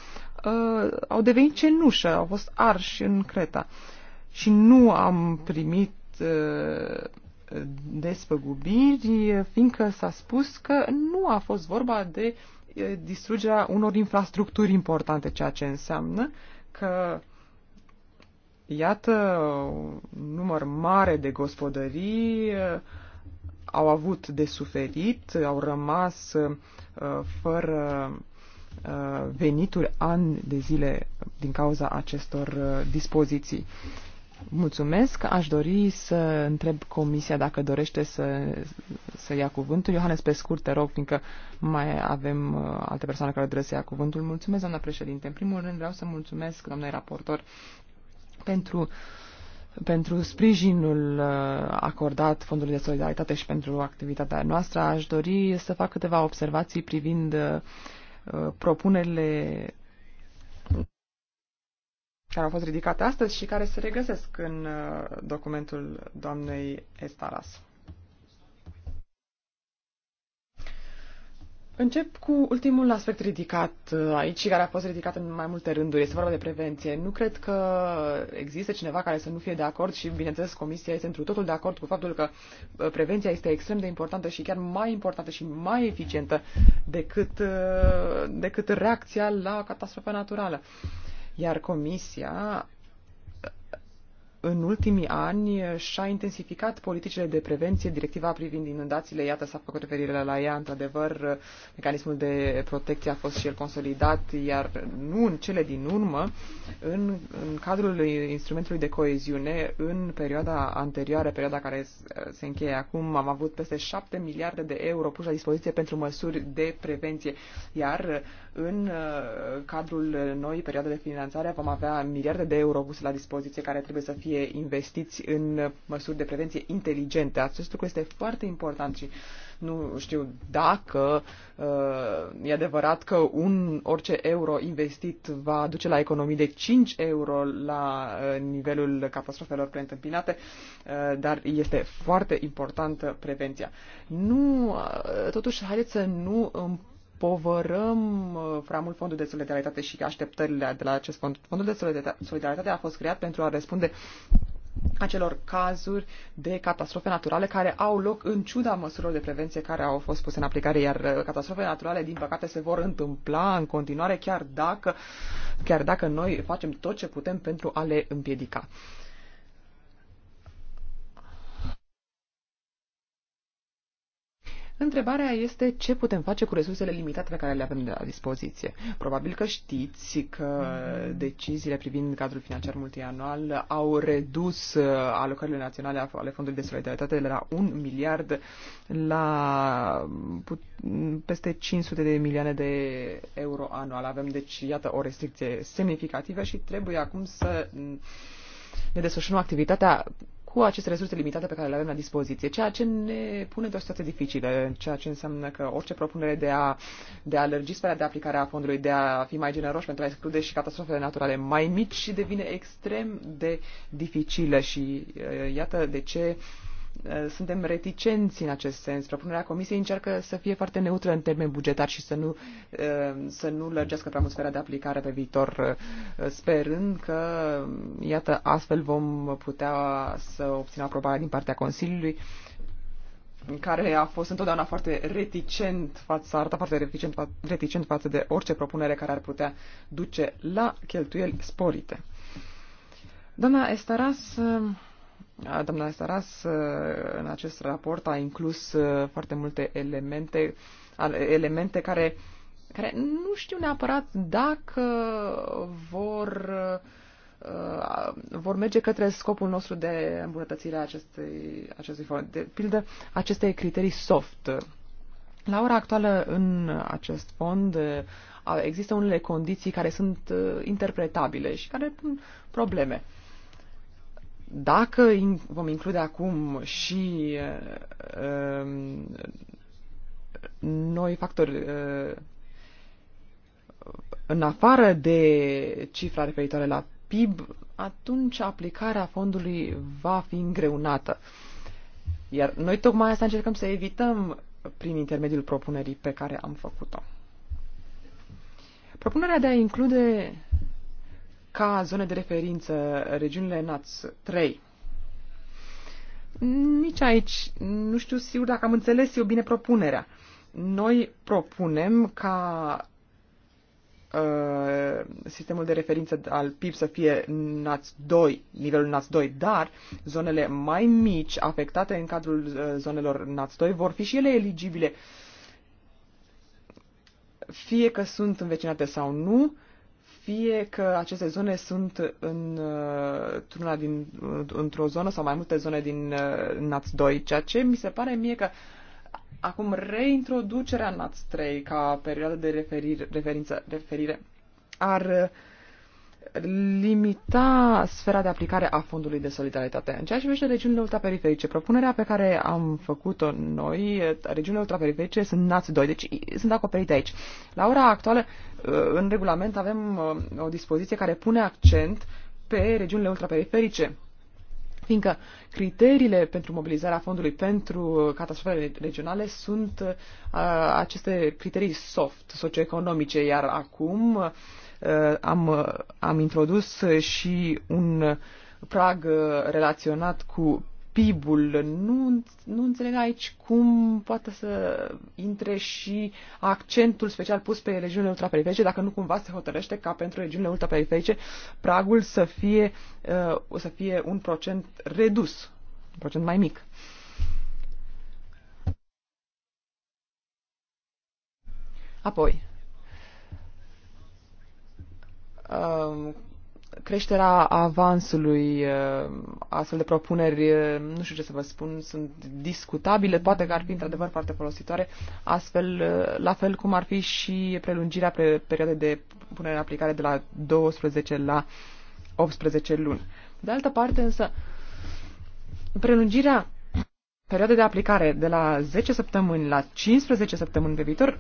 uh, au devenit cenușă, au fost arși în Creta. Și nu am primit uh, despăgubiri, fiindcă s-a spus că nu a fost vorba de uh, distrugerea unor infrastructuri importante, ceea ce înseamnă că iată un număr mare de gospodării uh, au avut de suferit, au rămas uh, fără uh, venituri ani de zile din cauza acestor uh, dispoziții. Mulțumesc. Aș dori să întreb comisia dacă dorește să, să ia cuvântul. Iohannes, pe scurt, te rog, fiindcă mai avem alte persoane care trebuie să ia cuvântul. Mulțumesc, doamna președinte. În primul rând vreau să mulțumesc, doamnei raportor, pentru uh, pentru sprijinul uh, acordat Fondului de Solidaritate și pentru activitatea noastră. Aș dori să fac câteva observații privind uh, propunerile care au fost ridicate astăzi și care se regăsesc în uh, documentul doamnei Estaras. Încep cu ultimul aspect ridicat uh, aici care a fost ridicat în mai multe rânduri. Este vorba de prevenție. Nu cred că există cineva care să nu fie de acord și, bineînțeles, Comisia este întru totul de acord cu faptul că uh, prevenția este extrem de importantă și chiar mai importantă și mai eficientă decât, uh, decât reacția la catastrofa naturală. Iar Comisia în ultimii ani și-a intensificat politicile de prevenție, directiva privind inundațiile, iată s-a făcut referire la ea, într-adevăr, mecanismul de protecție a fost și el consolidat, iar nu în cele din urmă, în, în cadrul instrumentului de coeziune, în perioada anterioară, perioada care se încheie acum, am avut peste 7 miliarde de euro puși la dispoziție pentru măsuri de prevenție, iar în uh, cadrul noii perioade de finanțare vom avea miliarde de euro puse la dispoziție care trebuie să fie investiți în măsuri de prevenție inteligente. Acest lucru este foarte important și nu știu dacă uh, e adevărat că un orice euro investit va duce la economii de 5 euro la uh, nivelul catastrofelor preîntâmpinate, uh, dar este foarte importantă prevenția. Nu, uh, totuși, haideți să nu împovărăm uh, mult Fondul de Solidaritate și așteptările de la acest fond. Fondul de Solidaritate a fost creat pentru a răspunde acelor cazuri de catastrofe naturale care au loc în ciuda măsurilor de prevenție care au fost puse în aplicare, iar uh, catastrofele naturale, din păcate, se vor întâmpla în continuare, chiar dacă, chiar dacă noi facem tot ce putem pentru a le împiedica. Întrebarea este ce putem face cu resursele limitate pe care le avem la dispoziție. Probabil că știți că deciziile privind cadrul financiar multianual au redus uh, alocările naționale ale Fondului de Solidaritate de la 1 miliard la peste 500 de milioane de euro anual. Avem deci, iată, o restricție semnificativă și trebuie acum să ne desfășurăm activitatea cu aceste resurse limitate pe care le avem la dispoziție, ceea ce ne pune într-o situație dificilă, ceea ce înseamnă că orice propunere de a, de a lărgi sfera de aplicare a fondului, de a fi mai generoși pentru a exclude și catastrofele naturale mai mici, devine extrem de dificilă și uh, iată de ce uh, Eh, suntem reticenți în acest sens. Propunerea Comisiei încearcă să fie foarte neutră în termeni bugetari și să nu, eh, să nu lărgească prea mult sfera de aplicare pe viitor, eh, sperând că, iată, astfel vom putea să obținem aprobarea din partea Consiliului care a fost întotdeauna foarte reticent față, arată foarte reticent, reticent față de orice propunere care ar putea duce la cheltuieli sporite. Doamna Estaras Doamna Saras, în acest raport a inclus foarte multe elemente, elemente care, care nu știu neapărat dacă vor, vor merge către scopul nostru de îmbunătățire a acestei, acestui fond. De pildă, aceste criterii soft. La ora actuală, în acest fond, există unele condiții care sunt interpretabile și care pun probleme. Dacă vom include acum și uh, um, noi factori uh, în afară de cifra referitoare la PIB, atunci aplicarea fondului va fi îngreunată. Iar noi tocmai asta încercăm să evităm prin intermediul propunerii pe care am făcut-o. Propunerea de a include ca zone de referință regiunile NATS 3. Nici aici nu știu sigur dacă am înțeles eu bine propunerea. Noi propunem ca uh, sistemul de referință al PIB să fie NATS 2, nivelul NATS 2, dar zonele mai mici afectate în cadrul uh, zonelor NATS 2 vor fi și ele eligibile, fie că sunt învecinate sau nu, uh, fie că aceste zone sunt în, uh, din, uh, într-o zonă sau mai multe zone din uh, NATS 2, ceea ce mi se pare mie că acum reintroducerea NATS 3 ca perioadă de referir, referință, referire ar uh, limita sfera de aplicare a Fondului de Solidaritate. În ceea ce privește regiunile ultraperiferice, propunerea pe care am făcut-o noi, regiunile ultraperiferice sunt NAT2, deci sunt acoperite aici. La ora actuală, uh, în regulament avem uh, o dispoziție care pune accent pe regiunile ultraperiferice, fiindcă criteriile pentru mobilizarea fondului pentru catastrofele regionale sunt uh, aceste criterii soft, socioeconomice, iar acum Uh, am, uh, am introdus și un prag uh, relaționat cu PIB-ul. Nu, nu înțeleg aici cum poate să intre și accentul special pus pe regiunile ultraperiferice, dacă nu cumva se hotărăște ca pentru regiunile ultraperiferice pragul să fie, uh, să fie un procent redus, un procent mai mic. Apoi, Um, creșterea avansului, uh, astfel de propuneri, uh, nu știu ce să vă spun, sunt discutabile, poate că ar fi într-adevăr foarte folositoare, astfel, uh, la fel cum ar fi și prelungirea pe perioadei de punere în aplicare de la 12 la 18 luni. De altă parte, însă, prelungirea perioadei de aplicare de la 10 săptămâni la 15 săptămâni pe viitor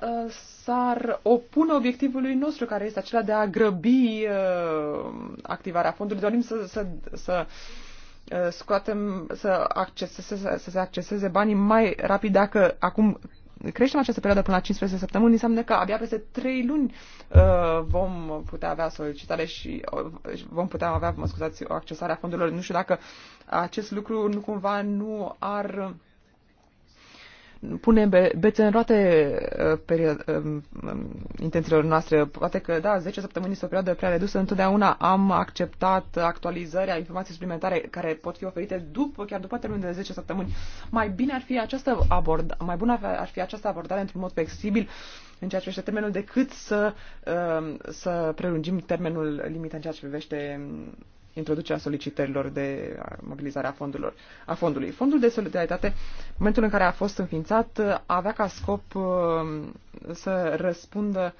Uh, s-ar opune obiectivului nostru, care este acela de a grăbi uh, activarea fondului. Dorim să, să, să uh, scoatem, să, acceseze, să, să se acceseze banii mai rapid dacă acum creștem această perioadă până la 15 săptămâni, înseamnă că abia peste 3 luni uh, vom putea avea solicitare și uh, vom putea avea, mă scuzați, o accesare a fondurilor. Nu știu dacă acest lucru nu cumva nu ar pune bețe în roate uh, um, um, intențiilor noastre. Poate că, da, 10 săptămâni este o perioadă prea redusă. Întotdeauna am acceptat actualizarea, informații suplimentare care pot fi oferite după, chiar după termenul de 10 săptămâni. Mai bine ar fi această abordare, mai bună ar fi această abordare într-un mod flexibil în ceea ce privește termenul, decât să, um, să prelungim termenul limită în ceea ce privește introducerea solicitărilor de mobilizare a, fondurilor, a fondului. Fondul de solidaritate, în momentul în care a fost înființat, avea ca scop uh, să răspundă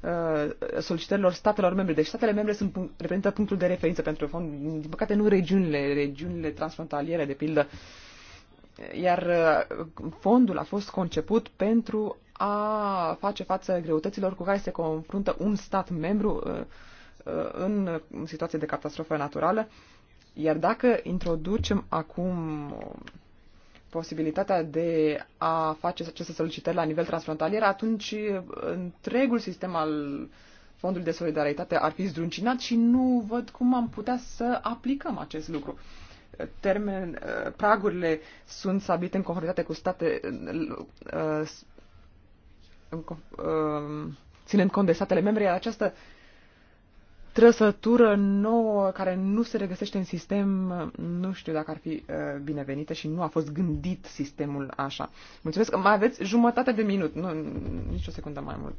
uh, solicitărilor statelor membre. Deci statele membre sunt, reprezintă punctul de referință pentru fond, din păcate nu regiunile, regiunile transfrontaliere, de pildă. Iar uh, fondul a fost conceput pentru a face față greutăților cu care se confruntă un stat membru Uh, în situații de catastrofă naturală. Iar dacă introducem acum posibilitatea de a face aceste solicitări la nivel transfrontalier, atunci uh, întregul sistem al fondului de solidaritate ar fi zdruncinat și nu văd cum am putea să aplicăm acest lucru. Termen, uh, pragurile sunt stabilite în conformitate cu state, ținând cont de statele membre, iar această uh, trăsătură nouă care nu se regăsește în sistem, nu știu dacă ar fi uh, binevenită și nu a fost gândit sistemul așa. Mulțumesc. Mai aveți jumătate de minut, nu, nici o secundă mai mult.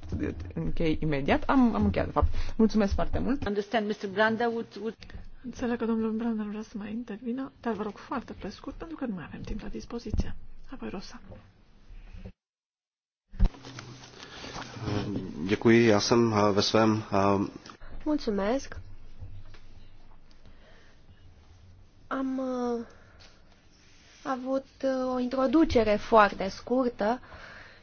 Închei imediat. Am, am încheiat, de fapt. Mulțumesc foarte mult. Understand, Mr. Branda would, would... Înțeleg că domnul Branda vrea să mai intervină, dar vă rog foarte pe scurt, pentru că nu mai avem timp la dispoziție. Apoi Rosa. Děkuji, já jsem eh, ve svém eh, Mulțumesc. Am uh, avut uh, o introducere foarte scurtă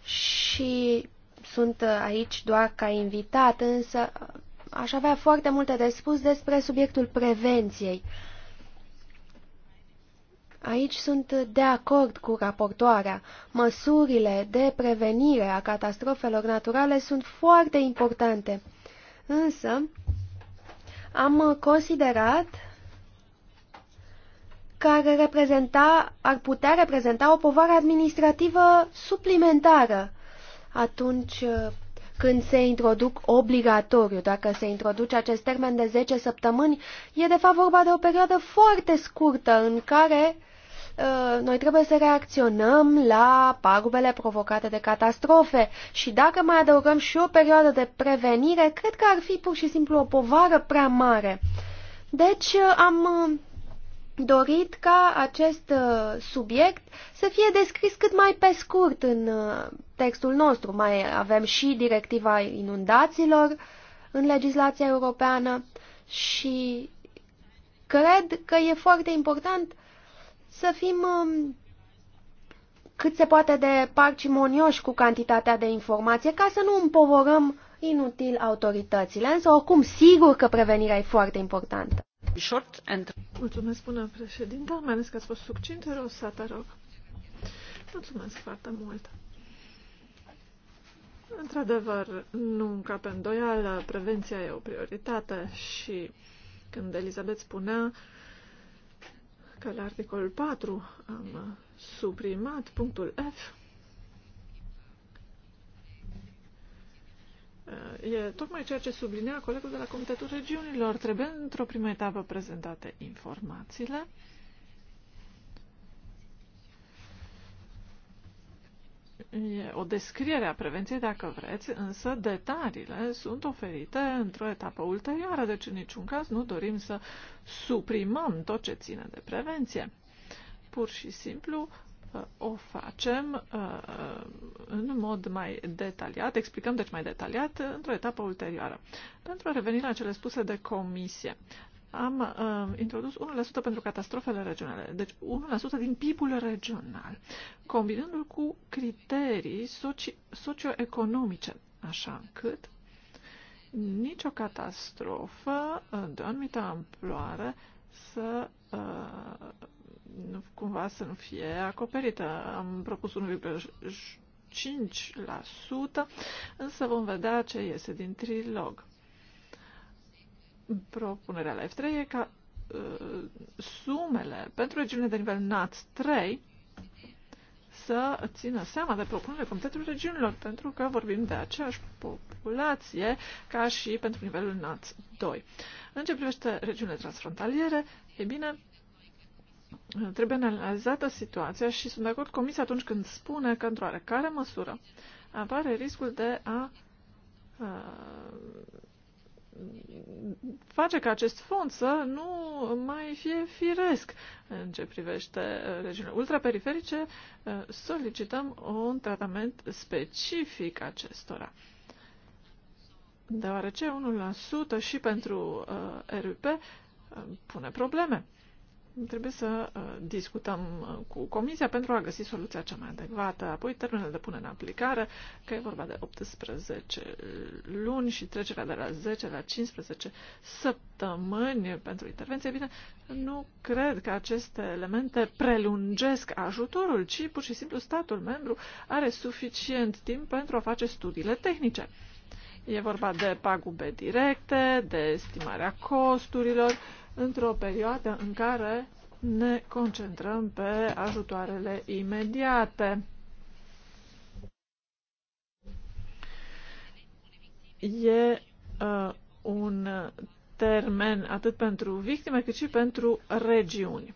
și sunt uh, aici doar ca invitat, însă uh, aș avea foarte multe de spus despre subiectul prevenției. Aici sunt de acord cu raportoarea. Măsurile de prevenire a catastrofelor naturale sunt foarte importante. Însă, am considerat ar, reprezenta, ar putea reprezenta o povară administrativă suplimentară atunci uh, când se introduc obligatoriu. Dacă se introduce acest termen de 10 săptămâni, e de fapt vorba de o perioadă foarte scurtă în care uh, Uh, noi trebuie să reacționăm la pagubele provocate de catastrofe și dacă mai adăugăm și o perioadă de prevenire, cred că ar fi pur și simplu o povară prea mare. Deci uh, am uh, dorit ca acest subiect să fie descris cât mai pe scurt în textul nostru. Mai avem și directiva inundațiilor în legislația europeană și cred că e foarte important uh, să fim um, cât se poate de parcimonioși cu cantitatea de informație ca să nu împovorăm inutil autoritățile, însă oricum sigur că prevenirea e foarte importantă. Short and... Mulțumesc, bună președinte. mai ales că ați fost succint, Rosata, rog. Mulțumesc foarte mult. Într-adevăr, nu încapem îndoială, prevenția e o prioritate și când Elizabeth spunea, uh, că la articolul 4 am suprimat punctul F. E tocmai ceea ce sublinea colegul de la Comitetul Regiunilor. Trebuie într-o primă etapă prezentate informațiile E o descriere a prevenției, dacă vreți, însă detaliile sunt oferite într-o etapă ulterioară, deci în niciun caz nu dorim să suprimăm tot ce ține de prevenție. Pur și simplu uh, o facem uh, în mod mai detaliat, explicăm deci mai detaliat într-o etapă ulterioară. Pentru a reveni la cele spuse de comisie, am uh, introdus 1% pentru catastrofele regionale, deci 1% din PIB-ul regional, combinându-l cu criterii soci- socioeconomice, așa încât nicio catastrofă uh, de o anumită amploare să uh, cumva să nu fie acoperită. Am propus 1,5%, însă vom vedea ce iese din trilog. Propunerea la F3 e ca uh, sumele pentru regiunile de nivel NAT 3 să țină seama de propunerile Comitetului Regiunilor, pentru că vorbim de aceeași populație ca și pentru nivelul NAT 2. În ce privește regiunile transfrontaliere, e bine, trebuie analizată situația și sunt de acord cu Comisia atunci când spune că, într-o oarecare măsură, apare riscul de a, a ă, face ca acest fond să nu mai fie firesc în ce privește uh, regiunile ultraperiferice, uh, solicităm un tratament specific acestora. Deoarece 1% și pentru uh, RUP uh, pune probleme. Trebuie să uh, discutăm uh, cu Comisia pentru a găsi soluția cea mai adecvată, apoi termenul de pune în aplicare, că e vorba de 18 luni și trecerea de la 10 la 15 săptămâni pentru intervenție. Bine, nu cred că aceste elemente prelungesc ajutorul, ci pur și simplu statul membru are suficient timp pentru a face studiile tehnice. E vorba de pagube directe, de estimarea costurilor, într-o perioadă în care ne concentrăm pe ajutoarele imediate. E uh, un termen atât pentru victime cât și pentru regiuni.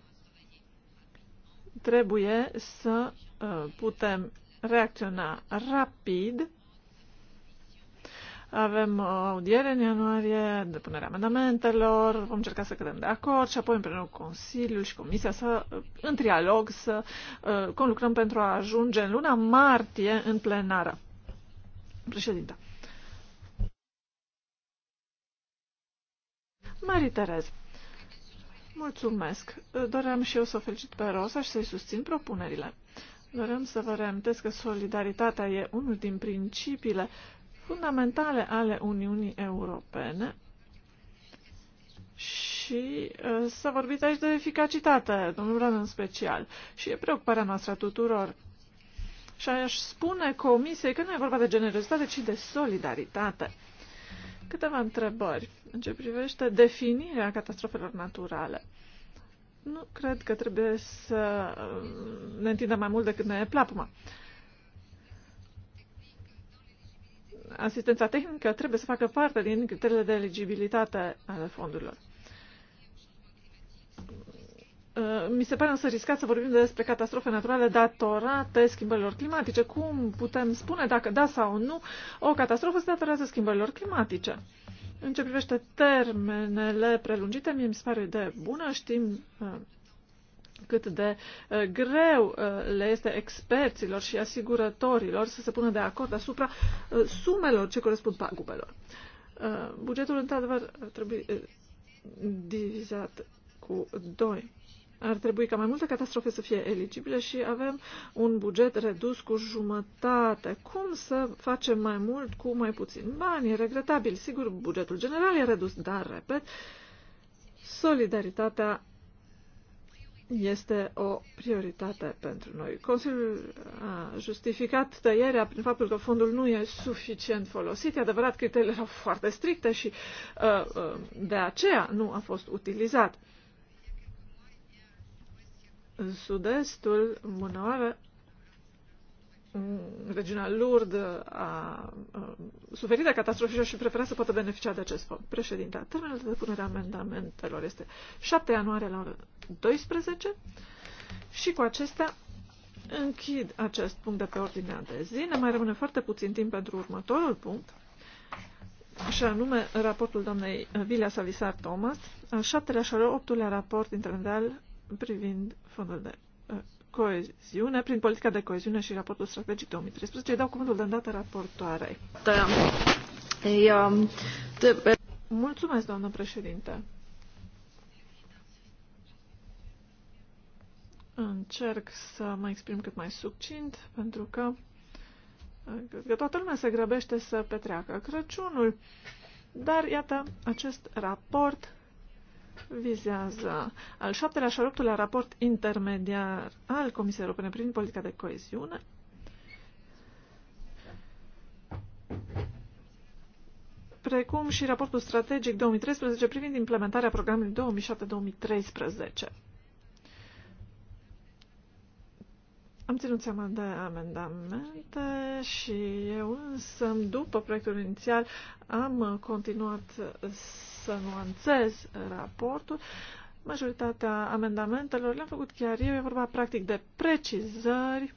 Trebuie să uh, putem reacționa rapid avem o audiere în ianuarie, depunerea amendamentelor, vom încerca să cădem de acord și apoi împreună cu Consiliul și Comisia să, în trialog, să uh, conlucrăm pentru a ajunge în luna martie în plenară. Președinte. Marie Terez, mulțumesc. Doream și eu să o felicit pe Rosa și să-i susțin propunerile. Doream să vă reamintesc că solidaritatea e unul din principiile fundamentale ale Uniunii Europene și uh, s-a vorbit aici de eficacitate, domnul Bran în special, și e preocuparea noastră a tuturor. Și aș spune comisiei că nu e vorba de generozitate, ci de solidaritate. Câteva întrebări în ce privește definirea catastrofelor naturale. Nu cred că trebuie să uh, ne întindem mai mult decât ne e plapuma. Uh, asistența tehnică trebuie să facă parte din criteriile de eligibilitate ale fondurilor. Uh, mi se pare însă riscat să vorbim despre catastrofe naturale datorate schimbărilor climatice. Cum putem spune dacă da sau nu o catastrofă se datorează schimbărilor climatice? În ce privește termenele prelungite, mie mi se pare de bună. Știm uh, cât de uh, greu uh, le este experților și asigurătorilor să se pună de acord asupra uh, sumelor ce corespund pagubelor. Bugetul, într-adevăr, trebuie divizat cu 2 ar trebui ca mai multe catastrofe să fie eligibile și avem un buget redus cu jumătate. Cum să facem mai mult cu mai puțin bani? E regretabil. Sigur, bugetul general e redus, dar, repet, solidaritatea este o prioritate pentru noi. Consiliul a justificat tăierea prin faptul că fondul nu e suficient folosit. E adevărat, criteriile erau foarte stricte și uh, uh, de aceea nu a fost utilizat. În sud-estul, bună oară, Mm, regina Lourdes a suferit de catastrofă și prefera să poată beneficia de acest fond. Președinte, termenul de depunere a amendamentelor este 7 ianuarie la ora 12 și cu acestea închid acest punct de pe ordinea de zi. Ne mai rămâne foarte puțin timp pentru următorul punct și anume raportul doamnei Vilea Savisar Thomas, al șaptelea și al optulea raport intermedial privind fondul de coeziune, prin politica de coeziune și raportul strategic 2013. Îi dau cuvântul de îndată raportoarei. Da. Um, Mulțumesc, doamnă președinte. Încerc să mă exprim cât mai succint, pentru că uh, că toată lumea se grăbește să petreacă Crăciunul. Dar, iată, acest raport vizează al șaptelea și al optulea raport intermediar al Comisiei Europene prin politica de coeziune. precum și raportul strategic 2013 privind implementarea programului 2007-2013. Am ținut seama de amendamente și eu însă, după proiectul inițial, am continuat să nuanțez raportul. Majoritatea amendamentelor le-am făcut chiar eu. E vorba practic de precizări.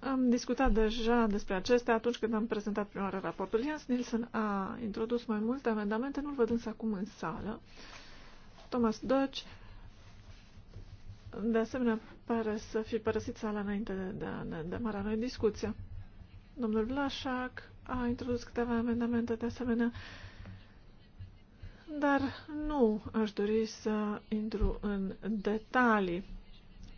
Am discutat deja despre acestea atunci când am prezentat prima oară raportul. Jens Nielsen a introdus mai multe amendamente, nu-l văd însă acum în sală. Thomas Dodge, de asemenea, pare să fi părăsit sala înainte de a ne demara noi discuția. Domnul Vlașac a introdus câteva amendamente de asemenea, dar nu aș dori să intru în detalii,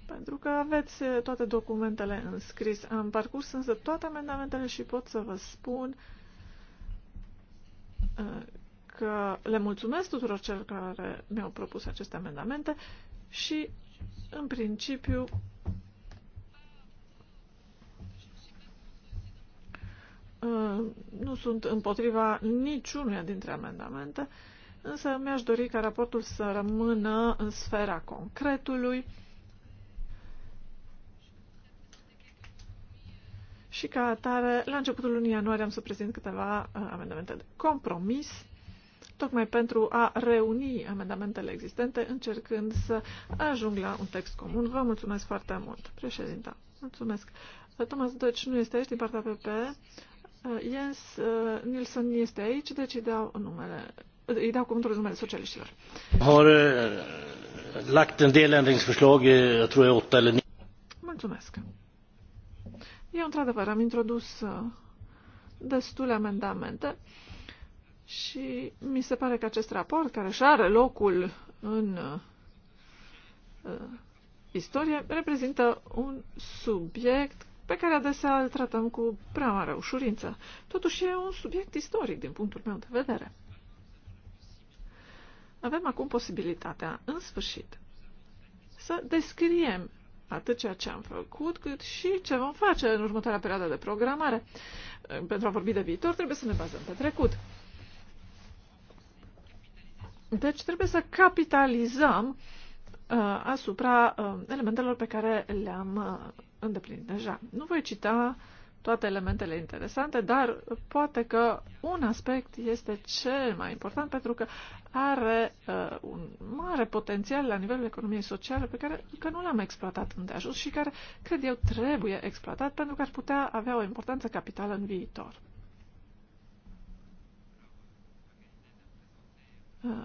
pentru că aveți toate documentele înscris. Am parcurs însă toate amendamentele și pot să vă spun uh, că le mulțumesc tuturor celor care mi-au propus aceste amendamente și, în principiu, Uh, nu sunt împotriva niciunuia dintre amendamente, însă mi-aș dori ca raportul să rămână în sfera concretului și ca atare, la începutul lunii ianuarie am să prezint câteva uh, amendamente de compromis tocmai pentru a reuni amendamentele existente, încercând să ajung la un text comun. Vă mulțumesc foarte mult, președinta. Mulțumesc. Thomas Deutsch nu este aici din partea PP. Jens uh, uh, Nilsson este aici, deci îi dau, numele, îi dau cuvântul numele socialiștilor. Har uh, lagt en del ändringsförslag, eh, jag tror jag åtta eller nio. Mulțumesc. Eu, într-adevăr, am introdus uh, destule amendamente și mi se pare că acest raport, care și are locul în uh, istorie, reprezintă un subiect pe care adesea îl tratăm cu prea mare ușurință. Totuși e un subiect istoric din punctul meu de vedere. Avem acum posibilitatea, în sfârșit, să descriem atât ceea ce am făcut, cât și ce vom face în următoarea perioadă de programare. Pentru a vorbi de viitor, trebuie să ne bazăm pe trecut. Deci trebuie să capitalizăm uh, asupra uh, elementelor pe care le-am uh, îndeplinit deja. Nu voi cita toate elementele interesante, dar poate că un aspect este cel mai important pentru că are uh, un mare potențial la nivelul economiei sociale pe care că nu l-am exploatat îndeajuns și care, cred eu, trebuie exploatat pentru că ar putea avea o importanță capitală în viitor. Uh,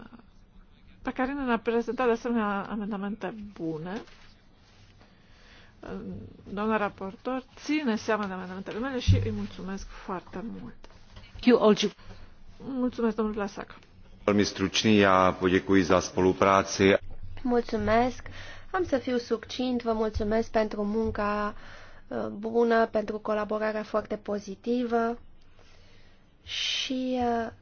pe care ne-a prezentat de asemenea amendamente bune doamnă raportor ține seama de amendamentele mele și îi mulțumesc foarte mult. Mulțumesc, domnul Lasac. Velmi stručný, poděkuji za spolupráci. Mulțumesc. Am să fiu succint, vă mulțumesc pentru munca ă, bună, pentru colaborarea foarte pozitivă și ă,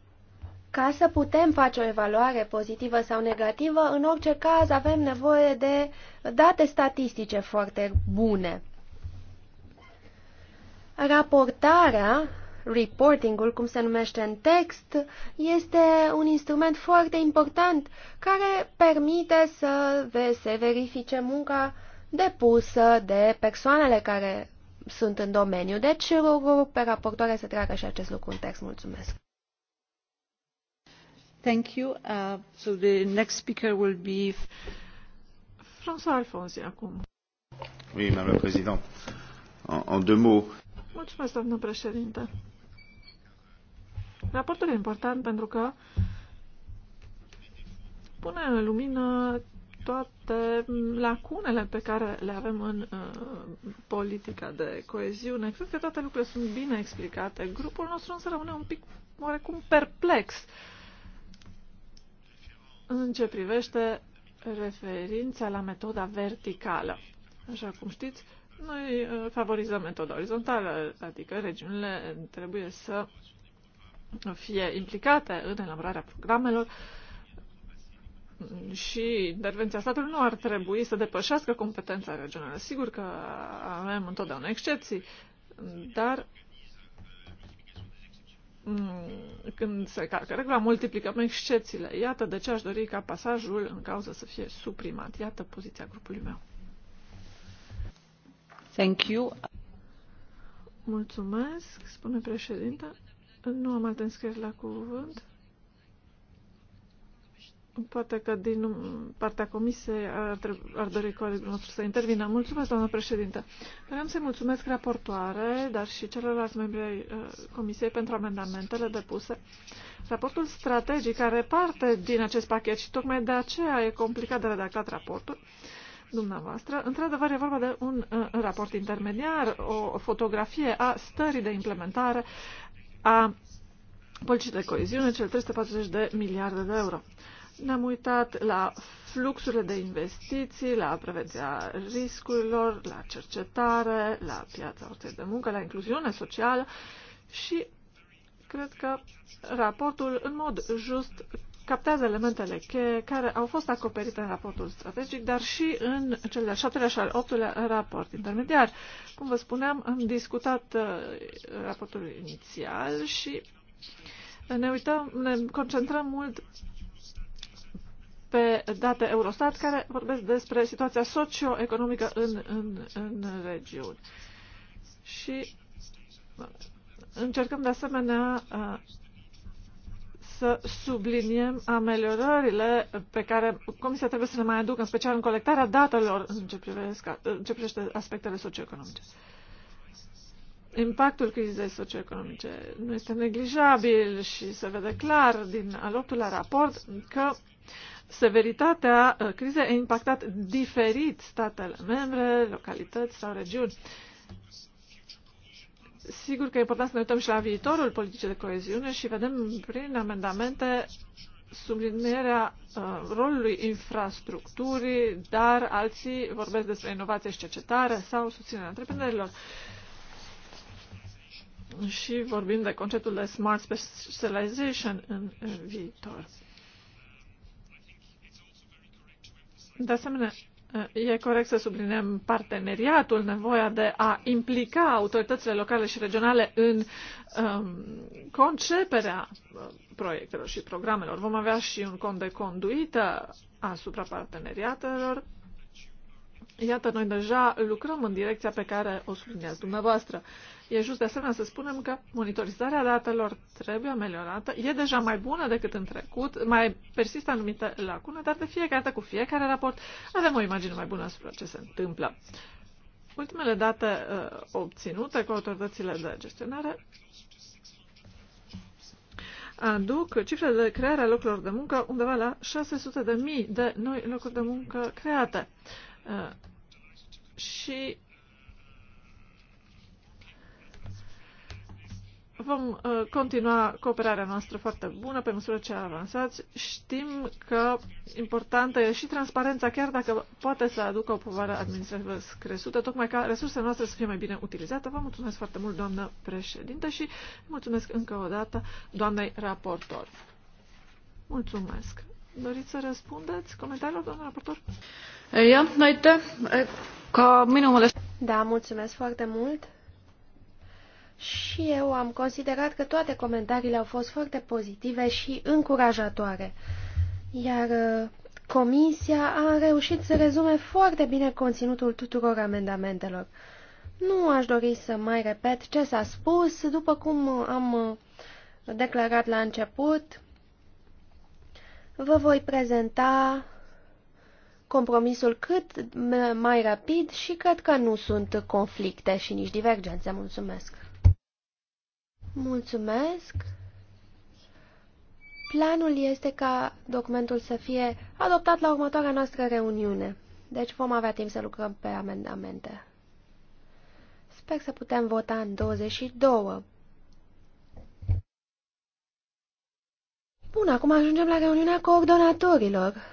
ca să putem face o evaluare pozitivă sau negativă, în orice caz avem nevoie de date statistice foarte bune. Raportarea, reportingul, cum se numește în text, este un instrument foarte important care permite să se verifice munca depusă de persoanele care sunt în domeniu. Deci, rog pe raportoare să treacă și acest lucru în text. Mulțumesc! Mulțumesc, doamnă președinte. Raportul e important pentru că pune în lumină toate lacunele pe care le avem în uh, politica de coeziune. Cred că toate lucrurile sunt bine explicate. Grupul nostru însă rămâne un pic oarecum perplex în ce privește referința la metoda verticală. Așa cum știți, noi uh, favorizăm metoda orizontală, adică regiunile trebuie să fie implicate în elaborarea programelor și intervenția statului nu ar trebui să depășească competența regională. Sigur că avem întotdeauna excepții, dar Mm, când se calcă regula, multiplicăm excepțiile. Iată de ce aș dori ca pasajul în cauză să fie suprimat. Iată poziția grupului meu. Thank you. Mulțumesc, spune președinte. Nu am alte înscrieri la cuvânt. Poate că din partea comisiei ar, ar dori colegul nostru să intervină. Mulțumesc, doamnă președinte. Vreau să-i mulțumesc raportoare, dar și celorlalți membri ai uh, comisiei pentru amendamentele depuse. Raportul strategic care parte din acest pachet și tocmai de aceea e complicat de redactat raportul dumneavoastră. Într-adevăr, e vorba de un uh, raport intermediar, o fotografie a stării de implementare a politicii de coeziune, cel 340 de miliarde de euro. Ne-am uitat la fluxurile de investiții, la prevenția riscurilor, la cercetare, la piața orței de muncă, la incluziune socială și cred că raportul în mod just captează elementele cheie care au fost acoperite în raportul strategic, dar și în cel de-al șaptelea și al optulea raport intermediar. Cum vă spuneam, am discutat uh, raportul inițial și ne uităm, ne concentrăm mult pe date Eurostat care vorbesc despre situația socioeconomică în, în, în regiuni. Și încercăm de asemenea să subliniem ameliorările pe care Comisia trebuie să le mai aducă, în special în colectarea datelor în ce, în ce privește aspectele socioeconomice. Impactul crizei socioeconomice nu este neglijabil și se vede clar din al optulea raport că severitatea uh, crizei a impactat diferit statele membre, localități sau regiuni. Sigur că e important să ne uităm și la viitorul politicii de coeziune și vedem prin amendamente sublinierea uh, rolului infrastructurii, dar alții vorbesc despre inovație și cercetare sau susținerea întreprinderilor. Și vorbim de conceptul de smart specialization în, în viitor. De asemenea, e corect să subliniem parteneriatul, nevoia de a implica autoritățile locale și regionale în um, conceperea um, proiectelor și programelor. Vom avea și un cont de conduită asupra parteneriatelor Iată, noi deja lucrăm în direcția pe care o subliniați dumneavoastră. E just de asemenea să spunem că monitorizarea datelor trebuie ameliorată, e deja mai bună decât în trecut, mai persistă anumite lacune, dar de fiecare dată, cu fiecare raport, avem o imagine mai bună asupra ce se întâmplă. Ultimele date uh, obținute cu autoritățile de gestionare aduc cifre de creare a locurilor de muncă undeva la 600.000 de, noi locuri de muncă create. Uh, și vom uh, continua cooperarea noastră foarte bună pe măsură ce avansați. Știm că importantă e și transparența, chiar dacă poate să aducă o povară administrativă crescută, tocmai ca resursele noastre să fie mai bine utilizate. Vă mulțumesc foarte mult, doamnă președinte, și mulțumesc încă o dată doamnei raportor. Mulțumesc. Doriți să răspundeți comentariilor, doamnă raportor? Ca Da, mulțumesc foarte mult. Și eu am considerat că toate comentariile au fost foarte pozitive și încurajatoare. Iar uh, comisia a reușit să rezume foarte bine conținutul tuturor amendamentelor. Nu aș dori să mai repet ce s-a spus, după cum am uh, declarat la început. Vă voi prezenta compromisul cât mai rapid și cred că nu sunt conflicte și nici divergențe. Mulțumesc! Mulțumesc! Planul este ca documentul să fie adoptat la următoarea noastră reuniune, deci vom avea timp să lucrăm pe amendamente. Sper să putem vota în 22. Bun, acum ajungem la reuniunea coordonatorilor.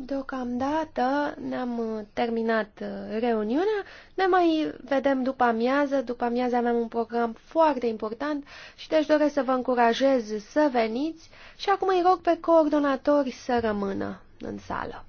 Deocamdată ne-am uh, terminat uh, reuniunea, ne mai vedem după amiază, după amiază avem un program foarte important și deci doresc să vă încurajez să veniți și acum îi rog pe coordonatori să rămână în sală.